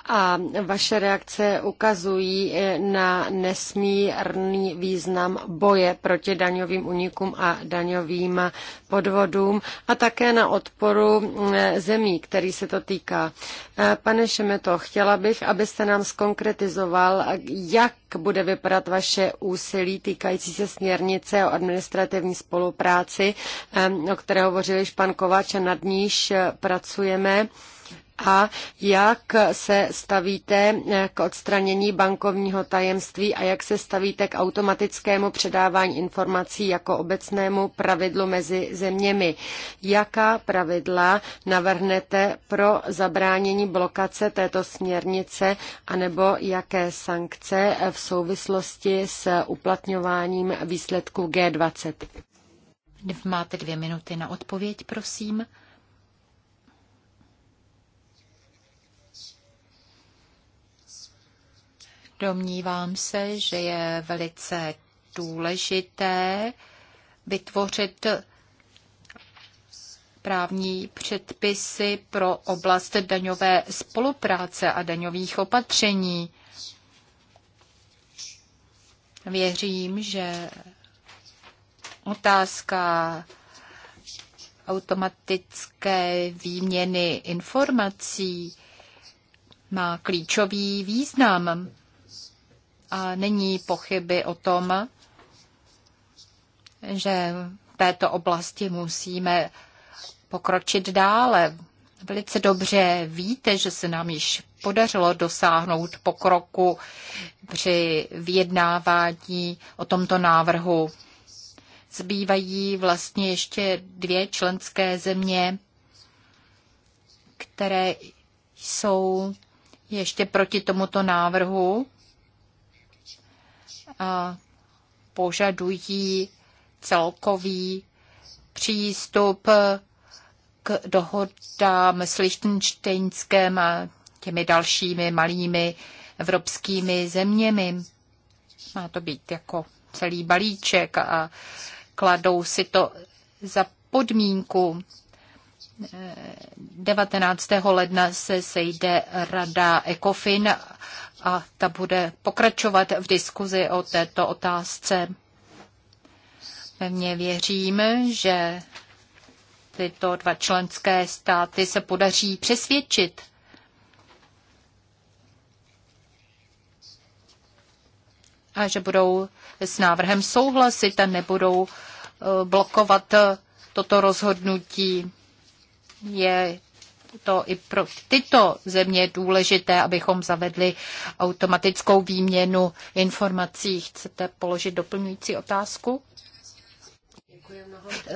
a vaše reakce ukazují eh, na nesmírný význam boje proti daňovým unikům a daňovým podvodům a také na odporu mm, zemí, který se to týká. Eh, pane Šemeto, chtěla bych, abyste nám skonkretizoval, jak bude vypadat vaše úsilí týkající se směrnice o administrativní spolupráci, o které hovořil již pan Kováč a nad níž eh, pracujeme a jak se stavíte k odstranění bankovního tajemství a jak se stavíte k automatickému předávání informací jako obecnému pravidlu mezi zeměmi. Jaká pravidla navrhnete pro zabránění blokace této směrnice anebo jaké sankce v souvislosti s uplatňováním výsledku G20? Máte dvě minuty na odpověď, prosím. Domnívám se, že je velice důležité vytvořit právní předpisy pro oblast daňové spolupráce a daňových opatření. Věřím, že otázka automatické výměny informací má klíčový význam a není pochyby o tom, že v této oblasti musíme pokročit dále. Velice dobře víte, že se nám již podařilo dosáhnout pokroku při vyjednávání o tomto návrhu. Zbývají vlastně ještě dvě členské země, které jsou ještě proti tomuto návrhu a požadují celkový přístup k dohodám s Lichtensteinskem a těmi dalšími malými evropskými zeměmi. Má to být jako celý balíček a kladou si to za podmínku. 19. Eh, ledna se sejde rada ECOFIN a ta bude pokračovat v diskuzi o této otázce. Pevně věřím, že tyto dva členské státy se podaří přesvědčit. A že budou s návrhem souhlasit a nebudou eh, blokovat eh, toto rozhodnutí. Je to i pro tyto země je důležité, abychom zavedli automatickou výměnu informací. Chcete položit doplňující otázku?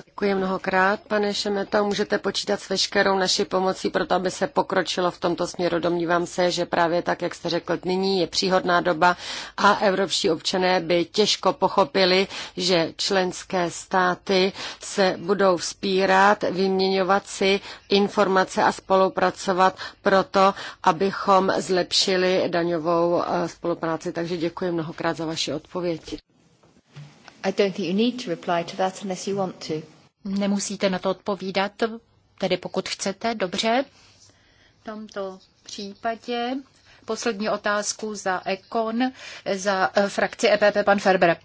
Děkuji, mnohokrát. pane Šemeta. Můžete počítat s veškerou naší pomocí, to, aby se pokročilo v tomto směru. Domnívám se, že právě tak, jak jste řekl, nyní je příhodná doba a evropští občané by těžko pochopili, že členské státy se budou vzpírat, vyměňovat si informace a spolupracovat proto, abychom zlepšili daňovou eh, spolupráci. Takže děkuji mnohokrát za vaši odpověď. I don't think you need to reply to that unless you want to. Nemusíte na to odpovídat, tedy pokud chcete, dobře. V tomto případě poslední otázku za Ekon, za eh, frakci EPP pan Ferber.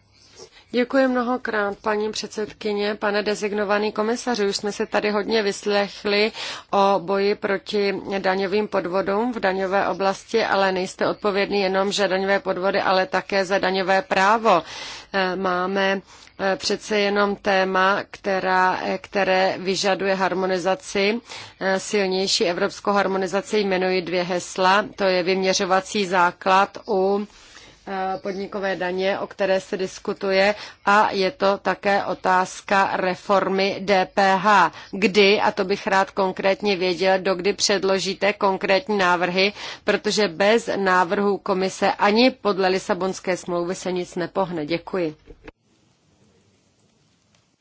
Děkuji mnohokrát, paní předsedkyně, pane designovaný komisaři. Už jsme se tady hodně vyslechli o boji proti daňovým podvodům v daňové oblasti, ale nejste odpovědný jenom, že daňové podvody, ale také za daňové právo. Eh, máme eh, přece jenom téma, která, eh, které vyžaduje harmonizaci, silnější evropskou harmonizaci, jmenuji dvě hesla, to je vyměřovací základ u Eh, podnikové daně, o které se diskutuje, a je to také otázka reformy DPH. Kdy, a to bych rád konkrétně věděl, dokdy předložíte konkrétní návrhy, protože bez návrhů komise ani podle Lisabonské smlouvy se nic nepohne. Děkuji.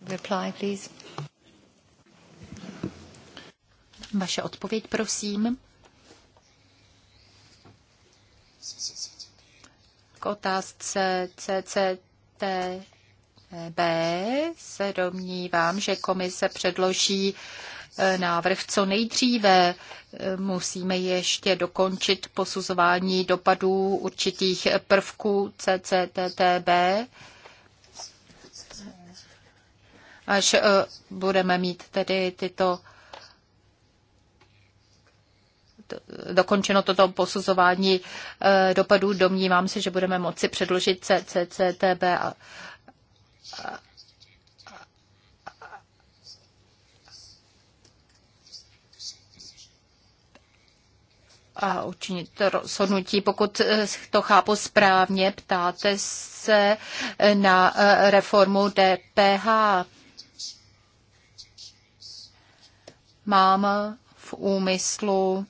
Reply, please. Vaše odpověď, prosím. K otázce CCTB se domnívám, že komise předloží e, návrh co nejdříve. E, musíme ještě dokončit posuzování dopadů určitých prvků CCTTB. Až e, budeme mít tedy tyto dokončeno toto posuzování eh, dopadů, domnívám se, že budeme moci předložit CCTB a a učinit rozhodnutí. Pokud eh, to chápu správně, ptáte se eh, na reformu DPH. Mám v úmyslu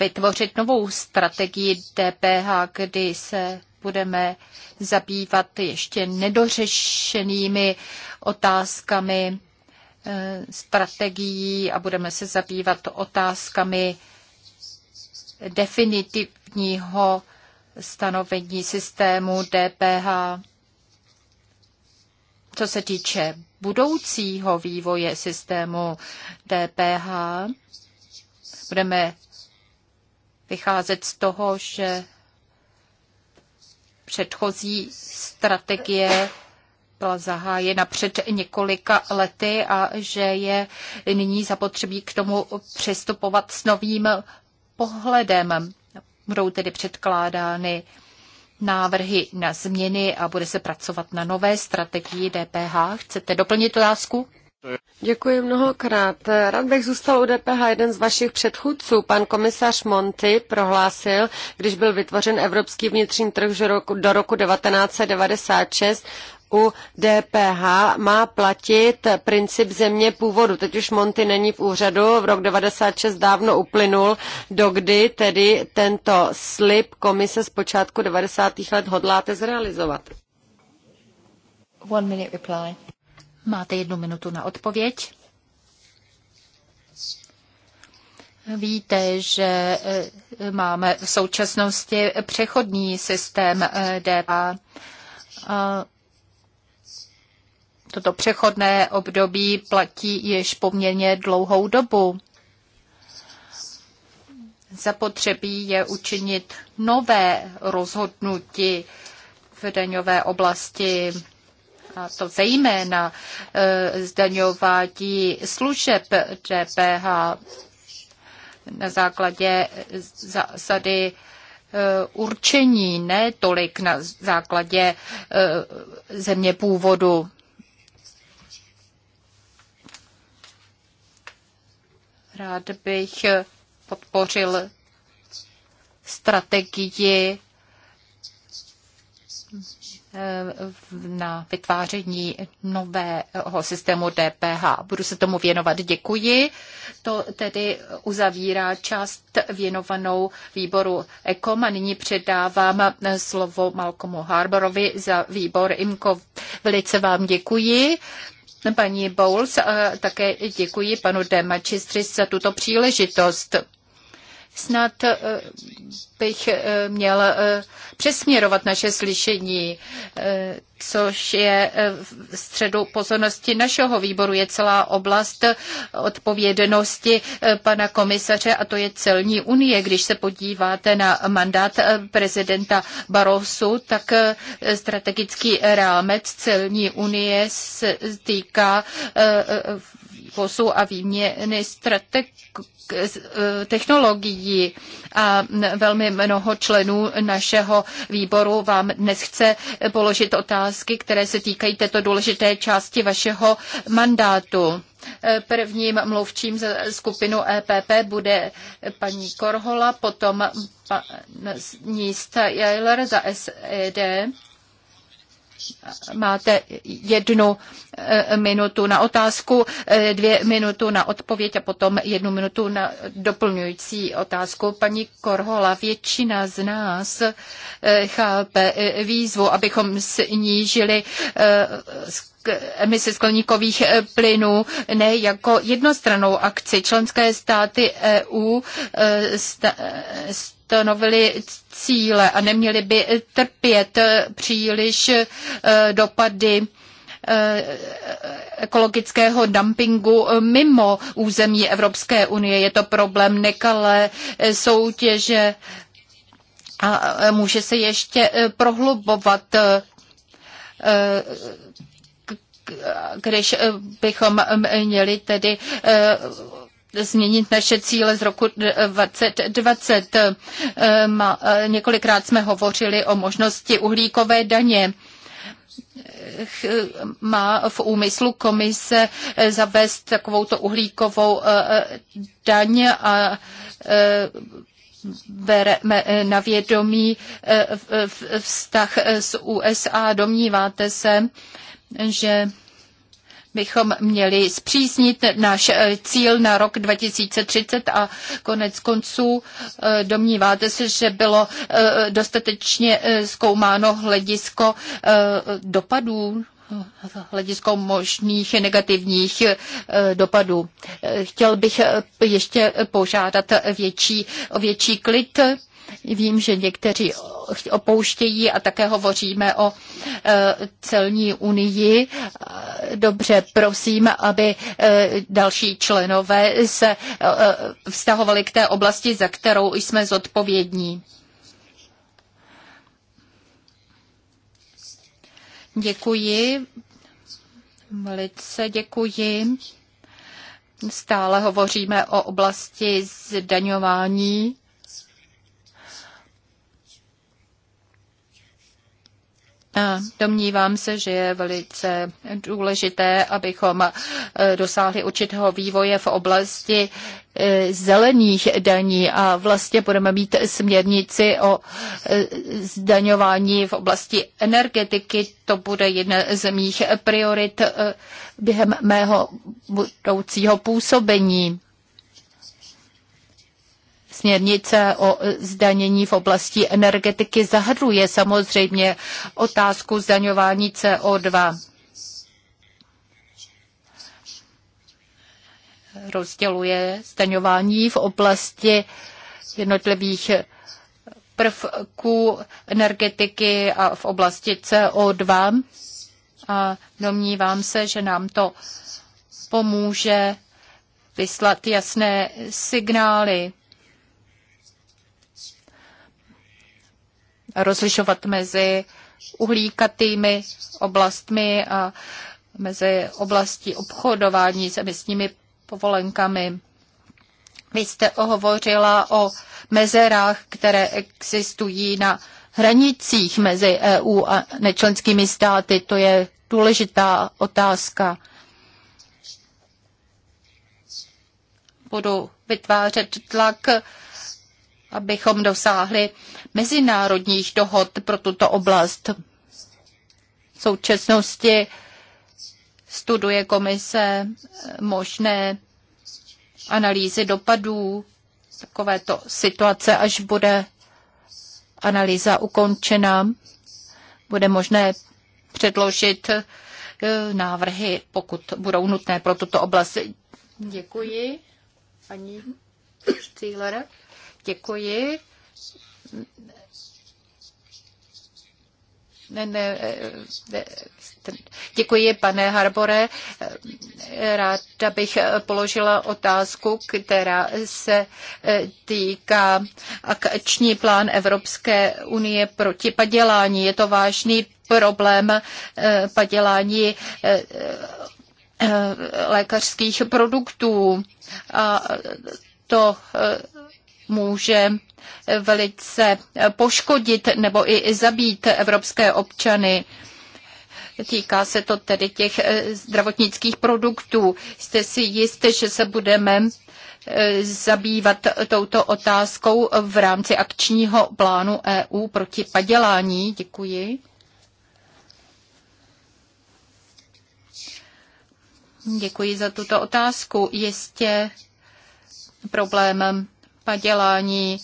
vytvořit novou strategii DPH, kdy se budeme zabývat ještě nedořešenými otázkami eh, strategií a budeme se zabývat otázkami definitivního stanovení systému DPH. Co se týče budoucího vývoje systému DPH, Budeme vycházet z toho, že předchozí strategie byla zahájena před několika lety a že je nyní zapotřebí k tomu přistupovat s novým pohledem. Budou tedy předkládány návrhy na změny a bude se pracovat na nové strategii DPH. Chcete doplnit otázku? Děkuji mnohokrát. Rád bych zůstal u DPH. Jeden z vašich předchůdců, pan komisař Monty, prohlásil, když byl vytvořen Evropský vnitřní trh do roku 1996, u DPH má platit princip země původu. Teď už Monty není v úřadu, v rok 96 dávno uplynul, dokdy tedy tento slib komise z počátku 90. let hodláte zrealizovat. One minute reply. Máte jednu minutu na odpověď. Víte, že eh, máme v současnosti přechodní systém DPH. Eh, toto přechodné období platí již poměrně dlouhou dobu. Zapotřebí je učinit nové rozhodnutí v daňové oblasti a to zejména e, zdaňování služeb DPH na základě zásady e, určení, ne tolik na základě e, země původu. Rád bych podpořil strategii na vytváření nového systému DPH. Budu se tomu věnovat. Děkuji. To tedy uzavírá část věnovanou výboru ECOM a nyní předávám slovo Malcolmu Harborovi za výbor IMCO. Velice vám děkuji. Paní Bowles, také děkuji panu Demačistři za tuto příležitost. Snad eh, bych eh, měl eh, přesměrovat naše slyšení, což je v středu pozornosti našeho výboru. Je celá oblast odpovědnosti pana komisaře a to je celní unie. Když se podíváte na mandát prezidenta Barosu, tak strategický rámec celní unie se týká vývozu a výměny e, technologií. A velmi mnoho členů našeho výboru vám dnes chce položit otázky, které se týkají této důležité části vašeho mandátu. E, prvním mluvčím za skupinu EPP bude paní Korhola, potom paní Stajler za SED Máte jednu eh, minutu na otázku, eh, dvě minutu na odpověď a potom jednu minutu na doplňující otázku. Paní Korhola, většina z nás eh, chápe výzvu, abychom snížili emise skleníkových e, plynů, ne jako jednostranou akci. Členské státy EU e, e, stanovily cíle a neměly by trpět příliš dopady ekologického dumpingu mimo území Evropské unie. Je to problém nekalé soutěže a může se ještě prohlubovat když eh, bychom eh, měli tedy eh, změnit naše cíle z roku 2020. Několikrát jsme hovořili o možnosti uhlíkové daně má v úmyslu komise zavést takovouto uhlíkovou daň a bereme na vědomí vztah s USA. Domníváte se, že bychom měli zpřísnit náš eh, cíl na rok 2030 a konec konců eh, domníváte se, že bylo eh, dostatečně zkoumáno hledisko dopadů hledisko možných negativních dopadů. Chtěl bych ještě požádat větší, o větší klid Vím, že někteří opouštějí a také hovoříme o e, celní unii. Dobře, prosím, aby e, další členové se e, vztahovali k té oblasti, za kterou jsme zodpovědní. Děkuji. Velice děkuji. Stále hovoříme o oblasti zdaňování Domnívám se, že je velice důležité, abychom e, dosáhli určitého vývoje v oblasti e, zelených daní a vlastně budeme mít směrnici o e, zdaňování v oblasti energetiky. To bude jedna z mých priorit během mého budoucího působení. Směrnice o zdanění v oblasti energetiky zahrnuje samozřejmě otázku zdaňování CO2. Rozděluje zdaňování v oblasti jednotlivých prvků energetiky a v oblasti CO2 a domnívám se, že nám to pomůže vyslat jasné signály rozlišovat mezi uhlíkatými oblastmi a mezi oblastí obchodování s emisními povolenkami. Vy jste hovořila o mezerách, které existují na hranicích mezi EU a nečlenskými státy. To je důležitá otázka. Budu vytvářet tlak abychom dosáhli mezinárodních dohod pro tuto oblast. V současnosti studuje komise možné analýzy dopadů takovéto situace, až bude analýza ukončena, bude možné předložit eh, návrhy, pokud budou nutné pro tuto oblast. Děkuji, paní Stýlera. Děkuji. Ne, ne, ne, děkuji, pane Harbore. Ráda bych položila otázku, která se týká akční plán Evropské unie proti padělání. Je to vážný problém eh, padělání eh, eh, lékařských produktů. A to může velice poškodit nebo i zabít evropské občany. Týká se to tedy těch eh, zdravotnických produktů. Jste si jisté, že se budeme eh, zabývat touto otázkou v rámci akčního plánu EU proti padělání? Děkuji. Děkuji za tuto otázku. Jistě problémem padělání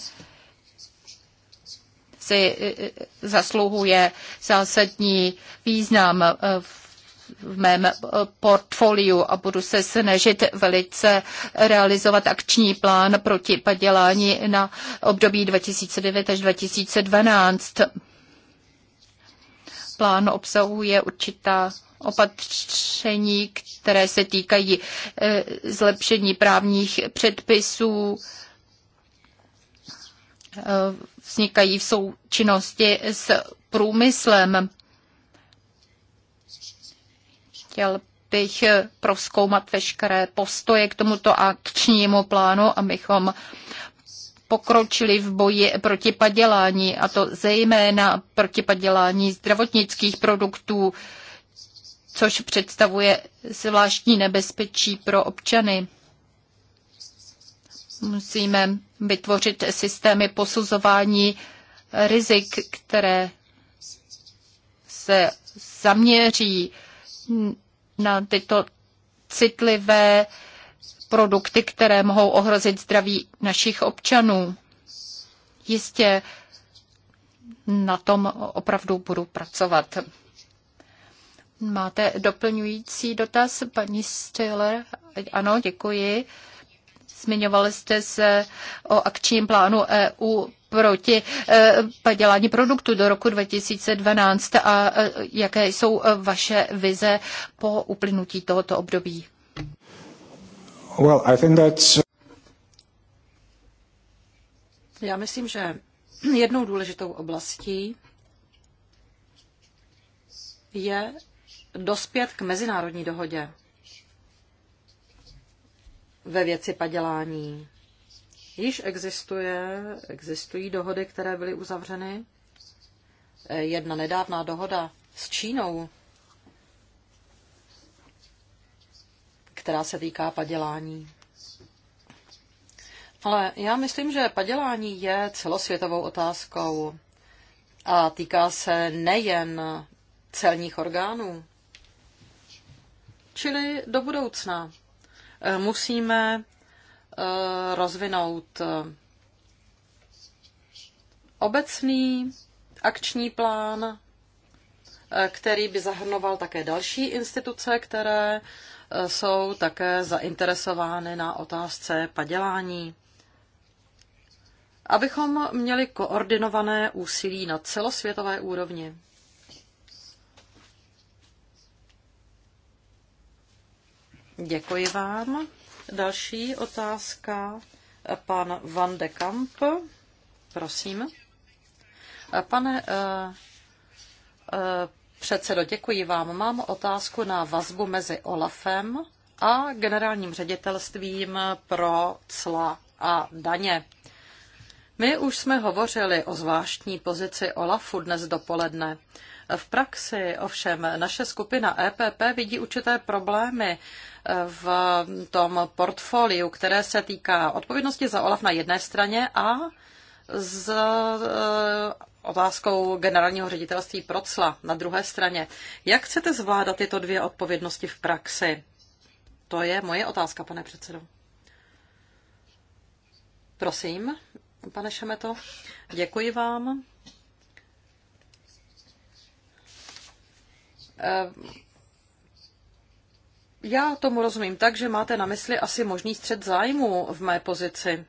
si eh, eh, zasluhuje zásadní význam eh, v mém portfoliu a budu se snažit velice realizovat akční plán proti padělání na období 2009 až 2012. Plán obsahuje určitá opatření, které se týkají zlepšení právních předpisů, Eh, vznikají v součinnosti s průmyslem. Chtěl bych proskoumat veškeré postoje k tomuto akčnímu plánu, abychom pokročili v boji proti padělání, a to zejména proti padělání zdravotnických produktů, což představuje zvláštní nebezpečí pro občany. Musíme vytvořit systémy posuzování rizik, které se zaměří na tyto citlivé produkty, které mohou ohrozit zdraví našich občanů. Jistě na tom opravdu budu pracovat. Máte doplňující dotaz, paní Stiller? Ano, děkuji. Zmiňovali jste se o akčním plánu EU proti eh, padělání produktu do roku 2012 a eh, jaké jsou eh, vaše vize po uplynutí tohoto období? Well, I think that's... Já myslím, že jednou důležitou oblastí je dospět k mezinárodní dohodě ve věci padělání. Již existuje, existují dohody, které byly uzavřeny. Jedna nedávná dohoda s Čínou, která se týká padělání. Ale já myslím, že padělání je celosvětovou otázkou a týká se nejen celních orgánů. Čili do budoucna Eh, musíme eh, rozvinout eh, obecný akční plán, který by zahrnoval také další instituce, které jsou také zainteresovány na otázce padělání. Abychom měli koordinované úsilí na celosvětové úrovni. Děkuji vám. Další otázka, pan Van de Kamp, prosím. Pane eh, eh, předsedo, děkuji vám. Mám otázku na vazbu mezi OLAFem a generálním ředitelstvím pro cla a daně. My už jsme hovořili o zvláštní pozici OLAFu dnes dopoledne. V praxi ovšem naše skupina EPP vidí určité problémy eh, v tom portfoliu, které se týká odpovědnosti za OLAF na jedné straně a z eh, otázkou generálního ředitelství Procla na druhé straně. Jak chcete zvládat tyto dvě odpovědnosti v praxi? To je moje otázka, pane předsedo. Prosím, pane Šemeto, děkuji vám. Ehm, já tomu rozumím tak, že máte na mysli asi možný střed zájmu v mé pozici.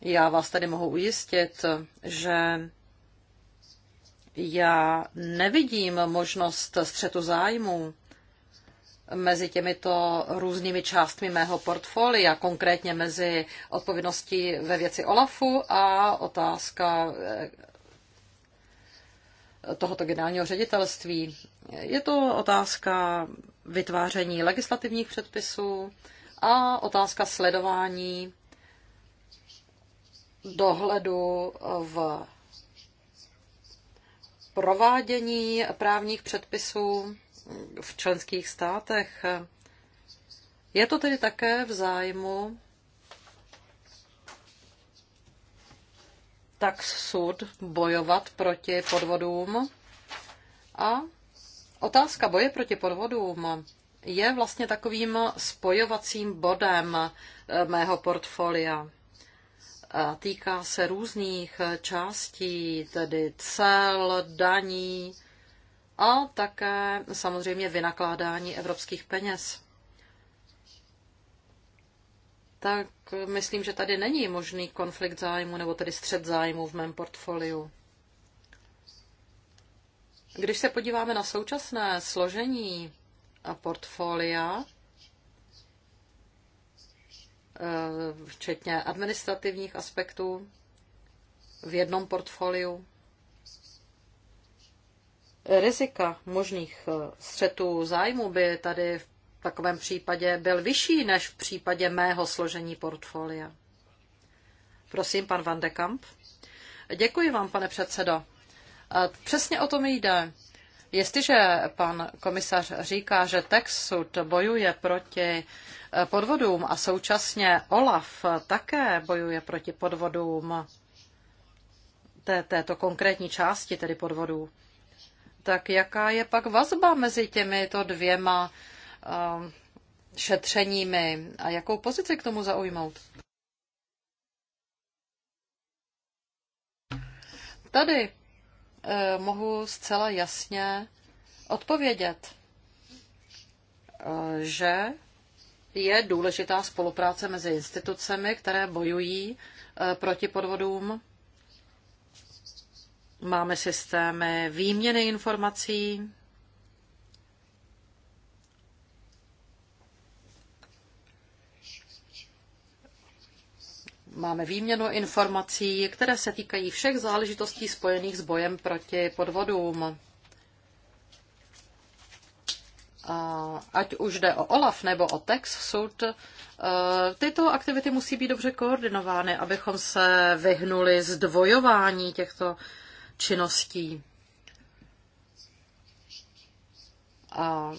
Já vás tady mohu ujistit, že já nevidím možnost střetu zájmu mezi těmito různými částmi mého portfolia, konkrétně mezi odpovědností ve věci OLAFu a otázka tohoto generálního ředitelství. Je to otázka vytváření legislativních předpisů a otázka sledování dohledu v provádění právních předpisů v členských státech. Je to tedy také v zájmu tak sud bojovat proti podvodům. A otázka boje proti podvodům je vlastně takovým spojovacím bodem eh, mého portfolia. Týká se různých částí, tedy cel, daní a také samozřejmě vynakládání evropských peněz tak myslím, že tady není možný konflikt zájmu nebo tedy střed zájmu v mém portfoliu. Když se podíváme na současné složení a portfolia, eh, včetně administrativních aspektů v jednom portfoliu, rizika možných eh, střetů zájmu by tady v v takovém případě byl vyšší než v případě mého složení portfolia. Prosím, pan Van de Kamp. Děkuji vám, pane předsedo. Přesně o tom jde. Jestliže pan komisař říká, že Texud bojuje proti eh, podvodům a současně OLAF také bojuje proti podvodům té, této konkrétní části, tedy podvodů, tak jaká je pak vazba mezi těmito dvěma Um, šetřeními a jakou pozici k tomu zaujmout? Tady eh, mohu zcela jasně odpovědět, eh, že je důležitá spolupráce mezi institucemi, které bojují eh, proti podvodům. Máme systémy výměny informací, Máme výměnu informací, které se týkají všech záležitostí spojených s bojem proti podvodům. ať už jde o OLAF nebo o TEX soud, eh, tyto aktivity musí být dobře koordinovány, abychom se vyhnuli zdvojování těchto činností. A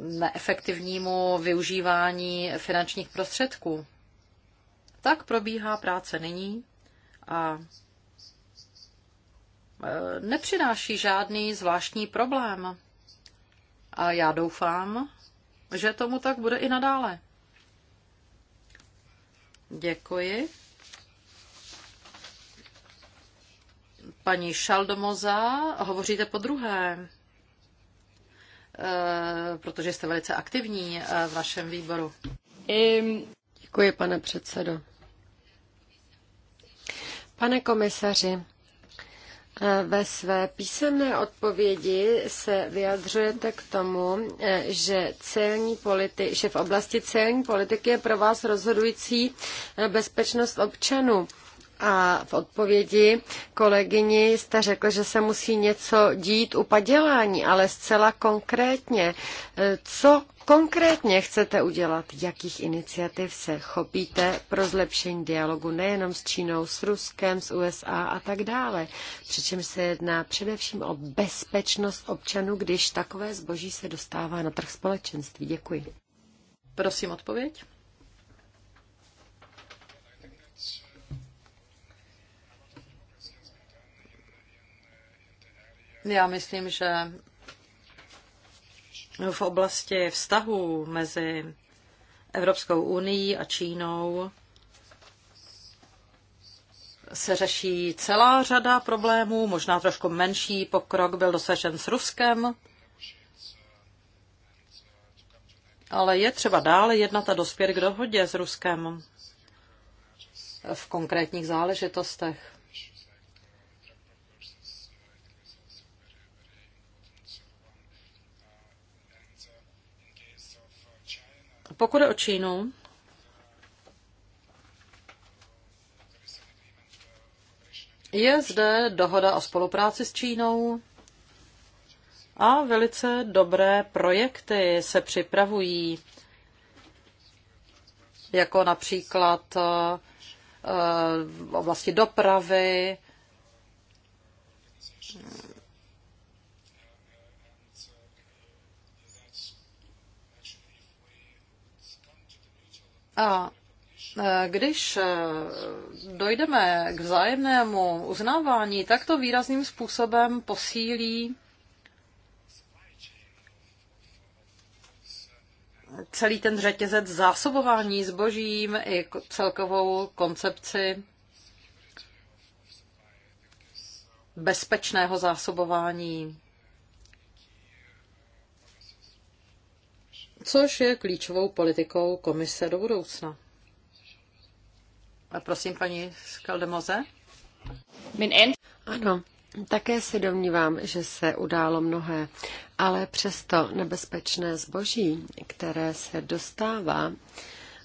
neefektivnímu využívání finančních prostředků. Tak probíhá práce nyní a e, nepřináší žádný zvláštní problém. A já doufám, že tomu tak bude i nadále. Děkuji. Paní Šaldomoza, hovoříte po druhé, e, protože jste velice aktivní e, v našem výboru. Děkuji, pane předsedo. Pane komisaři, ve své písemné odpovědi se vyjadřujete k tomu, že, celní politi- že v oblasti celní politiky je pro vás rozhodující eh, bezpečnost občanů. A v odpovědi kolegyni jste řekl, že se musí něco dít u padělání, ale zcela konkrétně, eh, co konkrétně chcete udělat, jakých iniciativ se chopíte pro zlepšení dialogu nejenom s Čínou, s Ruskem, s USA a tak dále. Přičemž se jedná především o bezpečnost občanů, když takové zboží se dostává na trh společenství. Děkuji. Prosím odpověď. Já myslím, že v oblasti vztahů mezi Evropskou unii a Čínou se řeší celá řada problémů, možná trošku menší pokrok byl dosažen s Ruskem, ale je třeba dále jednat a dospět k dohodě s Ruskem v konkrétních záležitostech. Pokud je o Čínu, je zde dohoda o spolupráci s Čínou a velice dobré projekty se připravují, jako například eh, v oblasti dopravy, A e, když e, dojdeme k vzájemnému uznávání, tak to výrazným způsobem posílí celý ten řetězec zásobování zbožím i celkovou koncepci bezpečného zásobování. což je klíčovou politikou komise do budoucna. A prosím, paní Skaldemoze. Ano, také se domnívám, že se událo mnohé, ale přesto nebezpečné zboží, které se dostává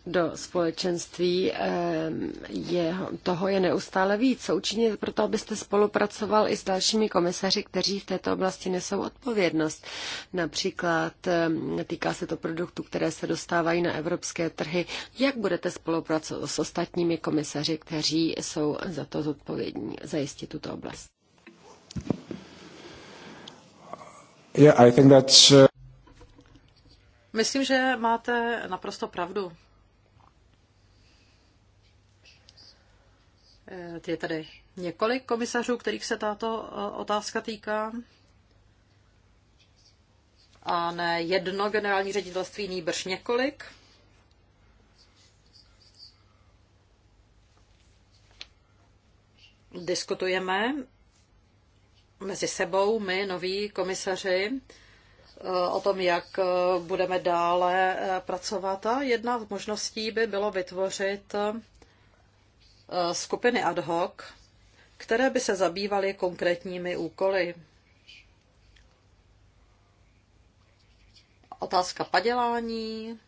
do společenství, eh, je, toho je neustále víc. Co proto, abyste spolupracoval i s dalšími komisaři, kteří v této oblasti nesou odpovědnost? Například eh, týká se to produktů, které se dostávají na evropské trhy. Jak budete spolupracovat s ostatními komisaři, kteří jsou za to zodpovědní, zajistit tuto oblast? Yeah, I think that's, uh, Myslím, že máte naprosto pravdu. Eh, je tady několik komisařů, kterých se tato eh, otázka týká. A ne jedno generální ředitelství, nýbrž několik. Diskutujeme mezi sebou, my, noví komisaři, eh, o tom, jak budeme dále pracovat. A jedna z možností by bylo vytvořit Eh, skupiny ad hoc, které by se zabývaly konkrétními úkoly. Otázka padělání,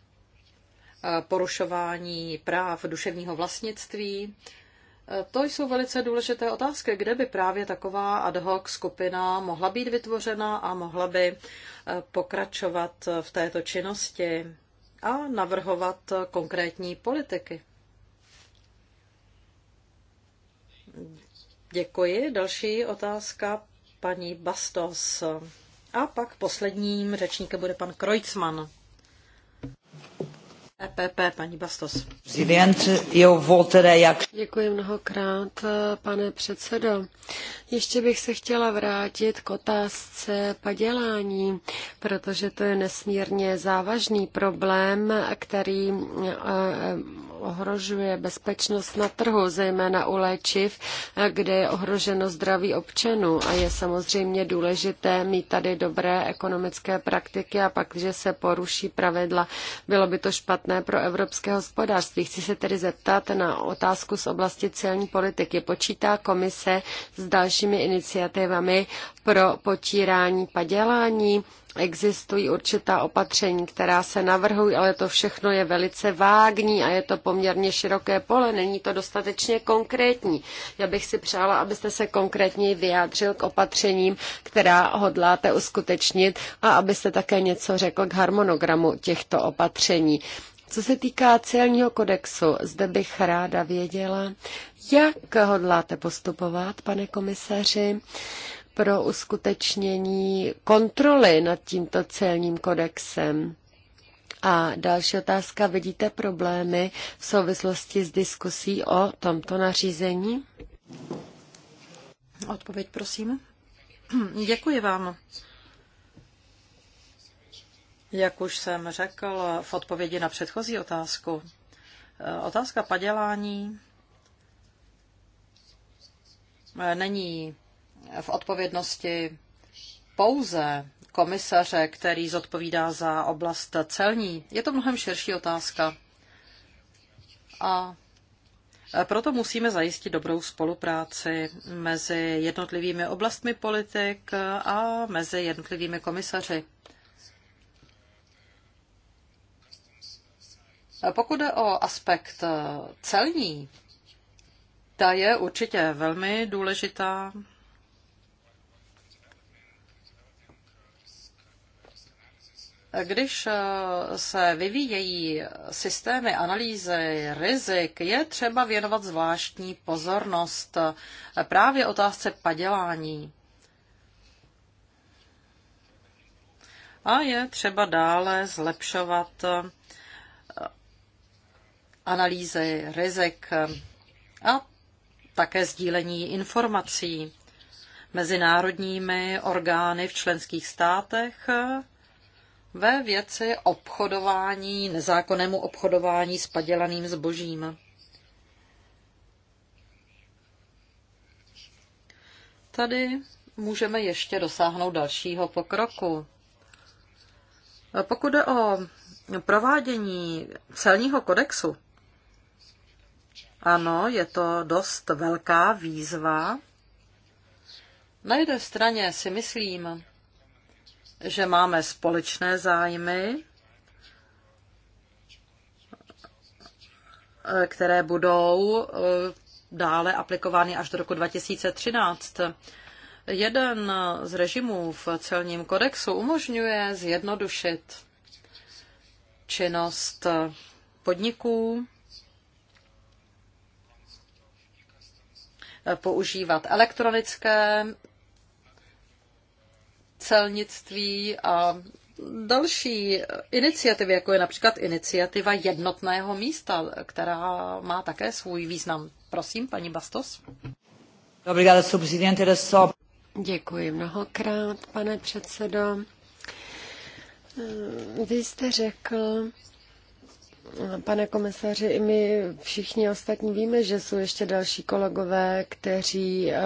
eh, porušování práv duševního vlastnictví. Eh, to jsou velice důležité otázky, kde by právě taková ad hoc skupina mohla být vytvořena a mohla by pokračovat v této činnosti a navrhovat konkrétní politiky. Děkuji. Další otázka paní Bastos. A pak posledním řečníkem bude pan Kreutzmann. EPP, paní Bastos. Děkuji mnohokrát, pane předsedo. Ještě bych se chtěla vrátit k otázce padělání, protože to je nesmírně závažný problém, který eh, eh, ohrožuje bezpečnost na trhu, zejména u léčiv, kde je ohroženo zdraví občanů. A je samozřejmě důležité mít tady dobré ekonomické praktiky a pak, že se poruší pravidla, bylo by to špatné špatné pro evropské hospodářství. Chci se tedy zeptat na otázku z oblasti celní politiky. Počítá komise s dalšími iniciativami pro potírání padělání? Existují určitá opatření, která se navrhují, ale to všechno je velice vágní a je to poměrně široké pole, není to dostatečně konkrétní. Já bych si přála, abyste se konkrétně vyjádřil k opatřením, která hodláte uskutečnit a abyste také něco řekl k harmonogramu těchto opatření. Co se týká celního kodexu, zde bych ráda věděla, jak hodláte postupovat, pane komisaři, pro uskutečnění kontroly nad tímto celním kodexem. A další otázka, vidíte problémy v souvislosti s diskusí o tomto nařízení? Odpověď, prosím. Děkuji vám. Jak už jsem řekl v odpovědi na předchozí otázku, eh, otázka padělání eh, není v odpovědnosti pouze komisaře, který zodpovídá za oblast celní. Je to mnohem širší otázka. A eh, proto musíme zajistit dobrou spolupráci mezi jednotlivými oblastmi politik a mezi jednotlivými komisaři. Pokud jde o aspekt eh, celní, ta je určitě velmi důležitá. Když eh, se vyvíjejí systémy analýzy rizik, je třeba věnovat zvláštní pozornost eh, právě otázce padělání. A je třeba dále zlepšovat analýzy rizik a také sdílení informací mezi národními orgány v členských státech ve věci obchodování, nezákonnému obchodování s padělaným zbožím. Tady můžeme ještě dosáhnout dalšího pokroku. Pokud jde o provádění celního kodexu, ano, je to dost velká výzva. Na jedné straně si myslím, že máme společné zájmy, které budou eh, dále aplikovány až do roku 2013. Jeden z režimů v celním kodexu umožňuje zjednodušit činnost podniků, používat elektronické celnictví a další iniciativy, jako je například iniciativa jednotného místa, která má také svůj význam. Prosím, paní Bastos. Děkuji mnohokrát, pane předsedo. Vy jste řekl, Pane komisaři, i my všichni ostatní víme, že jsou ještě další kolegové, kteří eh,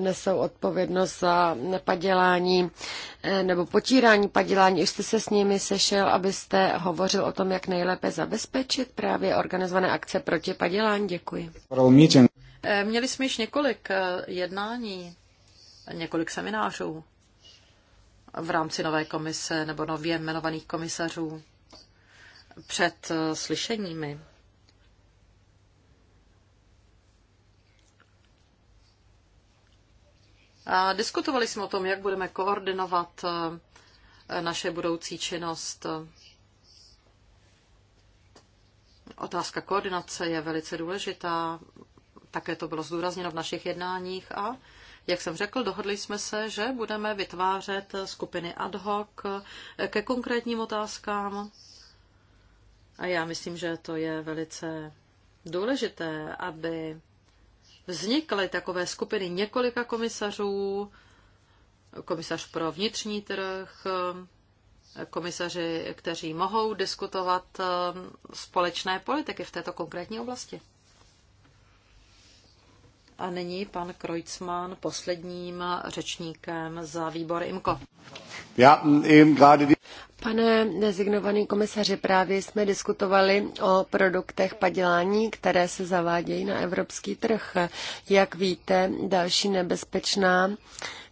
nesou odpovědnost za padělání eh, nebo potírání padělání. Už jste se s nimi sešel, abyste hovořil o tom, jak nejlépe zabezpečit právě organizované akce proti padělání. Děkuji. Eh, měli jsme již několik jednání, několik seminářů v rámci nové komise nebo nově jmenovaných komisařů před eh, slyšeními. A diskutovali jsme o tom, jak budeme koordinovat eh, naše budoucí činnost. Otázka koordinace je velice důležitá. Také to bylo zdůrazněno v našich jednáních a jak jsem řekl, dohodli jsme se, že budeme vytvářet skupiny ad hoc eh, ke konkrétním otázkám a já myslím, že to je velice důležité, aby vznikly takové skupiny několika komisařů, komisař pro vnitřní trh, komisaři, kteří mohou diskutovat eh, společné politiky v této konkrétní oblasti. A nyní pan Kreutzmann posledním řečníkem za výbor IMCO. Já, im, mm, Pane designovaný komisaři, právě jsme diskutovali o produktech padělání, které se zavádějí na evropský trh. Jak víte, další nebezpečná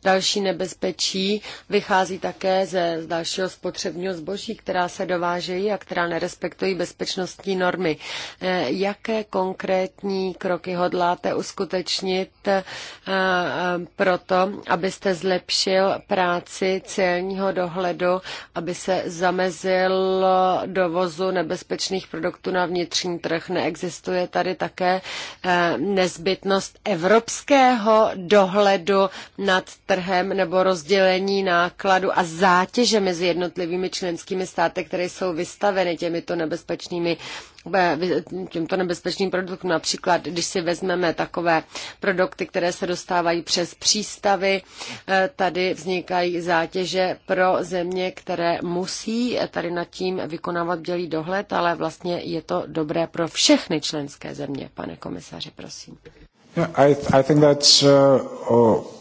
Další nebezpečí vychází také ze dalšího spotřebního zboží, která se dovážejí a která nerespektují bezpečnostní normy. Eh, jaké konkrétní kroky hodláte uskutečnit eh, eh, proto, abyste zlepšil práci celního dohledu, aby se zamezil dovozu nebezpečných produktů na vnitřní trh? Neexistuje tady také nezbytnost evropského dohledu nad trhem nebo rozdělení nákladu a zátěže mezi jednotlivými členskými státy, které jsou vystaveny těmito nebezpečnými eh, těmto nebezpečným produktům. Například, když si vezmeme takové produkty, které se dostávají přes přístavy, eh, tady vznikají zátěže pro země, které musí eh, tady nad tím vykonávat dělý dohled, ale vlastně je to dobré pro všechny členské země. Pane komisaři, prosím. Yeah, I, I think that's, uh, oh.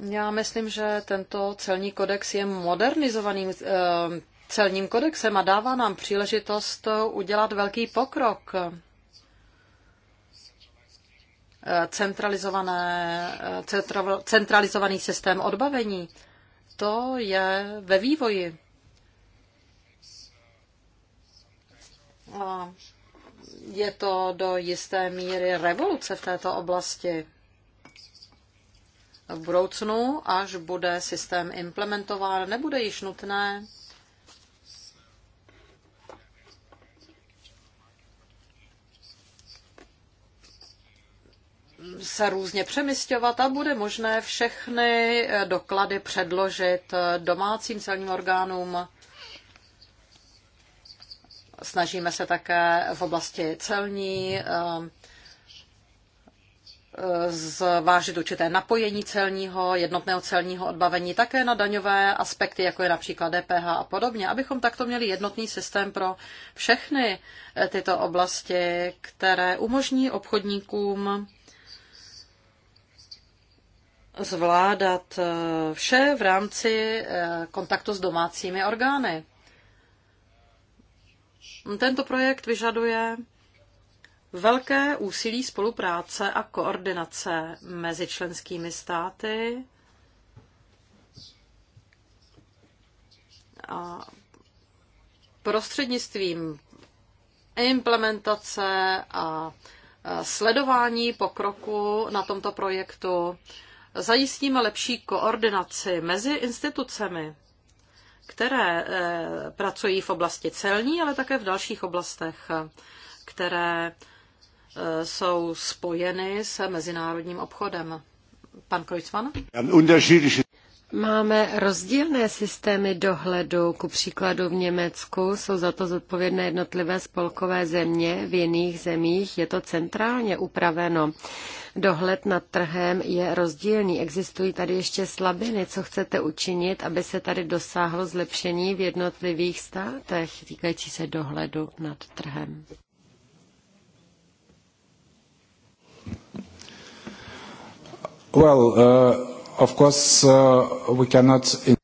Já myslím, že tento celní kodex je modernizovaným eh, celním kodexem a dává nám příležitost udělat velký pokrok. Eh, centralizované, eh, centralizovaný systém odbavení, to je ve vývoji. A je to do jisté míry revoluce v této oblasti v budoucnu, až bude systém implementován, nebude již nutné se různě přemysťovat a bude možné všechny doklady předložit domácím celním orgánům. Snažíme se také v oblasti celní eh, zvážit určité napojení celního, jednotného celního odbavení, také na daňové aspekty, jako je například DPH a podobně, abychom takto měli jednotný systém pro všechny eh, tyto oblasti, které umožní obchodníkům zvládat eh, vše v rámci eh, kontaktu s domácími orgány. Tento projekt vyžaduje velké úsilí spolupráce a koordinace mezi členskými státy a prostřednictvím implementace a sledování pokroku na tomto projektu zajistíme lepší koordinaci mezi institucemi, které e, pracují v oblasti celní, ale také v dalších oblastech, které Eh, jsou spojeny s mezinárodním obchodem. Pan Kreuzmann? Máme rozdílné systémy dohledu, ku příkladu v Německu jsou za to zodpovědné jednotlivé spolkové země, v jiných zemích je to centrálně upraveno. Dohled nad trhem je rozdílný, existují tady ještě slabiny, co chcete učinit, aby se tady dosáhlo zlepšení v jednotlivých státech týkající se dohledu nad trhem. Well, uh, of course, uh, we cannot... In...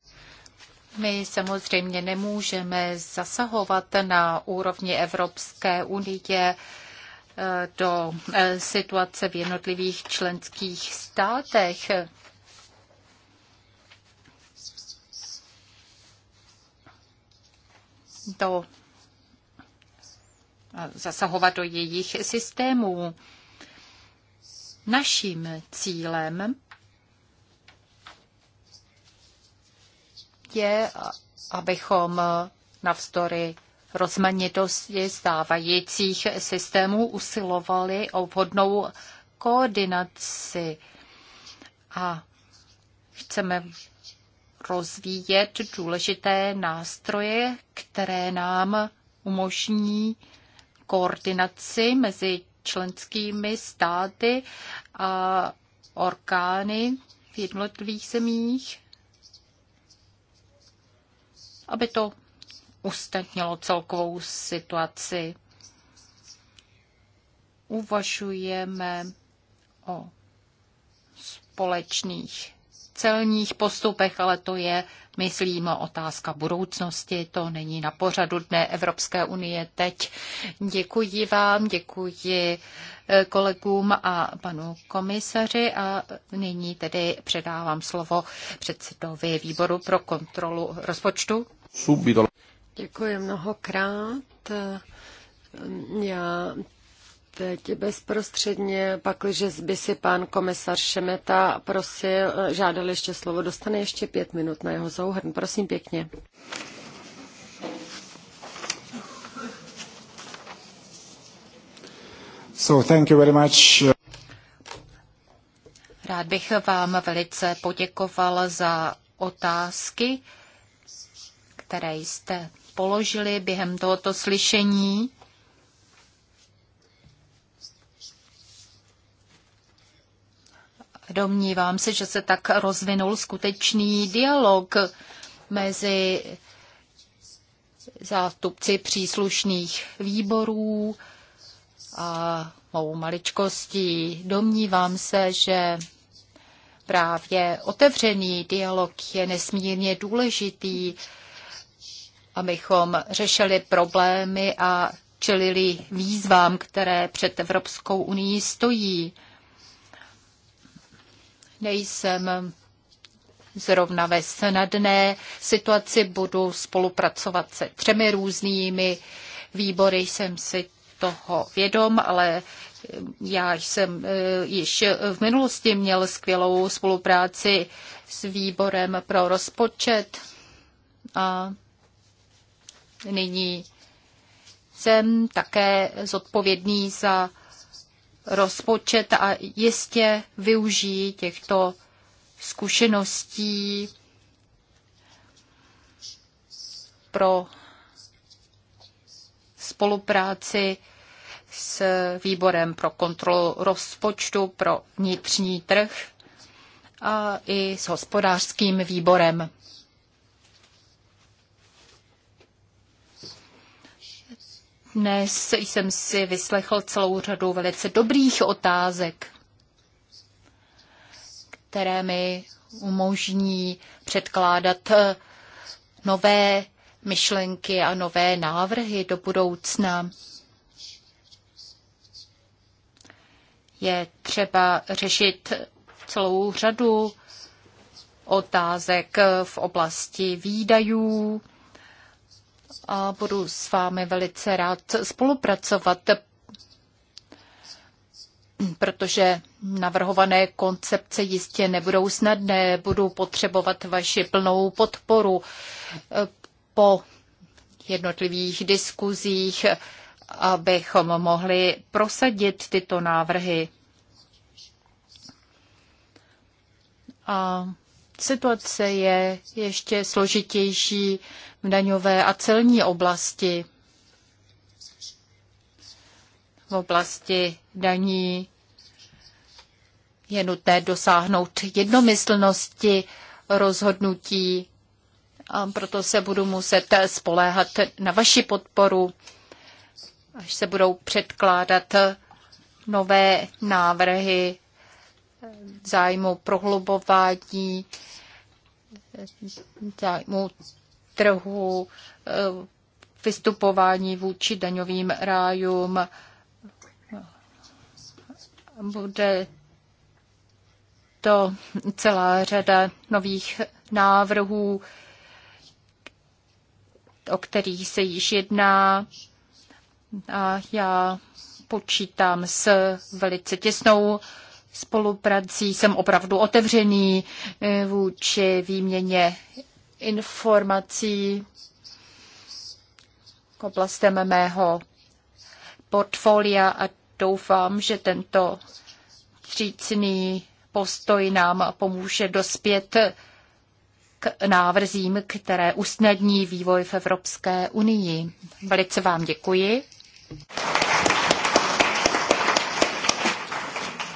My samozřejmě nemůžeme zasahovat na úrovni Evropské unie uh, do uh, situace v jednotlivých členských státech. Do, uh, zasahovat do jejich systémů. Naším cílem je, abychom navzdory rozmanitosti stávajících systémů usilovali o vhodnou koordinaci a chceme rozvíjet důležité nástroje, které nám umožní koordinaci mezi členskými státy a orgány v jednotlivých zemích, aby to ustatnilo celkovou situaci. Uvažujeme o společných celních postupech, ale to je, myslím, otázka budoucnosti. To není na pořadu dne Evropské unie teď. Děkuji vám, děkuji eh, kolegům a panu komisaři a nyní tedy předávám slovo předsedovi výboru pro kontrolu rozpočtu. Děkuji mnohokrát. Já teď bezprostředně, pakliže by si pan komisař Šemeta prosil, žádal ještě slovo, dostane ještě pět minut na jeho souhrn. Prosím pěkně. So thank you very much. Rád bych vám velice poděkoval za otázky, které jste položili během tohoto slyšení. Domnívám se, že se tak rozvinul skutečný dialog mezi zástupci příslušných výborů a mou maličkostí. Domnívám se, že právě otevřený dialog je nesmírně důležitý, abychom řešili problémy a čelili výzvám, které před Evropskou unii stojí nejsem zrovna ve snadné situaci, budu spolupracovat se třemi různými výbory, jsem si toho vědom, ale já jsem e, již v minulosti měl skvělou spolupráci s výborem pro rozpočet a nyní jsem také zodpovědný za rozpočet a jistě využijí těchto zkušeností pro spolupráci s výborem pro kontrolu rozpočtu pro vnitřní trh a i s hospodářským výborem. Dnes jsem si vyslechl celou řadu velice dobrých otázek, které mi umožní předkládat eh, nové myšlenky a nové návrhy do budoucna. Je třeba řešit celou řadu otázek v oblasti výdajů, a budu s vámi velice rád spolupracovat, protože navrhované koncepce jistě nebudou snadné, budou potřebovat vaši plnou podporu eh, po jednotlivých diskuzích, abychom mohli prosadit tyto návrhy. A Situace je ještě složitější v daňové a celní oblasti. V oblasti daní je nutné dosáhnout jednomyslnosti rozhodnutí a proto se budu muset spoléhat na vaši podporu, až se budou předkládat nové návrhy zájmu prohlubování zájmu trhu, eh, vystupování vůči daňovým rájům. Bude to celá řada nových návrhů, o kterých se již jedná. A já počítám s velice těsnou spoluprací jsem opravdu otevřený eh, vůči výměně informací k oblastem mého portfolia a doufám, že tento přícný postoj nám pomůže dospět k návrzím, které usnadní vývoj v Evropské unii. Velice vám děkuji.